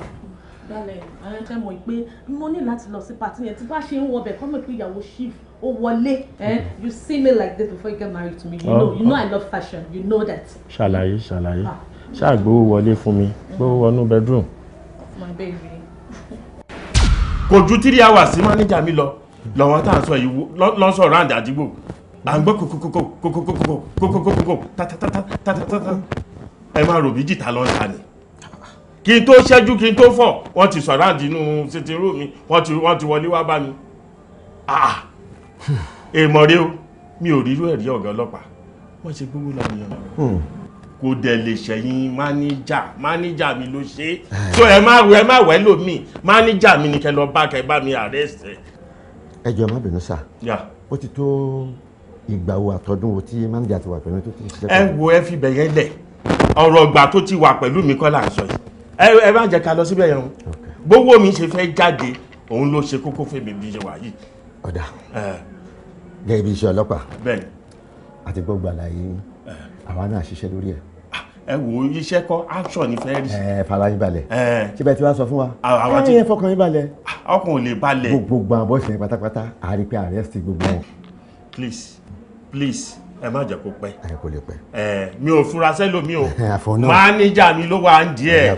dalẹ̀ àwọn ẹ̀kẹ́ mọ̀ pé mo ní láti lọ sí pàtí yẹn tí bá ṣe ń wọbẹ̀ kọ́mọ̀ pé ìyàwó chief ó wọlé eh, you see me like this before you get married to me you know you know I love fashion you know that. ṣàlàyé ṣàlàyé ah. ṣáà gbowó wọlé fún mi gbowó wọnú bedroom. my baby kò ju three hours sí manager mi lọ lọ́wọ́ tá à ń sọ yìí lọ́sọ̀ round àdúgbò à ń gbọ́ kòkòkòkòkòkòkòkòkòkòkò tatatatata ẹ máa rò bí jìtá lọ ta ni kí n tó ṣẹ́jú kí n tó fọ̀ wọ́n ti sọ round inú sitting room mi wọ́n ti wọlé wá bá mi ah, ah. èèmọ̀ rẹ o mi ò rírú ẹ̀rí ọ̀gá ọlọ́pàá wọ́n ṣe gbogbo làwọn èèyàn kò dẹ̀ lè ṣẹ̀yìn máníjà máníjà mi ló ṣe é so ẹ má wẹ ẹ má wẹ lómi máníjà mi ni kẹ lọ bá kẹ bá mi arrest ẹ. ẹ jọ̀ọ́ má bínú sá ó ti tó ìgbà wo àtọdún wo tí máníjà ti wà pẹ̀lú tó ti ṣiṣẹ́. ẹ wo ẹ fi bẹ̀yẹn lẹ̀ ọ̀rọ̀ ọgbà tó ti wà pẹ̀lú mi kọ́ là ń sọ yìí ẹ má jẹ́ ká lọ síbẹ̀ yẹn o gbogbo mi ṣe fẹ́ jáde òun ló ṣe kókó fèmí bí ṣe wà yìí. ọ̀dà gẹ́gẹ́ bí iṣẹ́ ọlọ́pàá àti gbogbo àlàyé àwa náà ṣiṣẹ́ lórí ẹ̀ ẹ wo iṣẹ́ kọ́ action ni fẹ́ẹ́ rí. ẹ fara yín balẹ̀ ṣé bẹ́ẹ̀ tí wàá sọ fún wa àwọn ti ẹ fọkàn yín balẹ̀. Ah, ọkàn ò lè balẹ̀. gbogbo àwọn bọ́ọ̀sì yẹn pátápátá a rí pé arrest gbogbo wọn. please please ẹ má jẹ́ kó pẹ́. ẹ kò lè pẹ́. ẹ mi ò fura sẹ́lómi o (laughs) máníjà mi ló wà ń di ẹ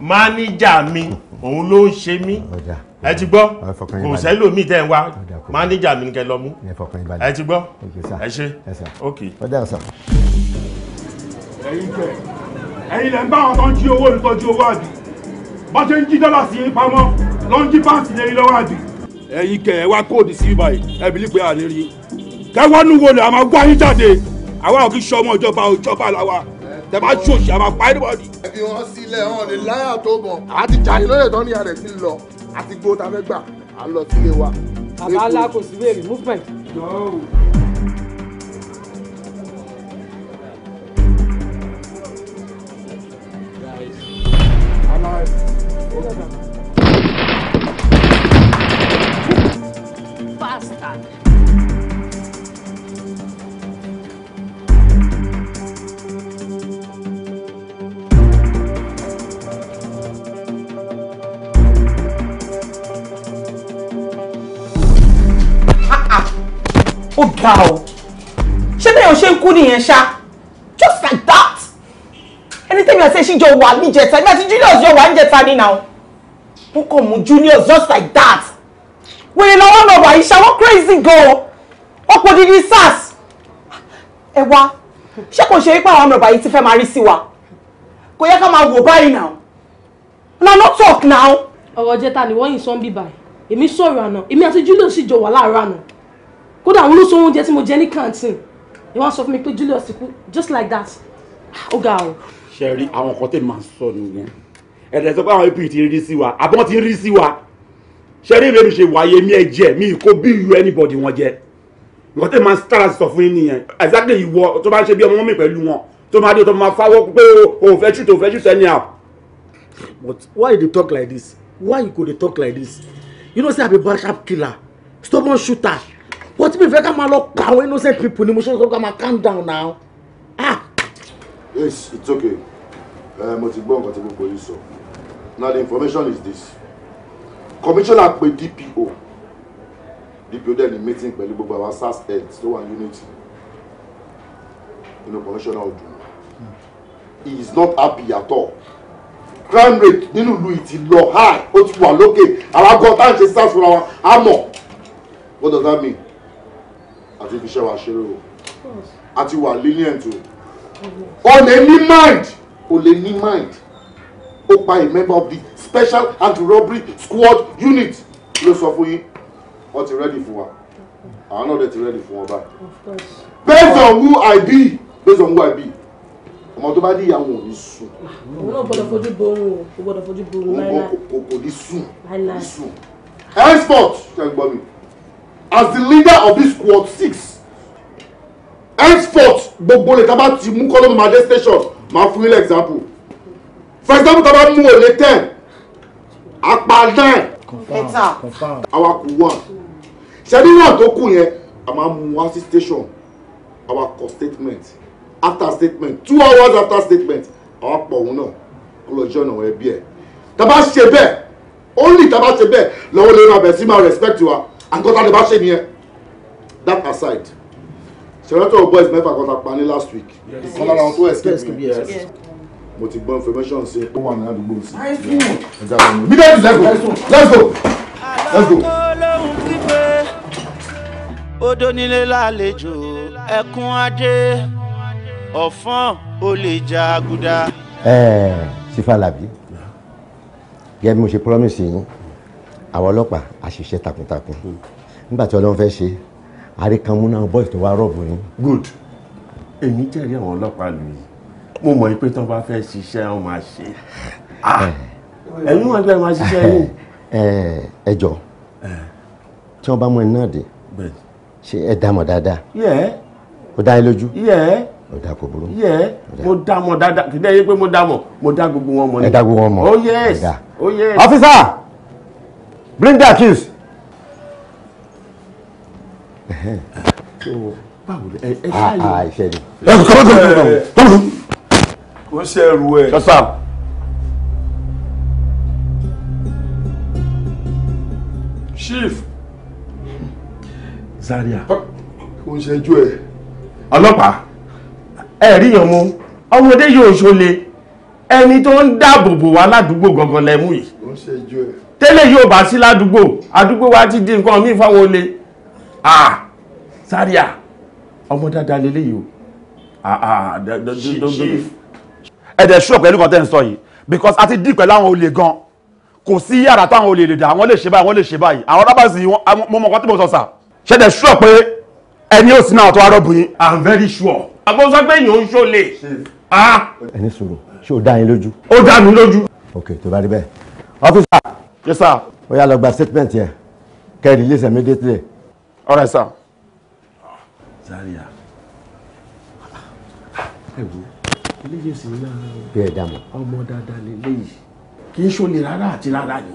máníjà mi òun ló ń ṣe mí ẹ ti gbọ́ kò sẹ́lómi tẹ́ ń wá máníjà mi ni kẹ́ lọ mú ẹ ti gbọ́ ẹ ṣe ok. ọ̀dà ọ̀sán ẹ̀yin kẹ̀ ẹ̀yin lẹ̀ ń bá àwọn tó ń jí owó ìtọ́jú owó àbí bá ṣe ń jí dọ́là sí yín pamọ́ ló ń jí pàǹtì lé yín lọ́wọ́ àbí. ẹ̀yin kẹ̀ ẹ wá kóòdù sí ibà yìí ẹ bìlí pé à lè rí kẹwọ́nù wo lè àmọ́ gbọ́ yín jáde àwa ò kí ṣe ọmọ ìjọba ìjọba làwa tẹ bá ṣòṣì àmọ́ pa ẹ́ níbọ̀dì. ẹ fi wọn sílẹ̀ hàn ní láyà tó mọ̀ àti jàyè lóye tán ní àrẹ̀ sí lọ àti gbó ta fẹ́ gbà á lọ sílé wa. bàbá alákòsíwèrè movement. brother. Oh ó She ọ ṣé bẹ́ẹ̀ ṣe ń kú just like that Anytime ẹni tẹ́mi àti ẹṣin jọ wà níjẹta ẹni àti just jọ wà níjẹta ní now wọ́n kàn junior just like that We lọ́wọ́ lọ́wọ́ àyíṣà wọ́n crazy what crazy girl. sars ẹ wá ṣé kò ṣe wípé àwọn ọmọ ọba yìí ti fẹ́ máa rí sí wa kò yẹ ká máa wò báyìí now not talk now. ọ̀rọ̀ jẹta ni wọ́n yìn be bíbá ẹ̀ èmi sọ̀rọ̀ àná èmi àti Julius sì jọ wà láàárọ̀ àná kódà àwọn olóṣòwò oúnjẹ tí mo jẹ ní canteen ni wọ́n sọ fún mi pé Julius just like that ah, ó ga o. ṣe rí àwọn kan son. máa ẹ̀dẹ̀ sọ pé àwọn ap ti rí sí wa àbọ̀ ti rí sí wa ṣe rí ìrèmi ṣe wáyé mi ẹ jẹ mi kó bí ìlú anybody wọn jẹ nǹkan tẹ́ máa sára sọ fún yín nìyẹn exactly ìwọ tó bá ń ṣe bí ọmọ mi pẹ̀lú wọn tó máa dé tó máa fáwọ́ pé o fẹ́ ṣù tó fẹ́ ṣù sẹ́ni à. but why you dey talk like this why you go dey talk like this you know say i be bad killer stubborn shooter but mi fẹ́ ká máa lọ pa àwọn innocent people ni mo ṣe ń sọ ká máa calm down now. ah. yes it's okay eh, mo ti gbọ́ nǹkan tí gbogbo yìí sọ. So. Now the information is this. Commissioner pe DPO. DPO then the meeting pẹ̀lú gbogbo our SARS heads tó wà unity. Inú commissioner ọdún. He is not happy at all. Crime rate nínú ìlú ìtì lọ high ó ti wà lókè àwọn agbọ̀n tá à ń ṣe SARS fúnra wa á mọ̀. What does that mean? Àti fi ṣe wa ṣeré o. Àti wà lenient o. O lè ní mind. O lè ní mind pa a member of the special anti-robbery squad unit ló sọ fún yín wọ́n ti rẹ́dì fún wa àwọn náà dẹ̀ ti rẹ́dì fún wọn báyìí. based on who I be based on who I be ọmọ tó bá dé ìyàwó ò ní sùn. òun náà gbọ́dọ̀ fojú bo òun o kò gbọ́dọ̀ fojú bo òun láìláì. kò ní sùn kò ní ṣe gbọ́ mi as the leader of this squad six henceforth gbogbo lè ta bá ti mú kọ́lọ́mù madé station máa fún yín lẹ́ example for example tọ́ba mú òlé ten apá nine ẹ̀ta awakọ̀ one ṣẹ́ni náà tó kù yẹn a máa mú wá sí station awakọ̀ statement after statement two hours after statement awakọ̀ òun náà kó lọ jẹ́ ọ̀nà ẹbí ẹ̀ tọ́ba ṣe bẹ́ẹ̀ only tọ́ba ṣe bẹ́ẹ̀ lọ́wọ́ lórí ọbẹ̀ sí máa respect wa àǹkọ́tà lè bá ṣe nìyẹn that aside senator boys mẹ́fà kan ta pa ní last week ìkànnì àwọn tó escape me mo ti gbọ́ information sí ó wà ní àdúgbò sí. mílíọ̀nù lẹ́gùn let's go let's go. odò nílé lálejò ẹkún adé ọ̀fọ́n olè jà àgùdà. ẹ sífàlàbí gẹ́gẹ́ bí mo ṣe promise yín àwọn ọlọ́pàá a takuntakun nígbà tí ọlọ́run fẹ́ ṣe àríkànmú náà tó wá rọ̀bù yín. good èmi jẹ́rìí àwọn ọlọ́pàá lù yìí mo mọ̀ pé tán bá fẹ́ ṣiṣẹ́ wọn máa ṣe ẹ̀yin wọn gbẹ́ máa ṣiṣẹ́ yìí. ẹ jọ tí wọn bá mú ẹ náà dé ṣé ẹ dá mọ̀ dáadáa. ó dá yín lójú. ó dá kò burú. mo dá mọ̀ dáadáa kì í dẹ́yẹ pé mo dá mọ̀ mo dá gbogbo wọn mọ̀ ni. ẹ dá gbogbo wọn mọ̀. oh yes oh yes. officer bring the accused. báwo ẹ ṣáà yìí. ẹ kọ́ kọ́ kọ́ kọ́ kọ́ ó ń ṣe ẹrù ẹ̀. sọ́sà. chief. Zaria. ó ń ṣẹjú ẹ. ọlọ́pàá ẹ rí yàn mú ọmọdé yóò ṣọlẹ ẹni tó ń dáàbò bò wá ládùúgbò gangan lẹ́mú yìí. ó ń ṣẹjú ẹ. tẹ́lẹ̀ yóò bá sí ládùúgbò àdúgbò wa ti di nǹkan míì fáwọn olè. ah Zaria ọmọ dáadáa lélẹ́yìí o. ah ah chief ẹ̀dẹ̀ ṣọ́ pẹ̀lú kan tẹ́ ń sọ yìí because a ti dì pẹ̀lú àwọn olè gan kò sí yàrá táwọn olè lè dà àwọn lè ṣe báyìí àwọn lè ṣe báyìí àwọn rábàsì mo mọ̀ nǹkan tí mo sọ sà ṣẹ̀dẹ̀ ṣọ́ pé ẹni ò sí náà tó arọ́bù yín. i'm very sure. àgbọ̀nsá pé èèyàn ń ṣọlẹ̀. Ah. ẹni sọ̀rọ̀ ṣé o dá yín lójú. ó dá mi lójú. ok tó bá rí bẹ́ẹ̀ ọ́fíìsà. yes sir. ó yá lọ gba statement yẹn kẹ́ ẹ release immediately. all right sir. Zaria eléyìí ò sì ní lára wọn. bí ẹ dá mọ. ọmọ dáadáa ni eléyìí kì í ṣolè rárá àti rárá ni.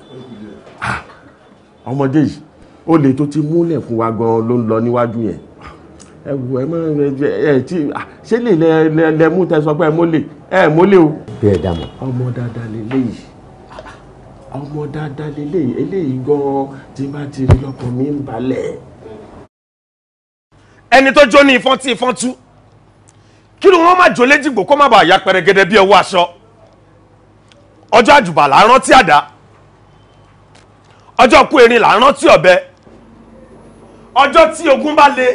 ọmọdé yìí olè tó ti múlẹ̀ fún wa gan-an ló ń lọ níwájú yẹn ẹ wù ẹ má ẹ tí ṣé lè lẹ mú tẹ sọ pé ẹ mólè ẹ mólè o. bí ẹ dá mọ. ọmọ dáadáa ni eléyìí ọmọ dáadáa lélẹ́yìí eléyìí gan-an tí bá ti rí lọ́kàn mi ń balẹ̀. ẹni tó jó ní ìfọ́n tí ìfọ́n tú kí ni wọ́n máa jọ léjìgbò kó má bàa ya pẹrẹgẹdẹ bí ọwọ́ aṣọ ọjọ́ àjùbà là ń rántí àdá ọjọ́ kú erin là ń rántí ọ̀bẹ ọjọ́ tí ogun bá le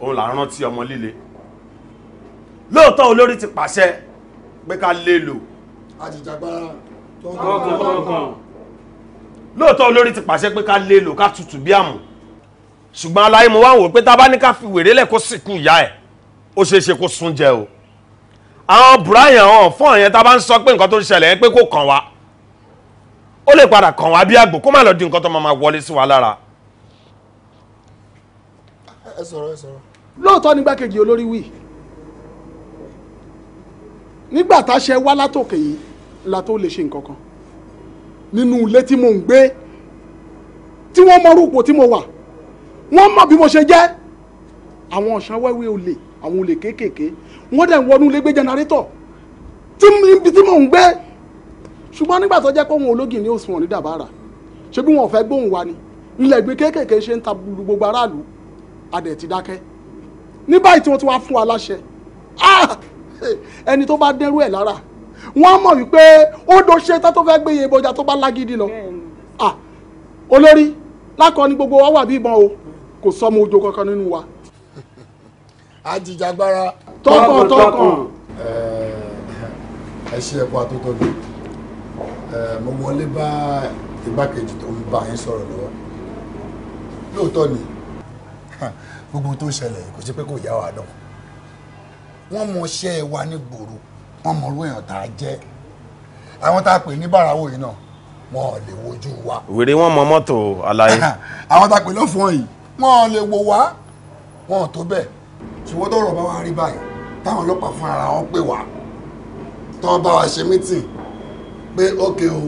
òun là ń rántí ọmọ líle lóòótọ́ olórí ti pàṣẹ pé ká lé lò. àjìjàgbara tọkàntọkàn. lóòótọ́ olórí ti pàṣẹ pé ká lé lò ká tutù bí àmù ṣùgbọ́n aláìmọ̀ wá wò pé tá fi wèrè lẹ̀ sìnkú ìyá ẹ̀ ó ṣeé ṣe kó sún jẹ o àwọn Brian hàn fún àyẹn tá a bá ń sọ pé nǹkan tó ń ṣẹlẹ̀ ẹ pé kò kàn wá ó lè padà kàn wá bí àgbò kó má lọ di nǹkan tó máa wọlé sí wa lára. ẹ sọ̀rọ̀ ẹ sọ̀rọ̀. lóòótọ́ nígbàkejì olórí wí nígbà tá a ṣe wá látòkè yìí la tó lè ṣe nǹkan kan nínú ilé tí mo ń gbé tí wọ́n mọ orúkọ tí mo wà wọ́n mọ bí mo ṣe jẹ́ àwọn ọ̀sán wẹ́wẹ́ olè àwọn olè kéékèèké wọ́n dẹ̀ wọnú lé gbé jẹnẹrétọ̀ tí mò ń gbé ṣùgbọ́n nígbà tó jẹ́ pé òun ológin ní òsùn wọn ní dàbára ṣé bí wọn ò fẹ́ gbóhùn wa ni ilẹ̀ gbé kéékèèké ṣe ń ta gbogbo aráàlú adẹ̀ ti dákẹ́ ní báyìí tí wọ́n ti wá fún wa láṣẹ ah! (laughs) ẹni tó bá dẹ́rú ẹ̀ lára wọ́n mọ̀ wípé ó do ṣe tó fẹ́ gbé iye bọjà tó bá lágídí lọ ah! olórí lákọ ni gbogbo wa wà bí ìbọn o kò sọmọ ojo kankan nínú wa ajìjàgbara. tọkàn tọkàn. ẹ ṣe ẹ̀kọ́ àtótóbi mo wọlé bá igbákejì tó ń bá yín sọ̀rọ̀ lọ́wọ́ lóòótọ́ ni gbogbo tó ṣẹlẹ̀ kò sí pé kò yá wa dán wọ́n mọ iṣẹ́ wa ní gbòòrò wọ́n mọ orú èèyàn tá a jẹ́ àwọn tá a pè ní bàràwọ̀ yìí náà wọn ò lè wojú wa. wèrè wọn mọ mọ́tò aláyé. (laughs) àwọn tá a pè lọ́fọ̀ọ́ yìí wọn ò lè wò wá wọn tó bẹ́ẹ̀ ṣùgbọ́n tọ́rọ̀ bá wá rí báyìí táwọn ọlọ́pàá fún ara wọn pè wá tó bá wa ṣe mítìn pé ókè o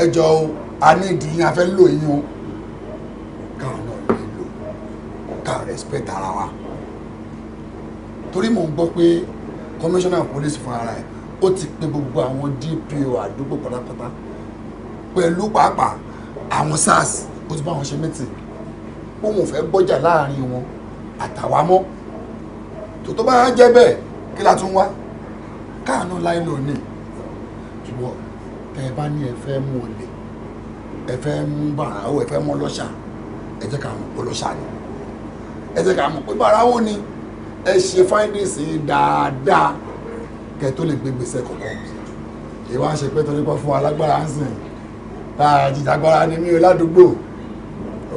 ẹjọ́ o a ní ìdíyìn afẹ́ lò yín o káwọn náà lè lò ká respect ara wa torí mò ń gbọ́ pé commissioner of police fún ara ẹ̀ ó ti pe gbogbo àwọn DPO àdúgbò pátápátá pẹ̀lú pàápàá àwọn SARS ó ti bá wọn ṣe mítìn pé òun ò fẹ́ gbọ́jà láàrin wọn àtàwa tó tó bá jẹ́ bẹ́ẹ̀ kí la tún wá káànú láìlò ní ṣùgbọ́n tẹ́ ẹ bá ní ẹ fẹ́ mú olè ẹ fẹ́ mú bàràwọ̀ ẹ fẹ́ mú ọlọ́ṣà ẹ jẹ́ ká mọ̀ pé ọlọ́ṣà ni ẹ jẹ́ ká mọ̀ pé bàràwọ̀ ni ẹ ṣe fáìndìsì dáadáa kẹ́ tó lè gbé gbèsè kọ̀ọ̀kan ìwà ṣe pé torí pé fún alágbára ń sìn àjìjàgbara ni mí o ládùúgbò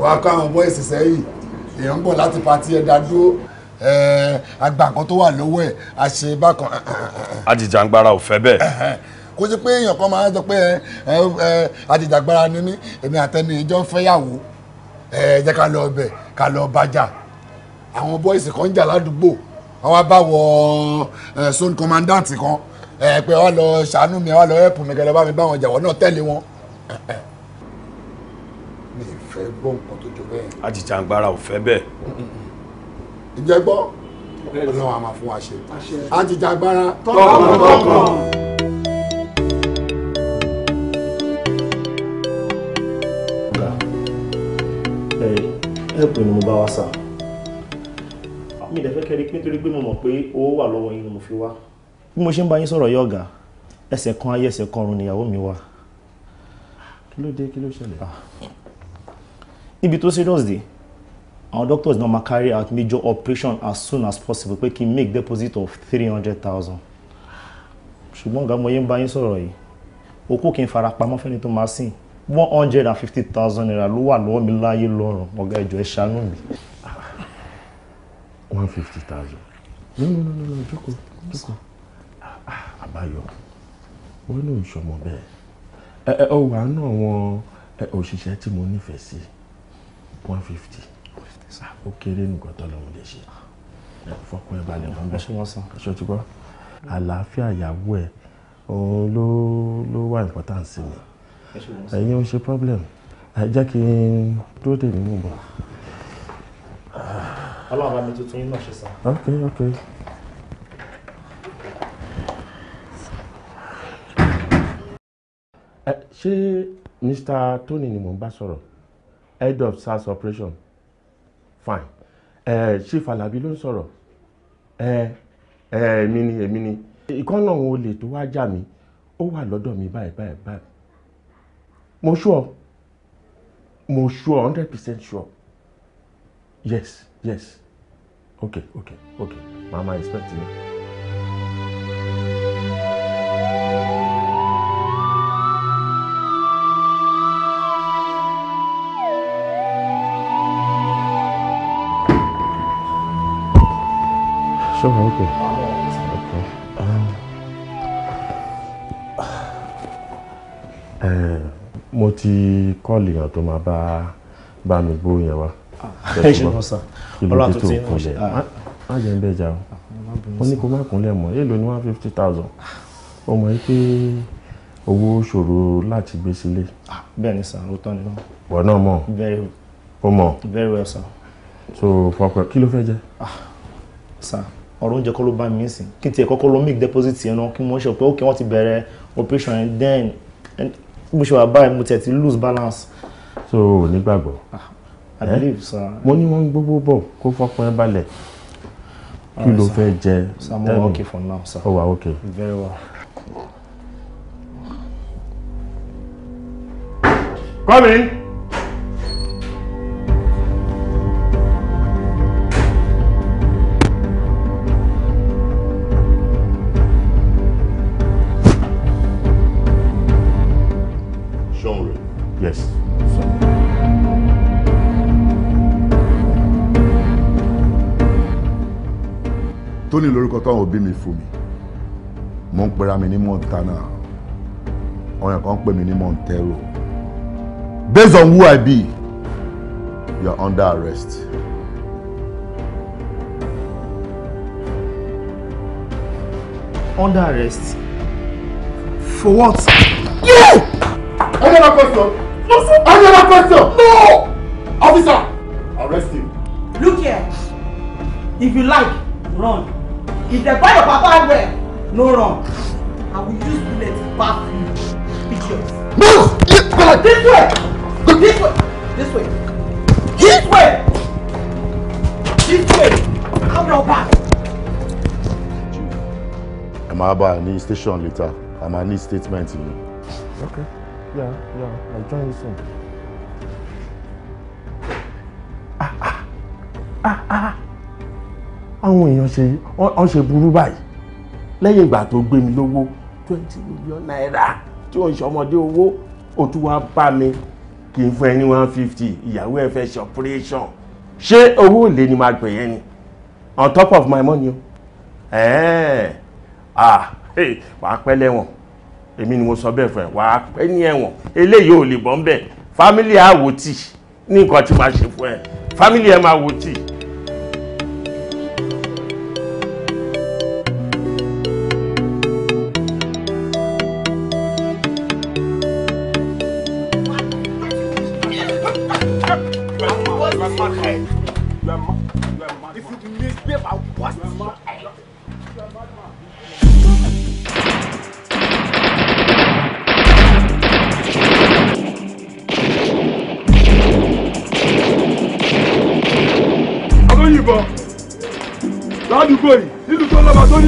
wàá kọ́ àwọn bọ́ìsì sẹ́yìn èèyàn ń bọ̀ láti patí ẹ̀dá dúró àgbà nǹkan tó wà lọ́wọ́ ẹ̀ àṣe bákan. àjìjàngbara eh, eh, eh, ò fẹ́ bẹ́ẹ̀. kó sí pé èèyàn kan máa ń sọ pé àjìjàngbara ni mí èmi àtẹni ìjọ fẹ́yàwó jẹ́ ká lọ ọbẹ̀ ká lọ bàjá àwọn bọ́ìsì kan ń jà ládùúgbò àwọn abáwọ̀ zone commandant kan pé wọ́n lọ ṣàánú mi wọ́n lọ ẹ̀pù mi kẹlẹ́ bá mi bá jà wọ́n náà tẹ̀lé wọn mi ì fẹ́ gbọ́ nǹkan tó jọ bẹ́ẹ̀. àjìjàngbara ò fẹ́ bẹ́ẹ̀. Mm, mm, mm ìjẹ́gbọ́ ọlọ́run a máa fún wa ṣe a ti jagbára tọkàntọkàn. help ni mo bá wá sá. mi ìdẹ́fẹ́ kẹ́rí pé nítorí pé mo mọ̀ pé owó wà lọ́wọ́ yín ni mo fi wá. bí mo ṣe ń bá yín sọ̀rọ̀ yí ọ̀gá ẹsẹ̀ kan ayé ẹsẹ̀ kan ọ̀run nìyàwó mi wá. kí ló dé kí ló ṣẹlẹ̀. Ah. ibi tó serious dé our doctors normal carry out major operation as soon as possible pé kí n make deposit of three hundred thousand ṣùgbọ́n ọ̀gá mo yé ń bá yín sọ̀rọ̀ yìí okó kí n fara pamọ́ fẹ́ni tó máa sìn one hundred and fifty thousand naira ló wà lọ́wọ́ mi láyé lọ́rùn ọ̀gá ẹ̀jọ̀ ẹ̀ ṣàánú mi. one fifty thousand no no no no jókòó Joko, àbáyọ wọn ní ìṣọmọ bẹ́ẹ̀ ẹ ẹ ọ wà á ná àwọn òṣìṣẹ́ tí mo nífẹ̀ẹ́ sí one fifty sá ó kéré nìkan tọ́lọ́run lè ṣe fọkàn ẹ balẹ̀ mọ́ bẹ́ẹ̀ ṣọ́ ti gbọ́ àlàáfíà ìyàwó ẹ òun ló ló wà important sí mi ẹ̀yin ò ṣe problem ẹ jẹ́ kí n dúró dè nínú bọ̀. ọlọ́run bá mi tuntun yín náà ṣe sá. ok ok. ṣé mr tony ni mò ń bá sọ̀rọ̀ head of sars operation fine ẹ ṣé falabi ló ń sọ̀rọ̀ ẹ ẹ èmi ni èmi ni ìkànnà òun olè tó wá jà mí ó wà lọ́dọ̀ mi báyìí báyìí báyìí mo sure mo sure hundred percent sure yes yes okay okay okay mama expect me. all right there. Okay. Um, uh, mo ti kọ́ọ̀lì yàn tó máa bá bá mi gbó yẹn wá. Ah, ẹ ṣe mọ sàn ọlọ́run tó ti ń ah. má jẹ́ ń bẹ̀ jà o wọ́n ní kó má kúnlẹ̀ mọ́ èèlò ní one fifty thousand o mọ̀ pé owó ṣòro láti gbé sílé. bẹ́ẹ̀ ni sàn ó tán ni náà. wọ́n náà mọ̀ ó mọ̀. very well sir. so fọkàn kí ló fẹ́ jẹ. sir ọ̀rọ̀ oúnjẹ kọ́ ló bá mi sìn kí n tiẹ̀ kọ́kọ́ lọ make deposit yẹn náà kí wọ́n ṣe pé ok wọ́n ti bẹ̀rẹ̀ operation and then bó ṣe wà báyìí mo tiẹ̀ ti lose balance. so o nígbàgbọ́. Ah, i believe sir. mo ní wọn gbogbo bọ kó fọkàn ẹ balẹ̀ kí ló fẹ́ jẹ tẹ́lẹ̀ mo for now sir. ó wà okay. very well. come in. Tony Tóní lórúkọ táwọn òbí mi fún mi mo ń pera mi ní Montana ọyàn kan ń pè mí ní Montero based on who I be you are under arrest. Under arrest? For what? You! Another question. Any other question? No! Officer, arrest him. Look here. If you like, run. If they buy your papa well, no run. I will use bullets to bath you. Pictures. Move! Get, go like. This way! Go. This way! This way! This way! This way! Come now back! Ẹ máa bá a ní station later. A máa ní statement yìí. Okay yeah, yeah. I'll join you soon. Ah, ah, ah, ah. Àwọn èèyàn ṣe wọ́n ṣe burú báyìí. Lẹ́yìn ìgbà tó gbé mi lówó twenty million naira tí wọ́n ń ṣọmọdé owó ó tún wá bá mi kì í fún ẹ one fifty ìyàwó ẹ fẹ́ ṣe operation ṣé owó ò lè ní máa gbẹ̀ ni on top of my money o. Ẹ̀ẹ́n ah wàá pẹ́ lẹ́wọ̀n èmi ni mo sọ bẹ́ẹ̀ fún ẹ wàá pẹ́ ní ẹ̀wọ̀n eléyìí ò lè bọ́ ń bẹ̀ fámílì àwòtì ní nǹkan tí màá ṣe fún ẹ fámílì ẹ máa wòtì.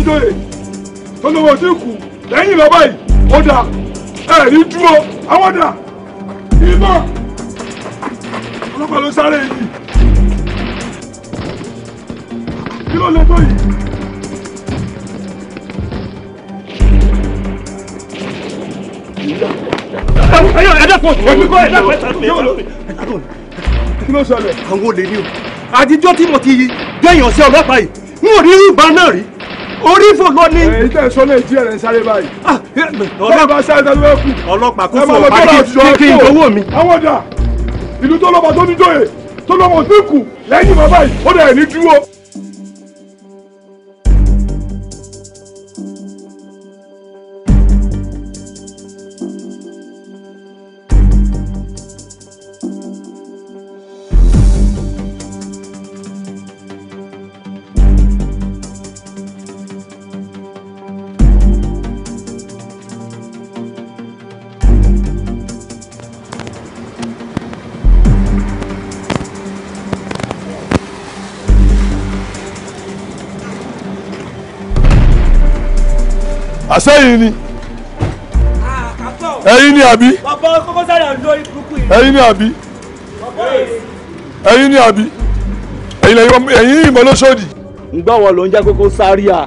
joyè tọ́lọ́wọ́ tí kù lẹ́yìn lọ báyìí ó dà ẹ̀rí dúró àwọn dà ìbọn ọlọ́pàá ló sáré yìí kí ló lè tó yìí. ẹyọ ẹdá pọ̀ èmi kọ́ ẹdá pọ̀ yóò lọ kí ló ṣẹlẹ̀. àwọn olè ni o àtijọ́ tí mo ti yí gbẹ̀yìn ọ̀sẹ̀ ọlọ́pàá yìí n ò rí ìbá náà rí orí fògbọ́ ni. èyí tẹ̀ sọ náà jíjẹ rẹ̀ sáré báyìí. Ah, ọlọ́pàá sáré tàbí bẹ́ẹ̀ kú. ọlọ́pàá kò fún ọ̀pá kí n dọ́wọ́ mi. àwọn ọ̀dà ìlú tó lọ́ba tó ní dóye tó lọ́mọ tó kù lẹ́yìn bàbá yìí ó dẹ̀ ní dúró. ẹ̀yin ni ẹ̀yin ni àbí ẹ̀yin ni àbí ẹ̀yin ni àbí ẹ̀yin ìmọ̀ lóṣòdì. ǹgbà wọn ló ń jẹ́ kókó sáré à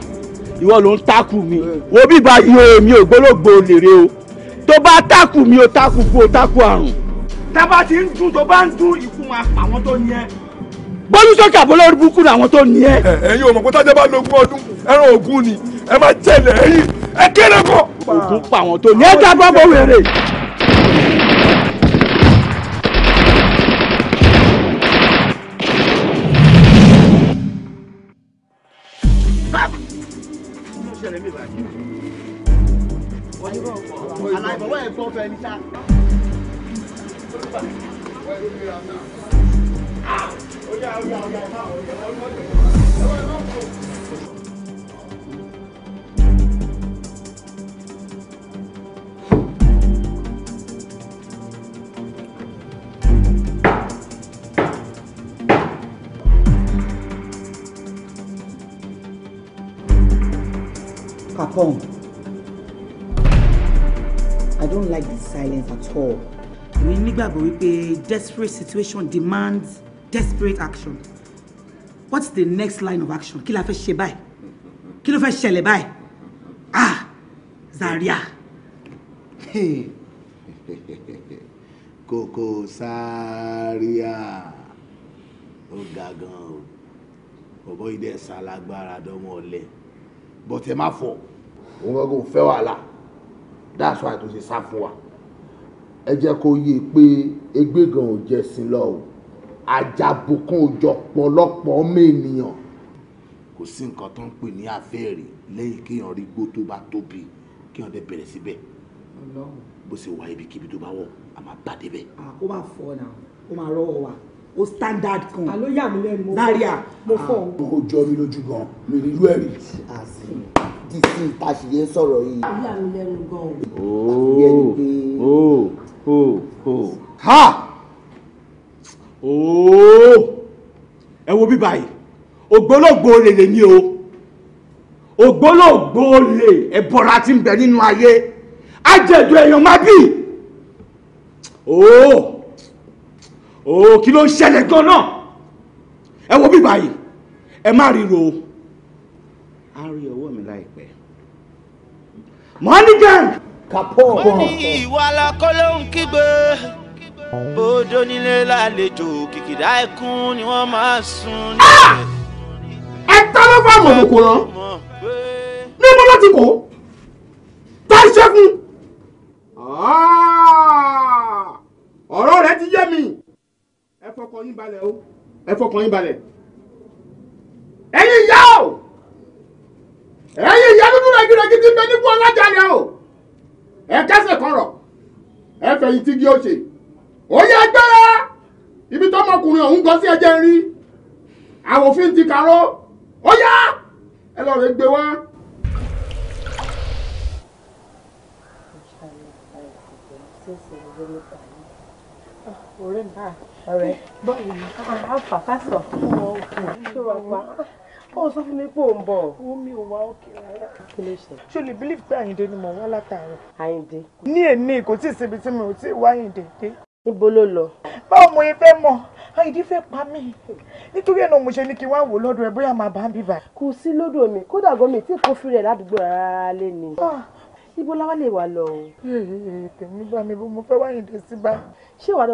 ìwọ ló ń tákù mi wo bí báyìí o èmi ò gbólógbò lèrè o tó bá tákù mi o tákù kú o tákù àrùn. tábà ti ń dún tó bá ń dún ikú máa pa àwọn tó ní ẹ. bólú sọ́kà bó lórí burúkú làwọn tó ní ẹ. ẹ̀yin ò mọ̀ pé tájọ́ bá lo ogún ọdún ẹran ògún ni ẹ máa jẹ̀lẹ̀ ẹ̀yìn ẹ kọ. òkú pa àwọn tó ní. ẹ dàgbà bọ̀ wẹ̀rẹ̀. Ah! Oh yeah, oh yeah, oh yeah, oh yeah. come. I don't like the silence at all. Èmi nígbàgbọ́ a desperate situation demands desperate action. What's the next line of action? Kill a fish, fẹ́ ṣe báyìí? Kí ló fẹ́ ṣẹlẹ̀ báyìí? Ah! Zaria! Koko Zaria! Ó ga gan-an o. Bọ̀bọ́ ìdẹ́sà lágbára dánwó ọ̀lẹ. Bọ̀tẹ̀ má fọ̀ òun gbọ́gbọ́ fẹ́ wàhálà that's why tó ṣe sá fún wa ẹ jẹ́ kó yé e pé egbé gan ò jẹ́ sí lọ o àjàbùkún òjò pọ̀lọpọ̀ ọmọ ènìyàn kò sí nǹkan tó ń pè ní àfẹ́ẹ̀rì lẹ́yìn kéèyàn rí gbó tó bá tóbi kéèyàn dẹ̀ bẹ̀rẹ̀ síbẹ̀ bó ṣe wà ibikíbi tó bá wọ̀ a máa bá débẹ̀. kó máa fọ ọ̀nà kó máa rọ́wọ́ wa ó standard kan àló yà mí lẹ́nu mo fọ́ láríà mo fọ́ òun. ó jọ mi lójú gan mi nílùú ẹ̀rí títí sí ìta ṣìyẹ sọ̀rọ̀ yìí. ó yà mí lẹ́nu gan-an. àbí ẹni pé. o o o ha ooo ẹ wo bí báyìí ògbólógbòó lè lè ní o ògbólógbòó lè ẹ̀bọ̀ra ti ń bẹ nínú ayé ajẹ́dùn èèyàn má bì ooo kí ló ń ṣẹlẹ̀ gan-an ẹ wo bí báyìí ẹ má ríro á rí ọwọ́ mi láìpẹ́. money gang. kàpọ̀ ọ̀gbọ́n. wọ́n ní ìwà alákọ́ ló ń kígbe bódó nílé lálejò kìkìdá ẹkún ni wọ́n máa sun ah! nílẹ̀. ẹ tá ló bá mọ̀ mọ̀kò rán ní mo láti kó tá a ṣe fún. ọ̀rọ̀ rẹ ti yé mi ẹ fọkàn yín balẹ̀ o ẹ fọkàn yín balẹ̀ ẹ̀yin yá o ẹ̀yin ìyá dúdú rẹ̀ gírẹ́gí ti bẹ nípò ọlájà rẹ̀ o ẹ kẹsẹ̀ kan rọ̀ ẹ fẹ̀yìn tí gí ó ṣe òye agbára ibi tọmọkùnrin ọ̀hún gan sí ẹjẹ́ rí àwòfin ti kàró ó yá ẹ lọ rẹ gbé wá. ọ̀rẹ́ báyìí ọ̀rẹ́ bọ́ọ̀lù àfàkásọ̀ fún ọkùnrin tó wà wá. Oh, sọ fún mi pé ò ń bọ̀. owó mi ò wá òkè rárá. kí ló ṣe. ṣé o lè bílíf pé àyíǹde ni mò ń wá látàárọ̀. àyíǹde. ní èní kò tí ì síbi tí mi ò tí ì wá àyíǹde dé. níbo ló lọ. báwo mo yẹ fẹ́ mọ̀ àyíǹde fẹ́ pa mí nítorí ẹ̀nà mo ṣe ní kí n wá wò lọ́dọ̀ ẹ bóyá màá bá ń bíbà. kò sí lọ́dọ̀ mi kódà gan mi tí kò fi rẹ̀ ládùúgbò rárá lé ni. Ah. ibo láwa lè wà lọ. tèmi bá mi bó mo fẹ́ wáyìndé sí báyìí. ṣé wàá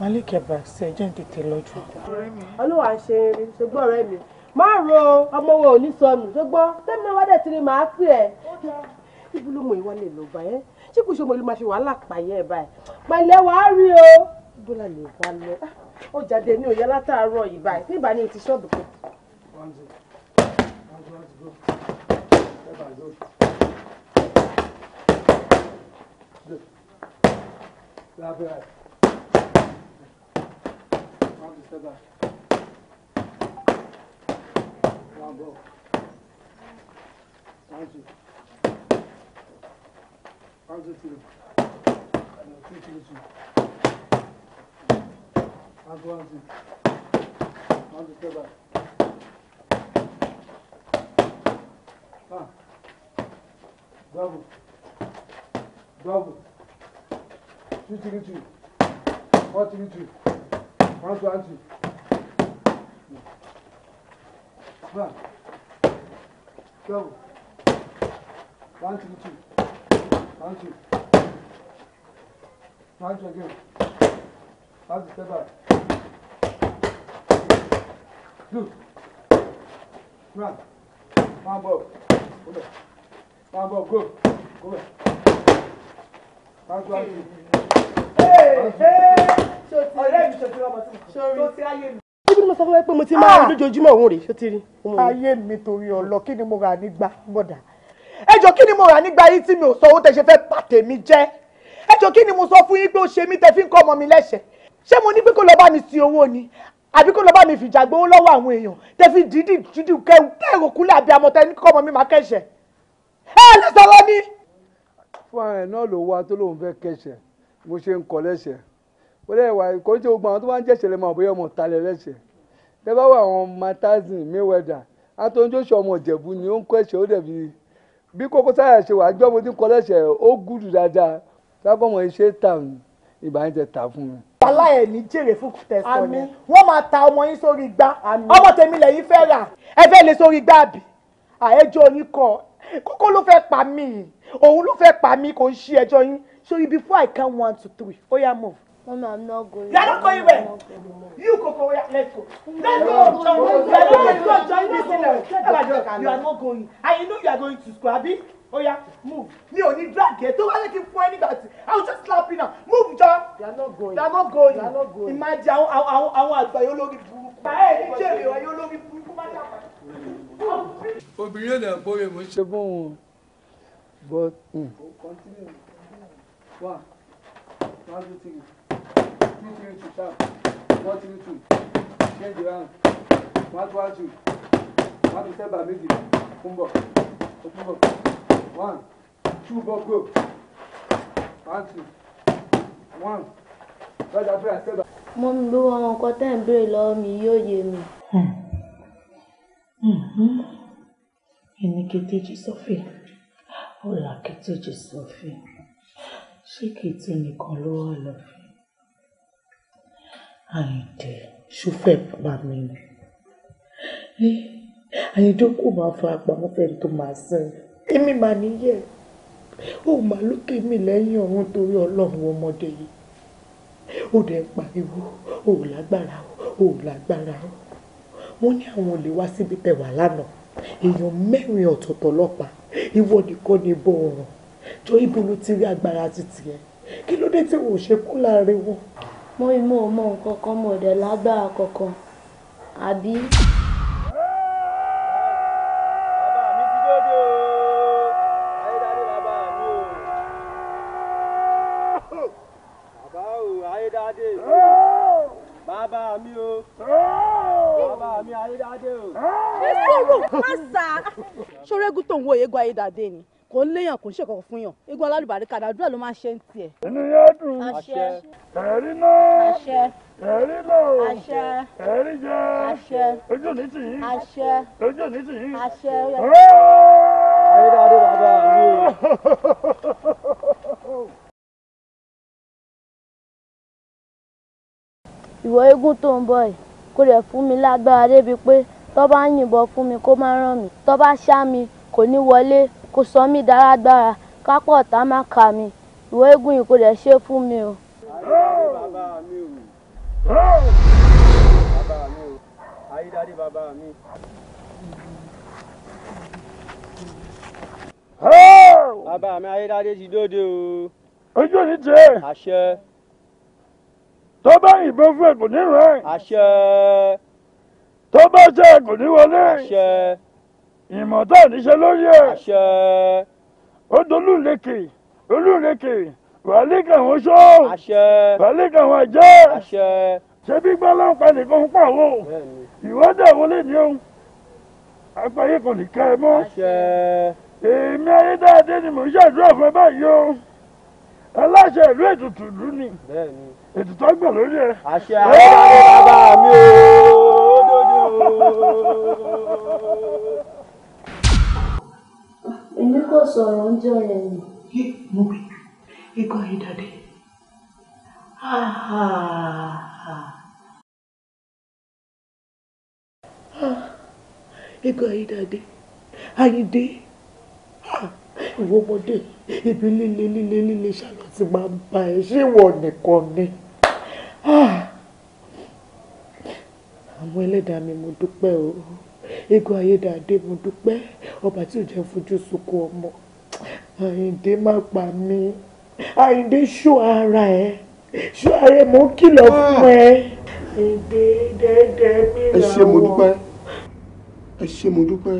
malik ẹ̀bà ṣe ẹjẹ́ ń tètè lọ́jọ́. olúwa ń ṣe irin ṣùgbọ́n ọ̀rẹ́ mi má ro ọmọ wo ò ní sọnù ṣùgbọ́n tẹ́mi náà wá dẹ̀ tiri màá pè ẹ́. ibùdókòwò ìwọ lè lò báyẹn tí kò ṣe mo lè máa fi wàhálà pààyẹ ẹ̀ báyìí pẹ̀lẹ́ wàá rí o bọ́lá lè wá lọ ó jáde ní òye látàárọ̀ yìí báyìí nígbà ní ti ṣọ́ọ̀bù kan. Gracias. Tchau, Tá bom. Tanto. Tanto, filho. Não, filho, filho, filho. Tanto, tanto. Tanto, tchau, Ah. Bravo. Bravo. Two, three, two. One, two, and two. One. Double. One, two, two. One, two. One, two again. One, two, step back. Two. Run. One ball. Go back. One ball, go. Go back. One, two, and two. Hey! Hey! ọ̀rẹ́ mi ṣòtí ọmọ tí mo ti ráyè mi. Ibi ni mo sọ fún ẹ pé mo ti máa ah! rí lójoojúmọ́ òun rè ṣó ti rí. Ayé mi torí ọlọ kí ni mo rà nígbà bọ̀dà. Ẹ jọ kí ni mo rà nígbà yìí tí mi ò sọ owó tẹ ṣe fẹ́ pàtẹ mi jẹ́. Ẹ jọ kí ni mo sọ fún yín pé ó ṣe mí tẹ fi ń kọ́ mi lẹ́sẹ̀. Ṣé mo ní pé kó lọ bá mi sin owó ni? àbí kó lọ bá mi fìjà gbowó lọ́wọ́ àwọn èèyàn tẹ́fí dídì dídì kẹ́hùn kẹ́hùn kúlẹ̀ àbí amọ̀tẹ́ ní kọ́mọ mi máa kẹ́sẹ̀. ẹ lè sọ̀rọ̀ ni. fún ara ẹ̀ náà ló wá tó lóun fẹ́ kẹ́sẹ̀ mo ṣe ń kọ́ lẹ́sẹ̀ wọ́n lè wà kó tí gbogbo àwọn tó bá ń jẹ̀ṣẹ̀ lẹ́mọ̀ bóyá ọmọ ta lẹ lẹ́ṣẹ̀ tẹ́ bá wà àwọn matazin Mayweather Anthony Joshua ọmọ Ìjẹ̀bú ni ó ń kọ́ ẹ̀ṣẹ̀ ó dẹ̀ bí bí Koko Zaria ṣe wà gbọ́ mo ti kọ́ lẹ́ṣẹ̀ ó gùdù dáadáa sábọ́mọ iṣẹ́ tà ìgbà yẹn tẹ tà fún mi. wàhálà ní jèrè fún tẹ̀sán ni wọ́n máa ta ọmọ yín sórí gbá ọmọ tèmi pa mí òun ló pa mí kò ń ṣí ẹjọ́ so you i count one two three oya move. Mama, I'm not going. You are not going where? You go go where? Let's go. Let's go. Join. You are not going. Join this thing. You are not going. I know you are going to school, Abi. Oh yeah, move. Me ò ní drag yẹn Don't let him find n I will just slap slapping now. Move, John. You are not going. You are not going. You are not going. Imagine àwọn àwọn àwọn àgbà yóò lórí burúkú. Báyẹ̀ ní jèrè ọ̀ yóò lórí burúkú má dàgbà. Obìnrin yóò dàn bóyá mo ṣe bóun. But. Continue. One. One, two, three three three two sharp one three two change round one two one two one two sẹ́bà méjì òkúńbọ̀ òkúńbọ̀ one two ball go one two one I fúra sẹ́bà. mo ń gbé wọn nǹkan tẹ́ ń béèrè lọ́wọ́ mi yóò yé mi. ẹnì kejì sọ́fìn ọ̀là kejì sọ́fìn ṣé kejì nìkan ló wà lọ́fìn àyìndé ṣùfẹ́ bàbá mi ni àyìndé kò máa fara pamọ́ fẹ́ni tó máa sìn èmi máa níyẹ̀ ó máa lókè mi lẹ́yìn ọ̀run torí ọlọ́run ọmọdé yìí ó dẹ̀ pariwo ó lágbára ó lágbára ó wọ́n ní àwọn olè wá síbi tẹ̀ wá lánàá èèyàn mẹ́rin ọ̀tọ̀ọ̀tọ̀ ọlọ́pàá ìwọ nìkan ni bọ́ ọ̀ràn jọ ibo ló ti rí agbára títì ẹ kí ló dé tí wò ó ṣe kú láàrin wọn mo mo mọ nǹkan kan mo dẹ̀ lágbára kankan àbí. bàbá mi o bàbá mi ayédáadé o. ní sùúrù má sà ṣorégún tó ń wo eégún ayédáadé ni kò ń léyàn kò ń ṣèkọ̀kọ̀ fún yàn igun alálùbáríkà àdúrà ló máa ṣe ń tiẹ̀. inú yóò dùn àṣẹ ẹ̀rí náà àṣẹ ẹ̀rí lò àṣẹ ẹ̀rí jẹ àṣẹ ojú òní tì yín àṣẹ ojú òní tì yín àṣẹ. ayédáadé bàbá mi o. ìwọ eégún tó ń bọ̀ yìí kò rẹ̀ fún mi lágbára débi pé tó bá ń yìnbọn fún mi kó má ràn mí tó bá ṣá mi kò ní wọlé kò sọ mí dáradára kápọ̀ ọ̀tá má kà mí ìwé eégún yìí kò dẹ̀ ṣe fún mi o. ayídáde bàbá mi. bàbá mi ayídáde ti dóde o. ojú ò tiẹ̀. àṣẹ tó bá yìnbọn fún ẹ kò ní rẹ. àṣẹ. tó bá ṣe ẹ kò ní wọlé. àṣẹ ìmọ̀tá níṣẹ́ lórí ẹ̀. àṣẹ. ó dolúleke olúleke wàlíkà wọn ṣó. àṣẹ. wàlíkà wọn jẹ́. àṣẹ. ṣé bí gbọ́lá ń pa nìkan ń pàwọ́ ìwọ́dà wọlé ni ó àgbáyé kò ní ká ẹ mọ́. àṣẹ. èmi ayédáadé ni mò ń ṣàdúrà fún ẹ báyìí o aláṣẹ ìlú ètùtù ìlú ni ètùtù àgbà lórí ẹ. àṣẹ ayédáadé bàbá mi o èmi kò sọ̀rọ̀ oúnjẹ rẹ̀ nù. mo gbé igbó yìí dàdé. igbó yìí dàdé ayíǹde ìwọ ọmọdé ibi líle líle líle ṣàlọ́tì máa ń bá ẹ ṣé ìwọ nìkan ni. àwọn ẹlẹ́dàá mi mo dúpẹ́ o eégún ayédáadé mo dúpẹ́ ọba tí ò jẹ́ fojú sunkún ọmọ àyìndé má pa mí àyìndé ṣó ara ẹ ṣó ara ẹ mò ń kìlọ̀ fún ẹ. àyìndé dẹ́dẹ́ mi làwọn. ẹ ṣé mo dúpẹ́ ẹ ṣé mo dúpẹ́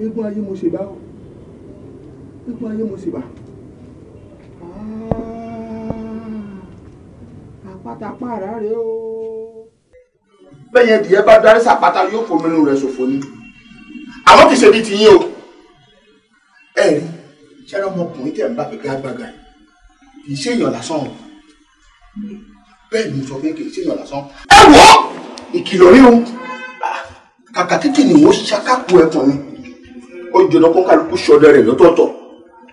eégún ah! ayé mo ṣèbá o eégún ayé mo ṣèbá ah! àpátápá rà rèé o bẹ́ẹ̀ yẹn dìé bá darí sàpáta yóò fòmìnú rẹ̀ ṣòfò ni àwọn kì í ṣe bíi tiyín o ẹ rí ṣẹ́rẹ́ ọmọkùnrin tẹ̀ ń bá gbẹ̀gẹ́ àgbàgà kì í ṣèyàn lásán o bẹ́ẹ̀ ni sọ pé kì í ṣèyàn lásán ẹ wọ́ ìkìlọ̀ rí o kàkà kíkì ni wọ́n ṣàkàkù ẹ̀kùn ni ó jọdọ̀ kó kálukú ṣọdẹ rẹ̀ lọ́tọ̀ọ̀tọ̀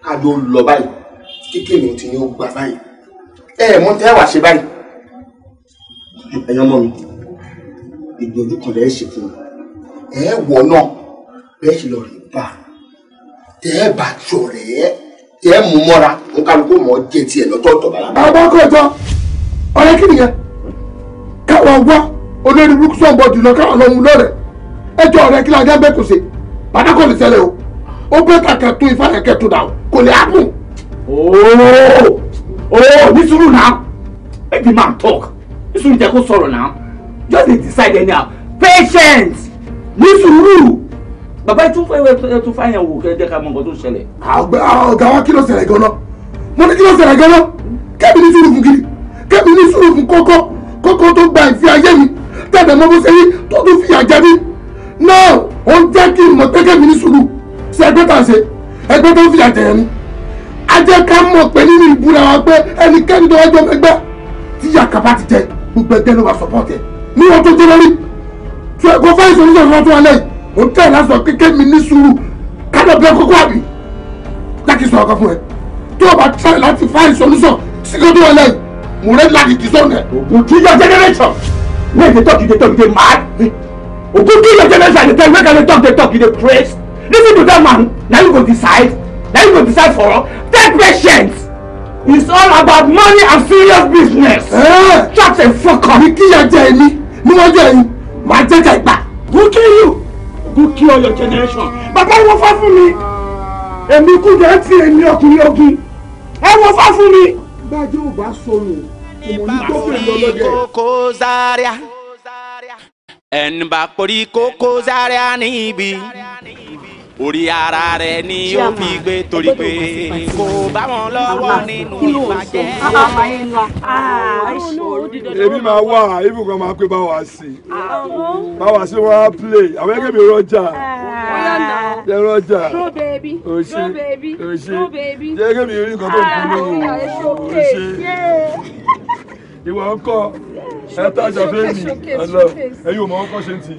kájọ lọ báyìí kíkì ni tiyín ó gbà báyìí ẹ mọ̀ tẹ́ wàá ṣe báyìí ẹ̀yàn mọ́ mi ìgbìyànjú kan lẹ́ẹ̀ ṣe fún un ẹ wọ̀ náà bẹ́ẹ̀ ṣe lọ rí bá tẹ́ ẹ bá jọ rẹ̀ tẹ́ ẹ mú mọ́ra ń kálukú mọ́ jẹ tiẹ̀ lọ́tọ̀ọ̀tọ̀ bàbá. bàbá kò jọ ọ̀rẹ́ kí nìyẹn káwọn wá olórí rúkúsọ̀ bọ̀ jùlọ káwọn lọ mú lọ́rẹ̀ ẹjọ́ ọ̀rẹ́ kí lajá bẹ́ẹ̀ kò ṣe bàdá kò lè ṣẹlẹ̀ o ó bẹ́ẹ̀ kàkẹ́ tó ifá yẹn kẹ́ tó dà o kò lè á mú. ooo oh, ooo oh, oh, ní sùúrù náà baby man talk ní sùúrù jẹ́ kó sọ̀rọ̀ náà just dey decide anyhow patient ní sùúrù bàbá tún fẹ́ tún fàyàn wò kẹ́ẹ́dẹ́ ká mọ nǹkan tó ń ṣẹlẹ̀. ọ̀gá wa kí ló ṣẹlẹ̀ gan-an mo ní kí ló ṣẹlẹ̀ gan-an kẹ́mi ní sùúrù fún kiri kẹ́mi ní sùúrù fún kókó kókó tó gba ìfẹ́ ayé mi tẹ̀lé mọ́ bó ṣe rí tó tún fìyà jẹ mí náà ó ń jẹ́ kí n mọ̀ pé kẹ́mi ní sùúrù ṣe ẹgbẹ́ tà ṣe ẹgbẹ́ tó fìyà jẹ yẹn ni a jẹ́ ká mọ̀ pé nínú ìbúra wa pé ẹnikẹ́ni tó wájú ọmọ ẹgbẹ́ tíyà kaba ti jẹ gbogbo ẹgbẹ́ ló wà sọ́pọ̀tì ẹ̀ ní wọn tó dé lórí kò fẹ́ ìsòlùsọ̀ fún ọtún alẹ́ yìí òun tẹ̀ lásán kéké mi ní sùúrù kádọ̀ bẹ́ẹ̀ kókó àbí jákè sọ ọkọ fún ẹ tó o bá tẹ̀ láti fá ìsòlùsọ̀ síkò tó alẹ́ yìí mo rẹ́ láti dì sọ́nà ẹ̀. òkú yọ jẹnẹrẹsọ wey dey talk you dey talk you dey mad òkú yọ jẹnẹrẹsọ i dey tell you talk dey talk you dey craze listen to that man na you go decide na you go decide for am take patience. It's all about money and serious business. Eh? Shut the fuck up. Ìkíyà jẹ́ mi níwájú ẹ̀yin màá jẹ́jà ìgbà. who kill you who kill your generation. bàbá wọ́n fá fún mi èmi kúndé ti èmi ọkùnrin ogun ẹ wọ́n fá fún mi. gbájú ò bá sọnù ìmọ̀ ní tó bẹ̀rẹ̀ lọ́lọ́dẹ. Koko Zaria ẹnìbàpọ̀rí Koko Zaria níbi orí ara rẹ ni ó fi gbé torí pé kò bá wọn lọ́wọ́ nínú ìbàjẹ́. Ah, ah, ah, oh, èmi máa wà ibi kan máa pé báwa sí báwa sí wọn á play àwọn ẹgbẹ́ mi rọjà jẹ rọjà òṣì òṣì jẹ ẹgbẹ́ mi rí nǹkan tó ń kú lóhùn òṣì ìwọ ọkọ ẹ tájà fẹmi ẹlọ ẹyin ò mọ ọkọ ṣe ń ti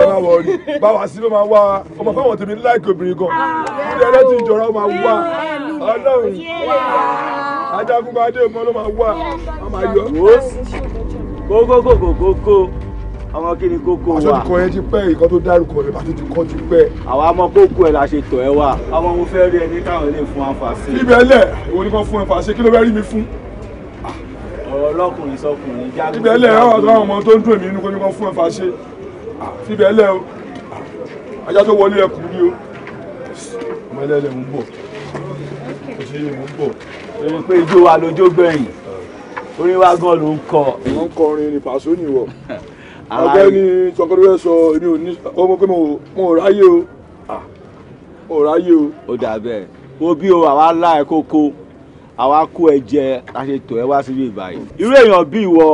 ẹ má wọrí báwa sí ló máa wá ọmọ fáwọn tèmi láìkè obìnrin gan kí ẹlẹ́ ti jọra máa wá ọlọ́run ajagun bá dé ọmọ ló máa wá a máa yọ. kókókókókó àwọn kí ni kókó wa. àṣọ ìkọ yẹn ti pẹ́ ìkọ́ tó dárúkọ rẹ̀ bàtí ti kọ́ ti pẹ́. àwa mọ kókó ẹ̀ la ṣe tọ̀ ẹ́ wà. àwọn mo fẹ́ rí ẹni káwọn lè fún àǹfààní. ibẹ̀ lẹ̀ òun ni kò fún ẹ̀fà ṣe kí ló fẹ́ rí mi fún ọ̀rọ̀ ọlọ́kùnrin sọkùnrin jágbe. ibẹ̀ lẹ̀ ọ́ ọ̀dọ́ àwọn ọmọ tó ń dùn mí inú kó ní kan fún ẹ̀fà ṣe ibẹ̀ lẹ̀ o ajá tó wọlé ẹkùn ni o ọmọ ẹlẹ́lẹ̀ ń bọ̀ òṣèré ń bọ̀. èyí pé ijó wa lójó gbẹ̀yìn orin wa gan ló ń kọ. wọ́n ń kọ orin (laughs) o ò o. ó dà bẹ́ẹ̀ wo bí o àwa kó ẹ jẹ la ṣe tọ̀ ẹ wá síbí ìbàyìí irú èèyàn bí ìwọ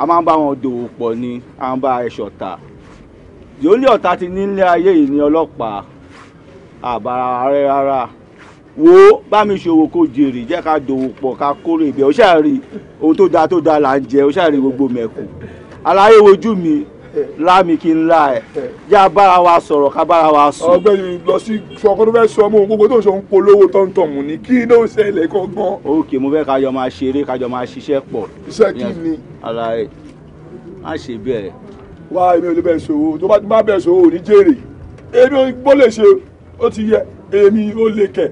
a máa ń bá wọn dòwò pọ̀ ni a máa ń bá ẹ ṣọ̀tá yòólì ọ̀tá ti nílé ayé yìí ní ọlọ́pàá àbára rẹ rárá wo bá mi ṣòwò kó jèrè jẹ́ ká dòwò pọ̀ ká kórè ibẹ̀ ó ṣàrí ohun tó dáa tó dáa là ń jẹ ó ṣàrí gbogbo mẹ̀kù aláyé wojú mi láàmì kí n la ẹ̀ já bára wa sọ̀rọ̀ ká bára wa sùn. ọ̀gbẹ́ni lọ sí fọkàn tó sọ ọmọ òun tó ń sọ ń polówó tọ̀ntọ̀ mù ní kí ló ń ṣẹlẹ̀ gangan. ok mo fẹ́ kájọ máa ṣeré kájọ máa ṣiṣẹ́ pọ̀. iṣẹ́ kí ni. ara ẹ má ṣe bẹ́ẹ̀. wá èmi ò lè bẹ̀ ṣòwò tó bá ti má bẹ̀ ṣòwò ò ní jèrè èmi ò gbọ́ lè ṣe ó ti yẹ èmi ò lè kẹ̀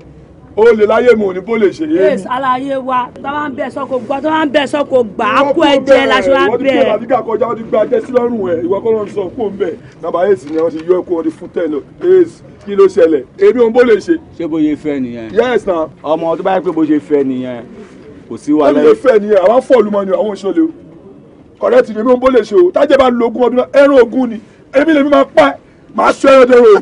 o lè láyé mi ò bó lè ṣe yé mi. yes alaye wa tó bá ń bẹ sọkò gbà tó bá ń bẹ sọkò gbà á kó ẹ̀jẹ̀ la ṣe wá bẹ. wọ́n ti pè láti ká kọjá wọ́n ti gba jẹ́ sí ẹ̀ ìwọ kọ́ ló ń sọ kó ń bẹ̀. nàbà èsì ni wọ́n ti yọ ẹ̀kọ́ wọn ti fún tẹ̀lé èsì kí ló ṣẹlẹ̀ èmi ò bó lè ṣe. ṣé bó ṣe fẹ́ nìyẹn. yes na. ọmọ tó bá yẹ pé bó ṣe fẹ́ nìyẹn kò sí wa máa sọ ẹ̀rọ dẹ̀rọ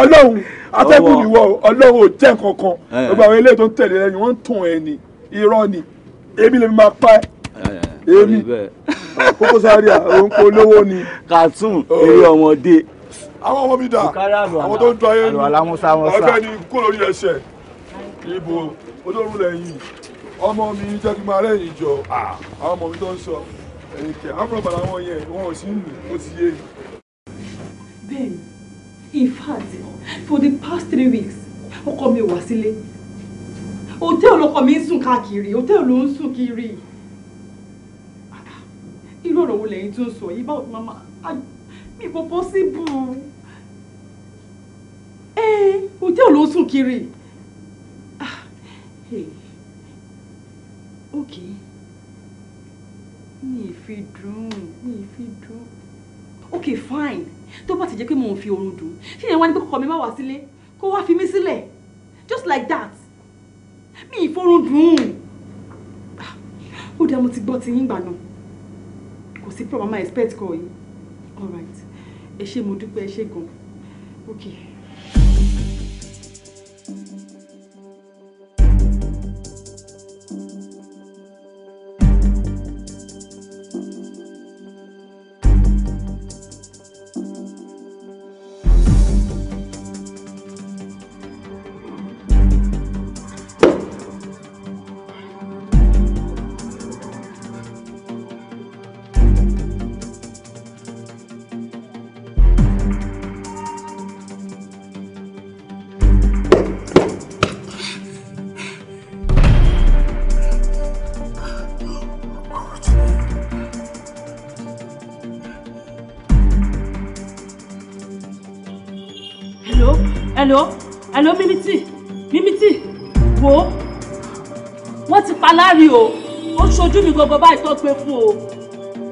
ọlọ́run atẹ́gùn ìwọ ọlọ́run ò jẹ́ kankan eh. gbogbo àwọn eléyìí tó ń tẹ̀lé lẹ́yìn wọ́n ń tàn ẹ̀ irọ́ ni èmi lèmi máa pa ẹ́ eh, èmi Koko Zaria òun kò lówó ni. cartoon oh. eré ọmọdé. àwọn ọmọ mi dà àwọn tó ń tọ́ ayé nu ọ̀fẹ́ ni kó lórí ẹsẹ̀ ibo olórí lẹ́yìn ọmọ mi jẹ́ kí n máa lẹ́yìn jọ àwọn ọmọ mi tó ń sọ ẹ̀yìn kẹ́ àwọn ọmọ bàbá wọn yẹn wọn ò sí ń lù ó ti yé. bẹ́ẹ̀ni in fact for the past three weeks ọkọ mi ò wá sílé hòtẹ́ẹ̀lì ọkọ mi ń sùn káàkiri hòtẹ́ẹ̀lì ló ń sùn kiri irú ọ̀rọ̀ wo lẹ́yìn tó ń sọ yìí báwo mama mi bọ́ possible hòtẹ́ẹ̀lì ló ń sùn kiri ah, ok mi ì fi dùn mi ì fi dùn ok fine tó bá ti jẹ́ pé mò ń fi oorun dùn ṣé ìyẹn wá ní pé kọ́kọ́ mi má wá sílé kó wá fi mí sílẹ̀ just like that mi ìforun dùn ó dá mo ti gbọ́ ti yín gbà náà kò sí problem I expect kọ́ yìí all right ẹ ṣé mo dúpẹ́ ẹ ṣé gan okay. ojú mi gangan báyìí tó gbé fún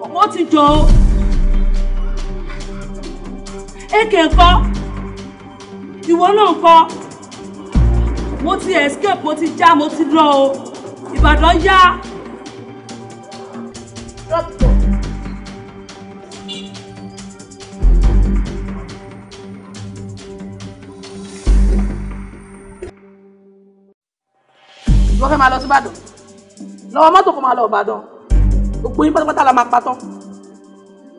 o ó ti jọ o èkè ńkọ́ ìwọ náà ńkọ́ mo ti escape mo ti já mo ti lọ o Ìbàdàn yá. wọ́n fẹ́ máa lọ sí Ìbàdàn lọ́wọ́ mọ́tò kò máa lọ Ìbàdàn òpin yín pátápátá la máa pa tán.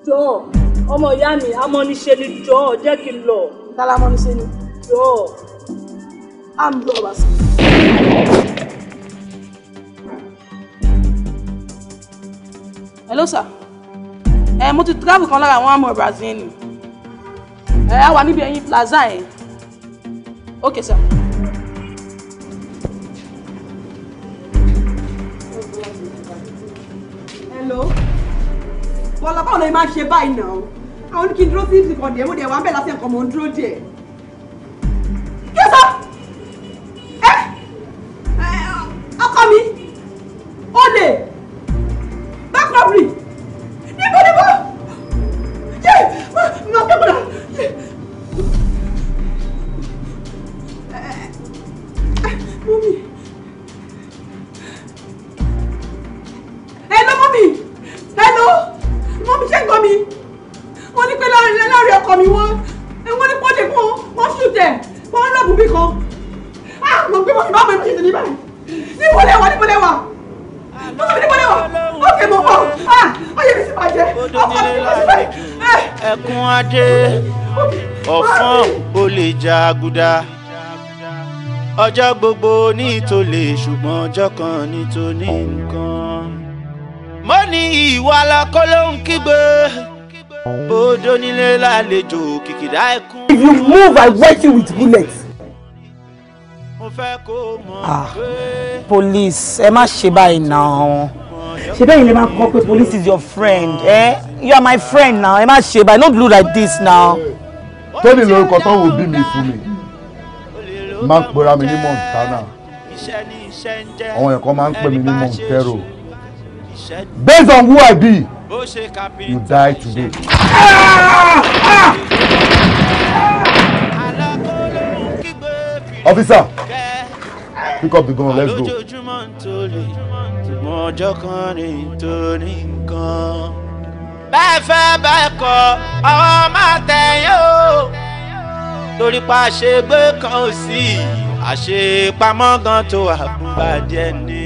jọ̀ọ́ ọmọ ìyá mi amọ́niṣe ni jọ̀ọ́ jẹ́ kí n lọ. tálá amọ́niṣe ni. jọ̀ọ́ á ń lọ bàṣẹ. hello sir ẹ eh, mo ti travel kan lára àwọn amọ̀ Brazil ni eh, á wani níbi ẹyin plaza eh. ok sir. bọ́lá báwo ni máa ń ṣe báyìí náà àwọn oníkìndúró sí ìsìnkọ̀dẹ̀ mo dẹ̀ wá ń bẹ̀ lásìkò mò ń dúró díẹ̀. jágúdá ọjọ́ gbogbo ní ìtòlè ṣùgbọ́n ọjọ́ kan ní tòní nǹkan. mo ní ìwà alákọ́ ló ń kígbe bódó nílé lálejò kìkìdá ẹ̀kú. if you move i whack you with bullets. mo fẹ́ kó mọ̀ ah, pé. police ẹ má ṣe báyìí náà ṣe bẹ́ẹ̀ ilé máa kọ́ pé police is your friend eh? you are my friend now ẹ má ṣe báyìí no do like this now tóní lórúkọ tó wò bí mi fún mi máa ń pera mi ní Montana àwọn èèyàn máa ń pè mí ní Montero based on who I be you die today. officer pick up the gun let's go. ọjọ́ kan ní torí nǹkan bẹ́ẹ̀ fẹ́ bẹ́ẹ̀ kọ́ ọwọ́ máa tẹ̀yìn o torí pa àṣegbé kan ò sí àṣepamọ́ gan tó àbúbàjẹ́ ni.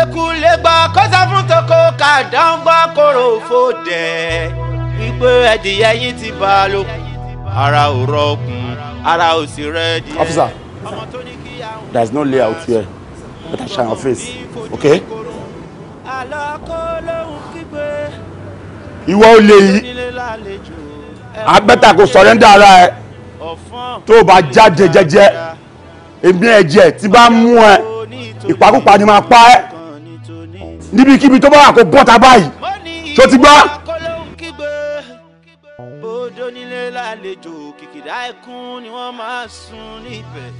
ekulè gbọ́ kó sọ fún toko kàdánwó kóró fòdẹ wípé ẹdìyẹ yìí ti bá a lò ara ò rọkùn ara ò sì rẹ díẹ̀. officer there is no layout here better shine your face okay. àlọ́ kó lóhùn ìwọ ò lè yí abẹ́ta kò sọ̀rẹ́ndà ara ẹ tó o bá jáde jẹ́jẹ́ èmi ẹ̀jẹ̀ tí bá mú ẹ ìpakúpa ni máa pa ẹ́ níbikíbi tó bá wà kó bọ́ta báyìí ṣó ti gbọ́. odò nílé lálejò kìkìdá ẹkún ni wọ́n máa sùn níbẹ̀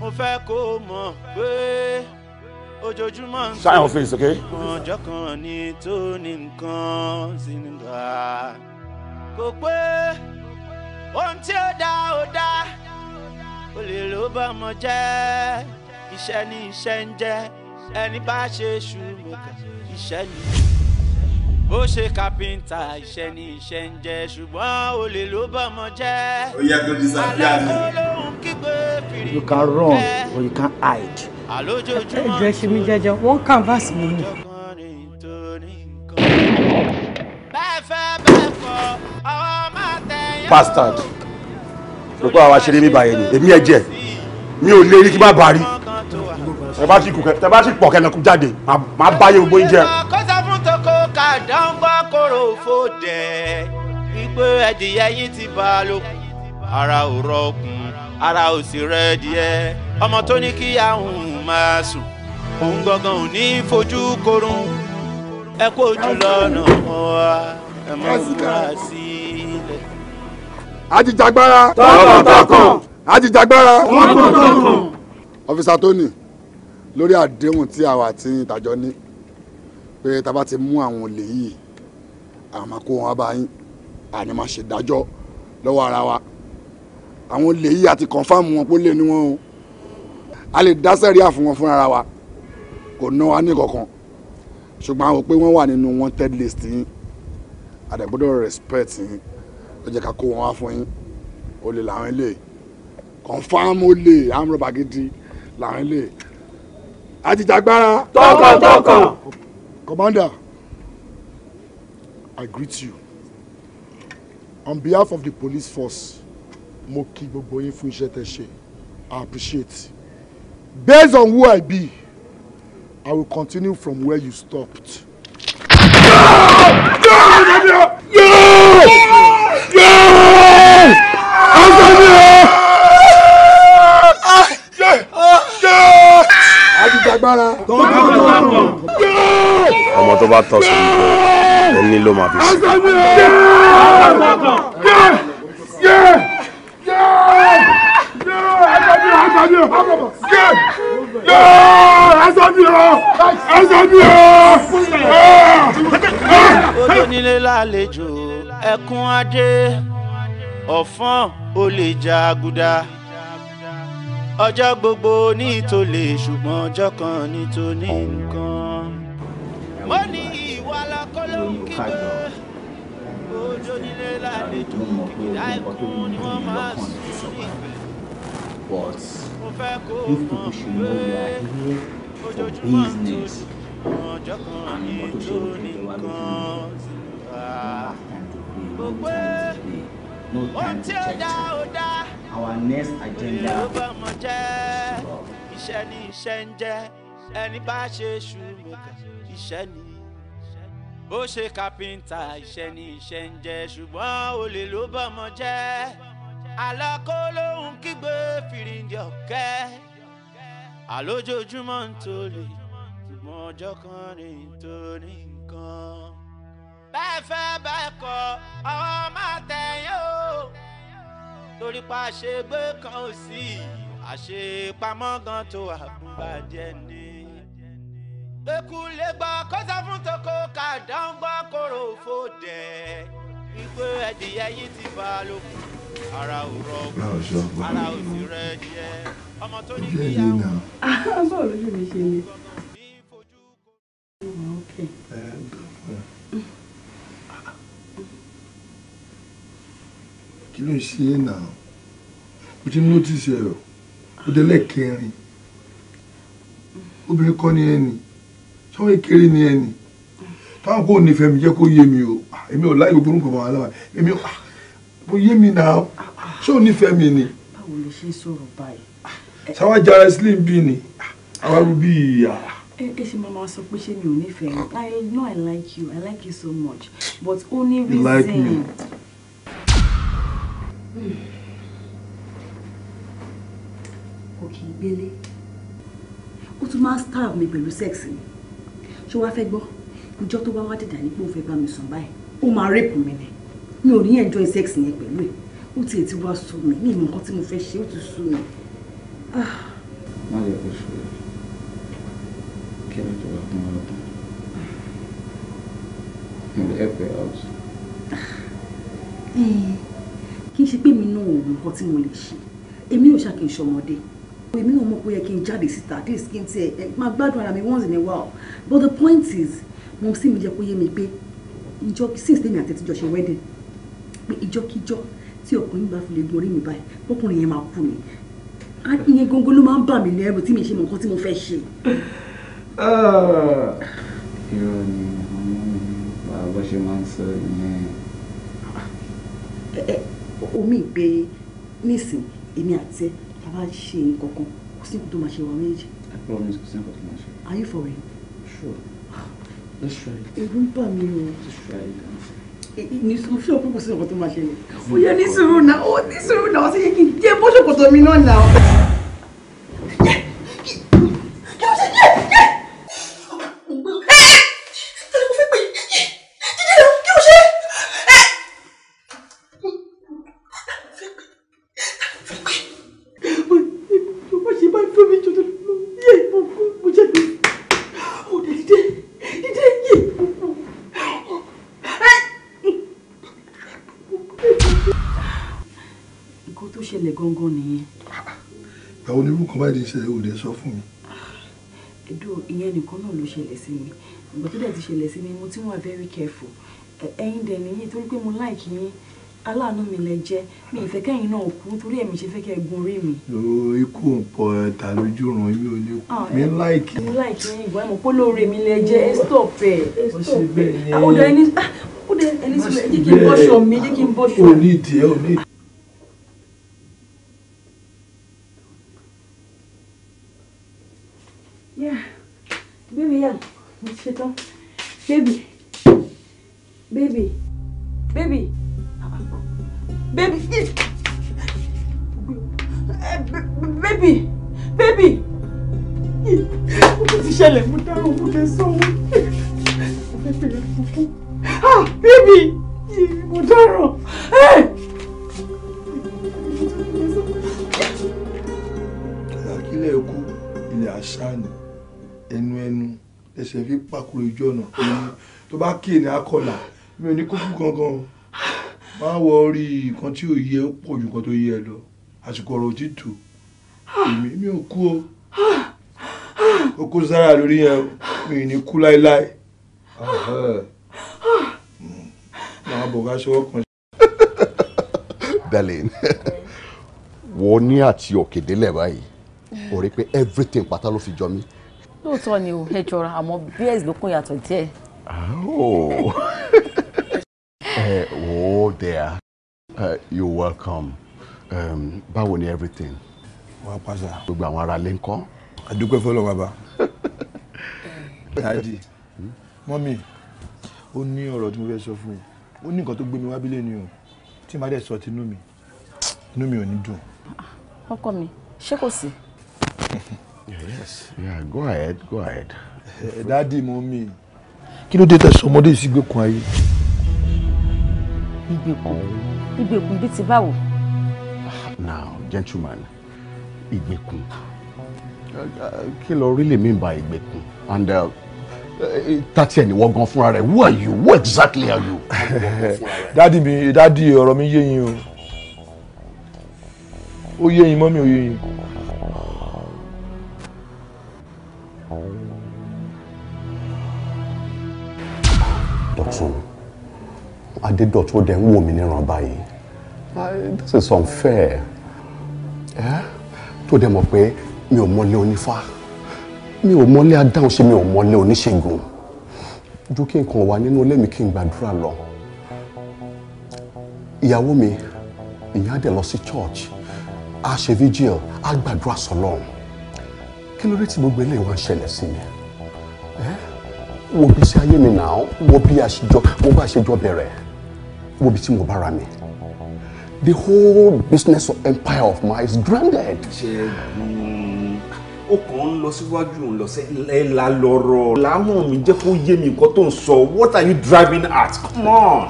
mo fẹ́ kó mọ̀ pé ojoojúmọ́ ń sọ ọjọ́ kan ní tó ní nǹkan sí ní gbà. kò pé ohun tí ó dá ó dá olè ló bá mọ jẹ́ iṣẹ́ ní iṣẹ́ ń jẹ́ ẹni bá ṣe ṣùgbọ́n iṣẹ́ ni bó ṣe kápẹ́ńtà iṣẹ́ ní iṣẹ́ ń jẹ́ ṣùgbọ́n olè ló bọ́mọ jẹ́. ó yẹ kó disapia mi. you can run or you can hide. ẹ jọ ṣe mí jẹ́jọ́ wọ́n canvas mi ni. bastard ló kọ́ àwa ṣeré mi báyẹn ni èmi ẹ jẹ mi ò lè rí kí n má bàa rí tẹ bá sì pọ̀ kẹ́nà kú jáde má báyé gbogbo yín jẹ tàdánwá kóró fòdẹ ìgbé ẹdìyẹ yín ti bá a lò ara ò rọkùn ara ò sì rẹ díẹ̀ ọmọ tó ní kí àwọn máa sùn òun gangan ò ní fojú korun ẹ kó ojú lọ́nà wa ẹ mọ̀ wá sílẹ̀. àjìjàgbara tọkàntọkàn àjìjàgbara tọkàntọkàn. ọfíìsà tóní lórí àdéhùn tí àwa àti ìtàjọ ní pé tá ti mú àwọn olè yìí àmọ́ kó wọn bá yín àní máa ṣèdájọ́ lọ́wọ́ ara wa àwọn olè yìí àti kọ̀ǹfàmù wọn pé ó lè ní wọn o a lè dá sẹ́ríà fún wọn fúnra wa kò ná wa ní kankan ṣùgbọ́n àwọn pé wọ́n wà nínú wanted list yín àdàgbọ́dọ̀ respect yín ló jẹ́ ká kó wọn wá fún yín olè làwọn ilé confam olè amúrọ̀bà gidi làwọn ilé àtijàgbára tọkàntọkàn. Commander, I greet you. On behalf of the police force, mo kí gbogbo yín fún iṣẹ́ tẹ́ I appreciate. Based on who I be, I will continue from where you stopped. No! No! No! Agbára. Tọ́jú tọ́jú ọmọ tó bá tọ̀ sí ìgbò ẹni ló máa fi sí. onílé lálejò ẹkún adé ọ̀fọ́n olè jàgùdà ọjọ́ gbogbo ní ìtòlè ṣùgbọ́n ọjọ́ kan ní tòní nǹkan mo ni wọ́n But if people should know we are here for business, and what to show the people we are no time to play, no time to play, no time to check. Our next agenda ń jẹ́, ẹni bá ṣe ṣùgbọ́n iṣẹ́ ni bó ṣe kápẹ́ńtà iṣẹ́ ni iṣẹ́ ń jẹ́ ṣùgbọ́n olè ló bọ́mọ jẹ́ alákó lóhùn kígbe fìrìndì ọ̀kẹ́ àlójoojúmọ́ ń tolè ṣùgbọ́n ọjọ́ kan ní torí nǹkan. bẹ́ẹ̀ fẹ́ bẹ́ẹ̀ kọ́ ọwọ́ máa tẹ̀yìn o torí pa àṣegbé kan ò sí àṣepamọ́ gan tó àbúbàjẹ́ ni ekunle gbọ́ kọ́sà fún toko kàdán gbọ́ kóró fòdẹ ìgbé ẹdìyẹ yìí ti bá a lò ara ò rọgbọ ara ò sì rẹ ọmọ tó ní kíyàwó. Ah, báwo lójú mi ṣe ni. kí ló ń ṣe é náà mo ti notice ẹ o ó délẹ̀ kẹrin obìnrin kọ́ ni ẹni sọ́wọ́n kéré ni ẹni táwọn kò nífẹ̀ẹ́ mi jẹ́ kó yé mi o ah, èmi ò láyò burúkú bàbá aláwa èmi ò ah, kò yé mi náà ṣó nífẹ̀ẹ́ mi ni. báwo ló ṣe sọ̀rọ̀ báyìí. sáwá jara slim bí ni àwa rú bí ìyá. Ah. ẹ ẹ ṣe máa sọ pé ṣé mi ò nífẹ̀ẹ́ I know I like you I like you so much but only reason. you like me. (sighs) kò kì í gbélé ó tún máa ń starve mi pẹ̀lú sẹ́ẹ̀sì mi ṣé wàá fẹ́ gbọ́ ìjọ tó bá wá dìdà ní pé òun fẹ́ bá mi sùn báyìí ó máa rèpù mi ni mi ò ní enjoy sex yẹn pẹ̀lú ẹ̀ ó ti ètí wá sú mi ní ìmọ̀ nǹkan tí mo fẹ́ ṣe ó ti sú mi. Ah. má yẹ kó ṣe é kí ni tó fún ọ lọ́tàn mo lè help her ah. eh, kì í ṣe pé mi náà ò mọ nǹkan tí mo lè ṣe èmi ò ṣàkíyèsí ọmọdé èmi náà mọ̀ pé ó yẹ kí n jáde síta at least kí n tiẹ̀ máa gbádùn ara mi once in a while but the point is mo sì mi jẹ́ kó yé mi pé ìjọ since tèmi àti ẹtìjọ ṣe wedding pé ìjọkíjọ tí ọkùnrin bá fi lè gun orí mi báyìí ọkùnrin yẹn máa kú ni ìyẹn góńgó ló máa ń bà mí lẹ́rù tí mi ṣe mọ̀ nǹkan tí mo fẹ́ ṣe. Ah, irọ́ ni àwọn bá ṣe máa ń sọ ìyẹn. Ah, omi ìgbé nísìn èmi àti ẹ bá ń ṣe nǹkan kan kò sí nǹkan tó máa ṣe wa méjì. I promise kò sí nǹkan tó máa Are you for real? Sure. Let's try it. Èrù ń bà mí o. Let's try it. Ní sùúrù ṣé o kò sí nǹkan tó máa ṣẹlẹ̀? Mo yẹ ní sùúrù náà, ó ní sùúrù náà, ó sì yẹ kí n jẹ́ bóṣokòtò mi náà náà. wádìí ṣẹlẹ̀ ò dé sọ fún mi. èdò ah, ìyẹn nìkan náà ló ṣẹlẹ̀ sí mi ìgbà tó dẹ̀ ti ṣẹlẹ̀ sí mi mo ti wà very careful ẹ̀yin dẹ̀ nìyí torí pé mo like yín aláàánú mi lẹ jẹ́ mi ìfẹ́ kẹ́yìn náà kú torí ẹ̀mí ṣe fẹ́ kẹ́ gun orí mi. ikú nǹkan ẹ̀dá lójú ràn mí ò ní kú ah, mi láìkí. mi láìkí yín ìgbà mọ̀ pólóore mi lẹ jẹ́ ẹ stop ẹ ẹ stop ẹ àwọn ọ̀dọ́ ah, ẹni sílẹ̀ jẹ́ kí n bọ́ṣọ mi jẹ́ kí n bọ́ṣọ. kí ni akọlà mi ò ní kókó gangan o má wọ orí nǹkan tí ò yẹ ó pọ̀ ju nǹkan tó yẹ lọ àsìkò ọ̀rọ̀ ò ti tù èmi mi ò kú o ó kó sára lórí yẹn mi ò ní kú láéláé hmm. máa bọ̀ ká ṣọwọ́ kan. darlene wọ́n ní àti òkèdélẹ̀ báyìí ò rí pé everything pátá ló fi jọ mí. lóòótọ́ ni o ẹ jọra àmọ́ bs ló kún yàtọ̀ díẹ̀. Oh. uh, (laughs) eh, whoa oh, there. Uh, you're welcome. Um, báwo ni everything? Wà á pàṣẹ. Gbogbo àwọn ará ilé ńkọ́. Àdúgbò fún ọlọ́wọ́ bàbá. (laughs) Dadi, hmm? mọ́mì, ó ní ọ̀rọ̀ tí mo fẹ́ sọ fún yìí. Ó ní nǹkan tó gbé mi wá bílẹ̀ ni o. Tí màá dẹ̀ sọ ti inú mi, inú mi ò ní dùn. Ọkọ mi, ṣé kò sí? (laughs) Yes, yeah, go ahead, go ahead. Eh, Daddy, mommy kí ló dé tẹ̀sán ọmọdé yìí sí gbèkùn ayé. ìgbèkùn ìgbèkùn bíi ti báwo. now gentleman ìgbèkùn kí ló really mean by ìgbèkùn and uh, tati ẹni wọ gan fúnra rẹ who are you who exactly are you. (laughs) dádì mi dádì ọ̀rọ̀ mi yé o ó yé mọ́ mi ò yé Adédọ̀tun Adédọ̀tun ó dẹ̀ ń wò mí níran báyìí this is unfair eh? tó dẹ̀ mọ̀ pé mi ò mọlé onífá mi ò mọlé adáhunṣe mi ò mọlé oníṣègùn ju kí n kàn wà nínú ilé mi kí n gbàdúrà lọ ìyàwó mi ìyá dẹ̀ lọ sí church a ṣe vigil a gbàdúrà sọlọ́run kí ló dé tí gbogbo eléyìí wá ń ṣẹlẹ̀ sí mi. Eh? wo bí sí ayé mi náà wo bí àṣejọ mo bá àṣejọ bẹ̀rẹ̀ wo bí tí mo bára mi the whole business of empire of mine is grounded. ṣẹ́gun ó kàn ń lọ síwájú ń lọ sẹ́yìn la lọ́rọ̀ láwọn mi jẹ́ kó yé mi nǹkan tó ń sọ what are you driving at come on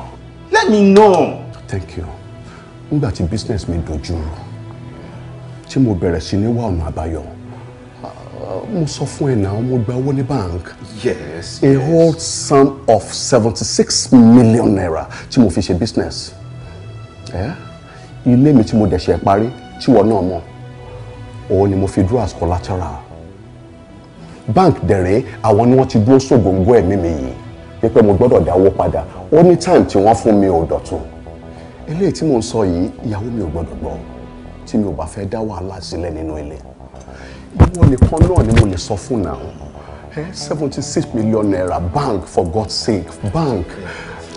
let me know. thank you nígbà tí business mi dojú tí mo bẹ̀rẹ̀ sí ní wá ọ̀nà àbáyọ mo sọ fún ẹ náà mo gba owó ní bank. yes a whole sum of seventy six million naira tí mo fi ṣe business. Yeah? ilé mi tí mo dẹ̀ ṣe parí tí wọ́n náà mọ̀ òun ni mo fi dúró as collateral. bank dẹ̀rẹ́ àwọn ni wọ́n ti dúró sógóńgó ẹ̀mí mi yìí pípẹ́ mo gbọ́dọ̀ dáwó padà ó ní time tí wọ́n fún mi ò dọ̀tun. eléyìí tí mo ń sọ yìí ìyàwó mi ò gbọ́dọ̀ gbọ́ tí mi ò bá fẹ́ dá wàhálà sílẹ̀ nínú ilé wọn nìkan náà ni mo lè sọ fún náà seventy six million naira bank for God's sake bank.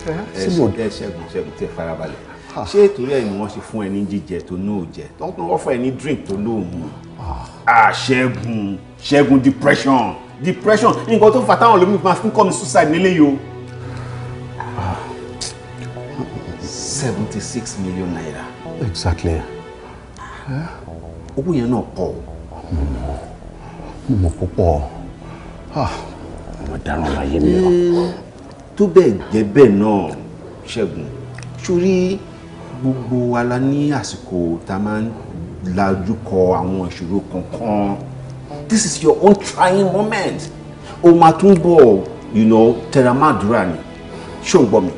ẹ ṣẹ́gun ṣẹ́gun tẹ farabalẹ̀ ah. ṣé ìtòrí ẹ̀ ni wọ́n ṣe fún ẹ jíjẹ tó ní òòjẹ́ wọ́n fún ẹ drink tó ní òòmù. àṣẹ́gun ah. ah, ṣẹ́gun depression depression nǹkan tó fà táwọn olómi máa fi ń kọ́ mi suicide nílé yìí o. seventy six million naira. exactly. owó yẹn náà pọ̀ o mo mọ̀ ah, mo mọ̀ dáràn láyé mi o. Eh, tó bẹ́ẹ̀ jẹ́ bẹ́ẹ̀ náà ṣẹ́gun sórí gbogbo wa la ní àsìkò tá a máa ń lajú kọ àwọn ìṣòro kankan this is your own trying moment o máa tún bọ̀ you know tẹramádùúrà ni ṣó ń gbọ́ mi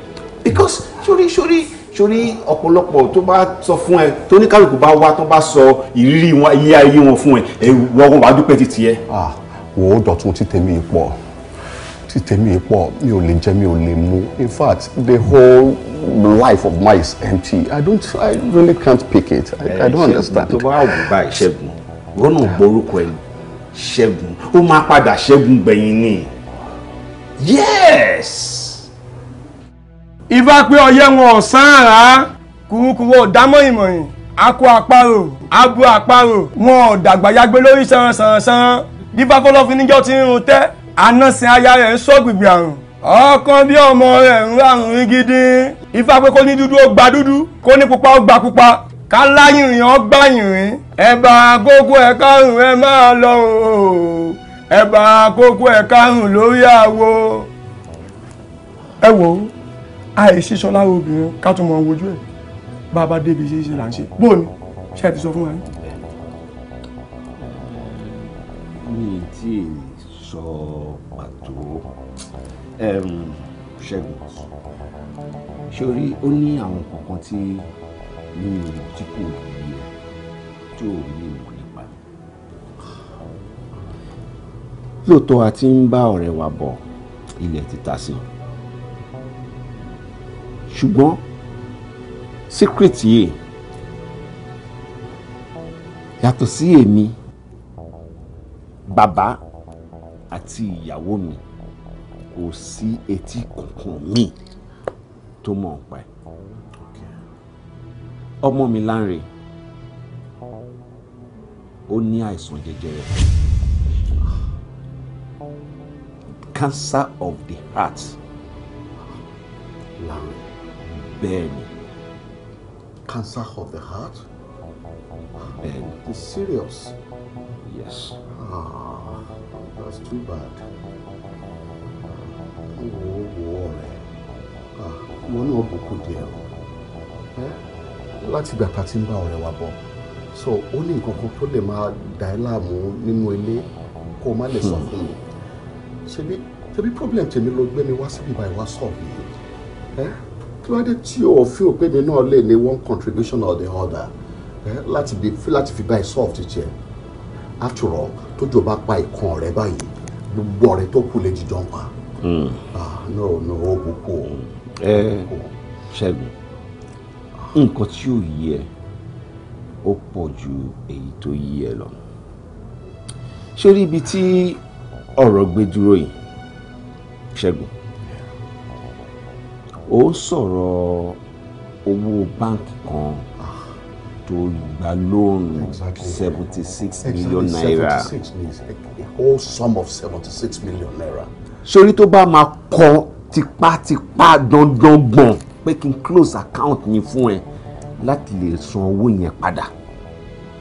because sórí sórí sórí ọ̀pọ̀lọpọ̀ tó bá sọ fún ẹ tó ní kálukú bá wá tó bá sọ ìrírí wọn ayé ayé wọn fún ẹ ẹ wọ́n wàá dúpẹ́ ti tiẹ̀. wò ó dọ̀tún tí tèmi pọ̀ tí tèmi pọ̀ mi ò lè jẹ mi ò lè mu in fact the whole life of mine is empty i don't i really can't pick it i, I don't understand. tó bá wù bá ìṣẹ́gun rọ́nà gborúkọ ẹ̀ ṣẹ́gun ó máa padà ṣẹ́gun gbẹ̀yìn ni yes ìbá pé ọyẹ́ wọn ọ̀sán àrá kùrukùru ọ̀dámọ̀ ìmọ̀yìn akọ àparò abo àparò wọn ọ̀dàgbàyàgbé lórí sanransanransan bíbá fọlọ́fin níjọ́ ti ń run tẹ́ anásìn aya rẹ̀ ń sọ́gbìgbì àrùn ọkàn bí ọmọ rẹ̀ ń rárun rí gidi ìfá pé kó ní dúdú ó gba dúdú kó ní pupa ó gba pupa ká láyìnrìn ọgbà yìnrìn ẹ̀bà àkókò ẹ̀ka rùn ẹ máa lọ o ẹ̀bà àkókò ẹ̀ka rùn lórí àwo ẹ wò ó àìsísọ láwọn obìnrin ká tún mọ wojú ẹ̀ bá a bá débi ṣíṣe là ń ṣe bó ni ṣe àti sọ fún wa yín. mi tí ì sọ pàtó ṣẹ́gun ṣé ó ní àwọn kankan tí mi ò tí kò yẹ tí ò ní mọ̀ nípa lóòótọ́ a ti ń bá ọ̀rẹ́ wa bọ̀ ilẹ̀ ti ta sí i ṣùgbọ́n secret yìí yàtọ̀ sí èmi bàbá àti ìyàwó mi kò sí etí kankan mi tó mọ̀ ọ́n pa ẹ̀ ọmọ mi Lánre ó ní àìsàn jẹjẹrẹ cancer of the heart Lánre bẹ́ẹ̀ cancer of the heart bẹ́ẹ̀ it's serious. yes. ah that's too bad. wo ah, wo ọ̀rẹ́ wọn náà bùkún díẹ̀ Eh? láti gbà tá a ti ń bá ọ̀rẹ́ wa bọ̀ so ó ní nǹkan kan tó lè máa dà ẹ́ láàmú nínú ilé kó o má lè sọ hmm. fún mi ṣebí ṣebí problem tèmi ló gbé mi wá síbi ìbá ìwá sọ̀rọ̀ yìí. Eh? kí wọ́n dé tí o fi òpèdè náà lè ní one contribution or the other láti bí láti fi báyìí soft jẹ after all tójú bá pa ìkan ọ̀rẹ́ báyìí gbogbo ọ̀rẹ́ tó kù lè jíjọ pa hmm. no no ó kúkú o. ẹ ṣẹ́gun nǹkan tí ò yí ẹ ó pọ̀ ju èyí tó yí ẹ lọ ṣé orí ibi tí ọ̀rọ̀ gbé dúró yìí ṣẹ́gun ó sọ̀rọ̀ owó báǹkì kan tó gba lóònù seventy six million naira. a whole sum of seventy six million naira. sori tó bá máa kọ tipátipá dandan gbọ̀n pé kí n close account yín fún ẹ láti lè san owó yẹn padà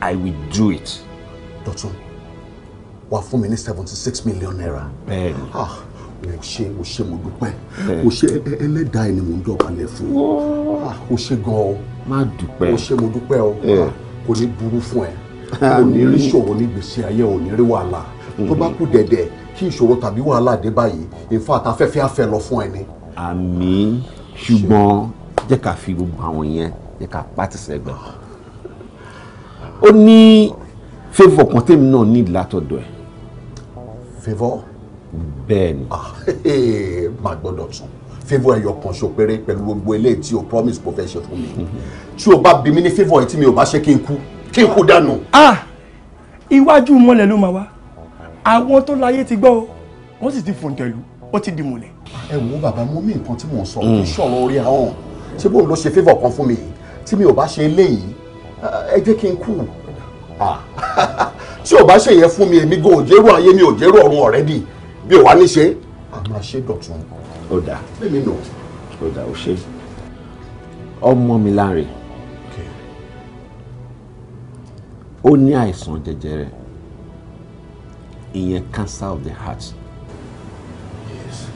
i will do it. dọ̀tun wàá fún mi ní seventy six million naira. bẹ́ẹ̀ni. Ah o ṣe o ṣe mo dúpẹ́ o ṣe ẹlẹ́dàá ẹni mò ń dọ̀bálẹ̀ fún ah, o ṣe gan-an má dúpẹ́ o ṣe mo dúpẹ́ o ah, kò ní burú fún ẹ kò ní rí ṣòro ní gbèsè ayé ò ní rí wàhálà tó bá kú dẹ̀dẹ̀ kí ìṣòro tàbí wàhálà dé báyìí ìfọ àtàfẹ́fẹ́ àfẹ́ lọ fún ẹni. àmín ṣùgbọ́n jẹ́ ká fi gbogbo àwọn yẹn jẹ́ ká pàtì sẹ́gbẹ̀. ó ní favour kan tèmi náà ní ìlàtọ̀dọ̀ ẹ̀. favour bẹ́ẹ̀ ni. Ah, (laughs) má gbọ́dọ̀ tún favour ẹyọ kan ṣo péré pẹ̀lú gbogbo eléyìí tí o promise kò fẹ́ ṣe fún mi (laughs) tí o bá bí mi ní favour yìí tí mi ò bá ṣe kí n kú kí n kú dànù. Ah, iwájú mọ́lẹ̀ ló máa wá àwọn tó láyé ti gbọ́ wọ́n sì ti fòǹtẹ̀lù ó ti di mọ́lẹ̀. ẹ wo bàbá mo mí nǹkan tí mò ń sọ kì hmm. í sọ̀rọ̀ orí ahọ́n ṣé bóun ló ṣe favour kan fún mi yìí tí mi ò bá ṣe eléyìí ẹ jẹ́ kí n kú ah, (laughs) tí ò bá ṣe yẹn fún mi èmi gan òjérò ayé mi òjérò ọ̀run already bí o wá ní ṣe. a máa ṣe dọ̀tun. ó dáa bẹ́ẹ̀ni nù. ó dáa ó ṣe ọmọ mi láre ó ní àìsàn jẹjẹrẹ ìyẹn cancer of the heart. yes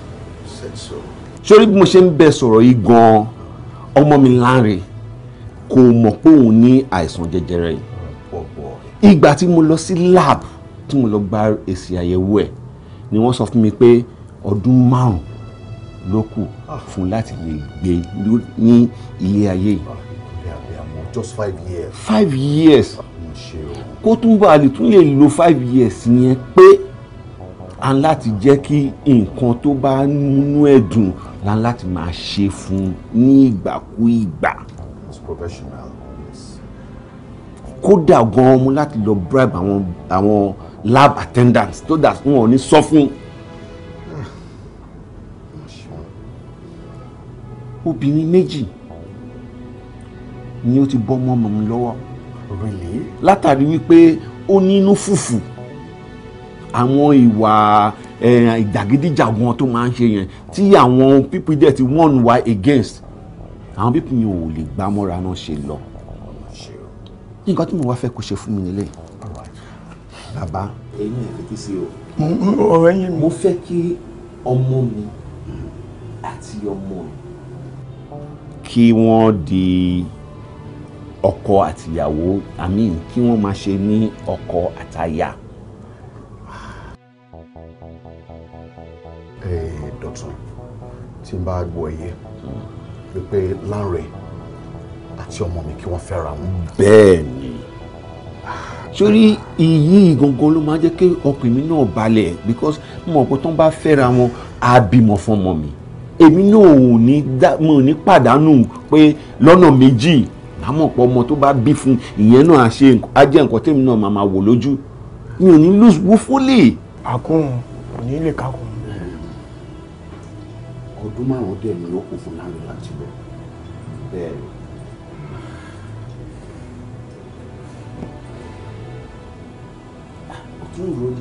said so. sórí bí mo ṣe ń bẹ sọ̀rọ̀ yìí gan-an ọmọ mi láre kò mọ̀ pé òun ní àìsàn jẹjẹrẹ yìí oh, ìgbà tí mo lọ sí lab tí mo lọ gba èsì àyẹ̀wò ẹ̀ ni wọ́n sọ fún mi pé ọdún márùn ló kù fún láti lè gbé ní ilé ayé yìí. just five years. five years ah, kó tún bá a lè tún lè lo five years yẹn pé a ń láti jẹ́ kí nǹkan tó bá múnú ẹ̀ dùn la ń láti máa ṣe fún ní ìgbàkúìgbà. kódà gan-an mo láti lọ bribe àwọn àwọn lab attendant tó dà fún ọ ní sọ fún. obìnrin méjì ni ó ti bọ́ mọ́ mọ́ mi lọ́wọ́ látàrí wípé ó nínú fùfù àwọn ìwà ìjàgídíjàgan tó máa ń ṣe yẹn tí àwọn people dẹ̀ ti wọ́n wá against àwọn people yẹn ò lè gbámọ́ra náà ṣe lọ nǹkan tí mo wá fẹ́ kó ṣe fún mi nílẹ̀ yìí bàbá ẹ̀yin ẹ̀ fetí sí o. ọ̀rọ̀ ẹ̀yin mi. mo fẹ́ kí ọmọ mi àti ọmọ ẹ̀ kí wọ́n di ọkọ àtìyàwó i mean kí wọ́n máa ṣe ní ọkọ àtaya. dọ̀tún tí n bá gbọ́ ẹ̀yẹ wípé Lánrè àti ọmọ mi kí wọ́n fẹ́ra wọn. bẹ́ẹ̀ sórí iyì gangan ló máa jẹ́ kí ọkùnrin mi náà balẹ̀ because mo mọ̀ pé tó ń bá fẹ́ra wọn á bímọ fọmọ mi èmi náà ò ní mo ní pàdánù pé lọ́nà méjì àmọ́ pọ̀ ọmọ tó bá bí fún ìyẹn náà á jẹ́ nǹkan tèmi náà máa máa wò lójú mi ò ní lose wofully. àkóhùn kò ní lè kákùn. ọdún márùn-ún dẹ̀ ni ó kù fún láńlọ́ọ̀tì bẹ́ẹ̀ tún rò ni.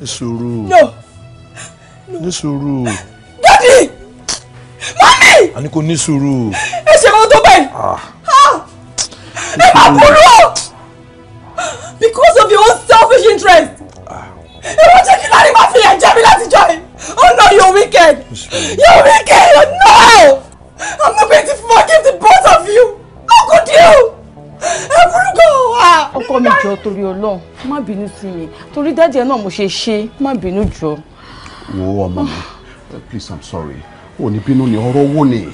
ní sùúrù ní sùúrù. dadi mami. àní kò ní sùúrù. ẹ ṣe kó tó bẹ́ẹ̀. Ah. Ah. ẹ máa burú because of your own selfish interest. Ah. ẹ wọ́n jẹ́ kí lárí máa fi ẹ̀jẹ̀ mi láti jọ yìí. Oh no, you're wicked! You're wicked! Oh no! I'm not going to forgive the both of you! How could you? ẹ burúkú wa. ọkọ mi jọ torí Ọlọ́run má bínú sí mi torí dájú ẹ náà mo ṣe ṣe má bínú jọ. wo ọmọ mi please i'm sorry ò bínú ni ọ̀rọ̀ owó ni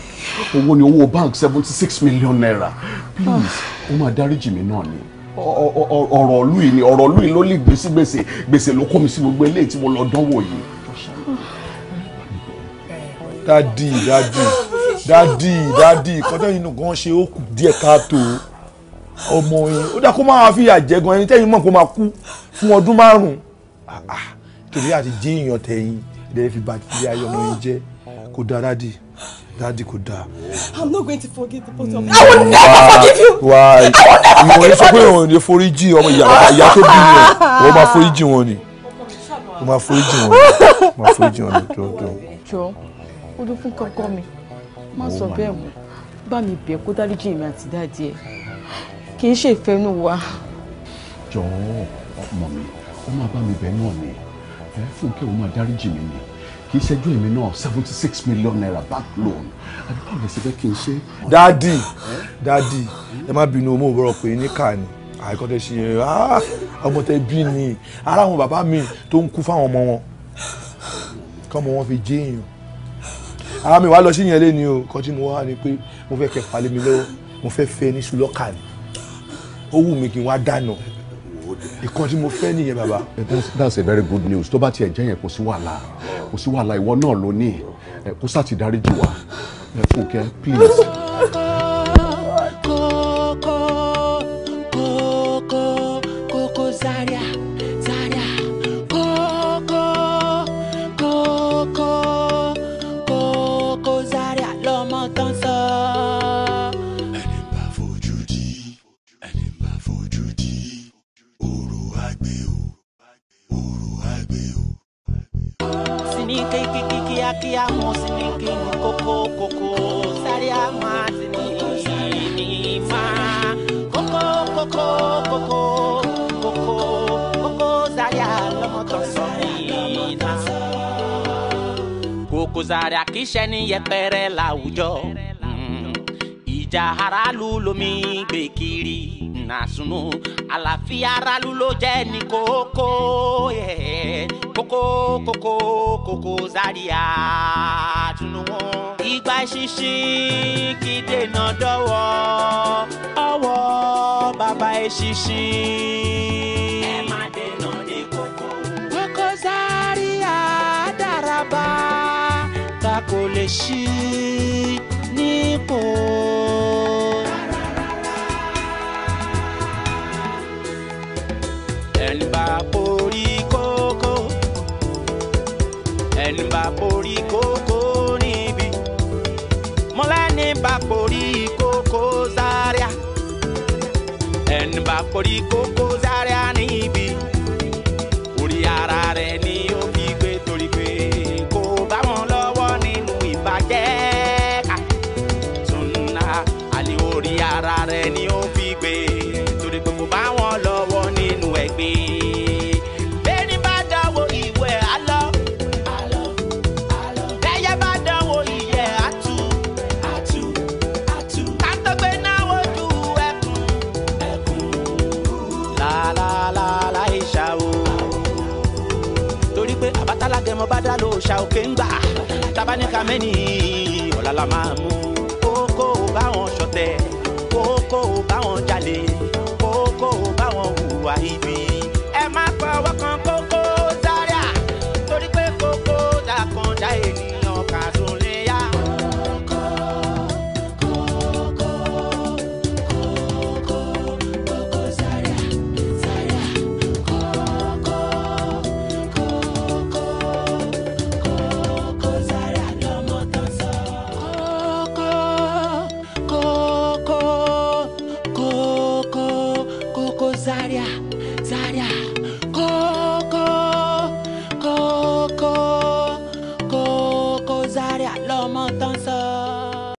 owó ni owó bank seventy six million naira please ó máa dáríjì mi náà ni ọ̀rọ̀ ìlú yìí ni ọ̀rọ̀ ìlú yìí ló lè gbèsè gbèsè gbèsè ló kó mi sí gbogbo eléyìí tí mo lọ dánwò yìí. dádì dádì dádì dádì kọjá yìí nù gan ṣe ó kù díẹ̀ káàtó ọmọ yẹn ó dá kó máa fi àjẹ gan ẹni tẹ́yìn mọ̀ kó máa kú fún ọdún márùn-ún kìnìún ah, àti ah, jíìyàn tẹ̀yìn ìdẹ́rẹ́ fi bàtìlẹ̀ ayé ọmọ yẹn jẹ́ kó dáa dádì dádì kó dáa. I'm not going to forget the both of I will never forgive you. wà á ìwọ̀n yẹn sọ pé òun lè foríjì ọmọ ìyá tó bí yẹn wọ́n máa foríjì wọn ni wọ́n máa foríjì wọn ni máa foríjì wọn ni jọjọ. jọ olú fún kọkọ mi má sọ oh bẹ́ẹ̀ mọ́ bá mi bẹ̀ kó dáríjì mi àti dáàdì ẹ̀ kì í ṣe ìfẹ́nu wa. jọ̀ọ́ ọmọ mi ó máa bá mi bẹ́ẹ̀ náà ni ẹ fúnkẹ́ ó máa dáríjì mi ni kì í ṣẹ́jú èmi náà seventy six million naira bank loan àdúgbò rẹ̀ ṣe fẹ́ kí n ṣe. dáàdì dáàdì ẹ má bínú ọmọ òwúrọ̀ pé ní ká ni àìkọ́ tẹ ṣe yẹn ah, ọmọ tẹ bí ni ara àwọn bàbá mi tó ń kú fáwọn ọmọ wọn kọ́mọ wọn fi jẹ́ èèyàn ara mi wàá lọ sí yẹn lé ni o kọ́ tí mo wá ni pé mo fẹ́ kẹfà lé mi lọ́wọ́ mo fẹ́ fẹ́ ní sùlọ́kà ni ó wù mí kí n wá dáná ìkan tí mo fẹ́ nìyẹn bàbá. that's a very good news tó bá tiẹ̀ jẹ́ yẹn kò sí wàhálà kò sí wàhálà ìwọ náà ló ní kó sá ti dáríjì wá fúnkẹ́ please. Zaria kì í ṣẹni yẹpẹrẹ láwùjọ hmm. ìjà aráàlú lomi gbè kiri nàásùnú àlàáfíà aráàlú ló jẹ́ ní kókó kókó kókó Zaria tunu wọn. ìgbà kide kì í dènà dọ́wọ́ ọwọ́ lè ṣí nípò. ẹni bá borí kókó ẹni bá borí kókó níbi mọ́lẹ́ni bá borí kókó Zaria ẹni bá borí kókó Zaria. òòṣà òkè ń gbà tabaníkà la máa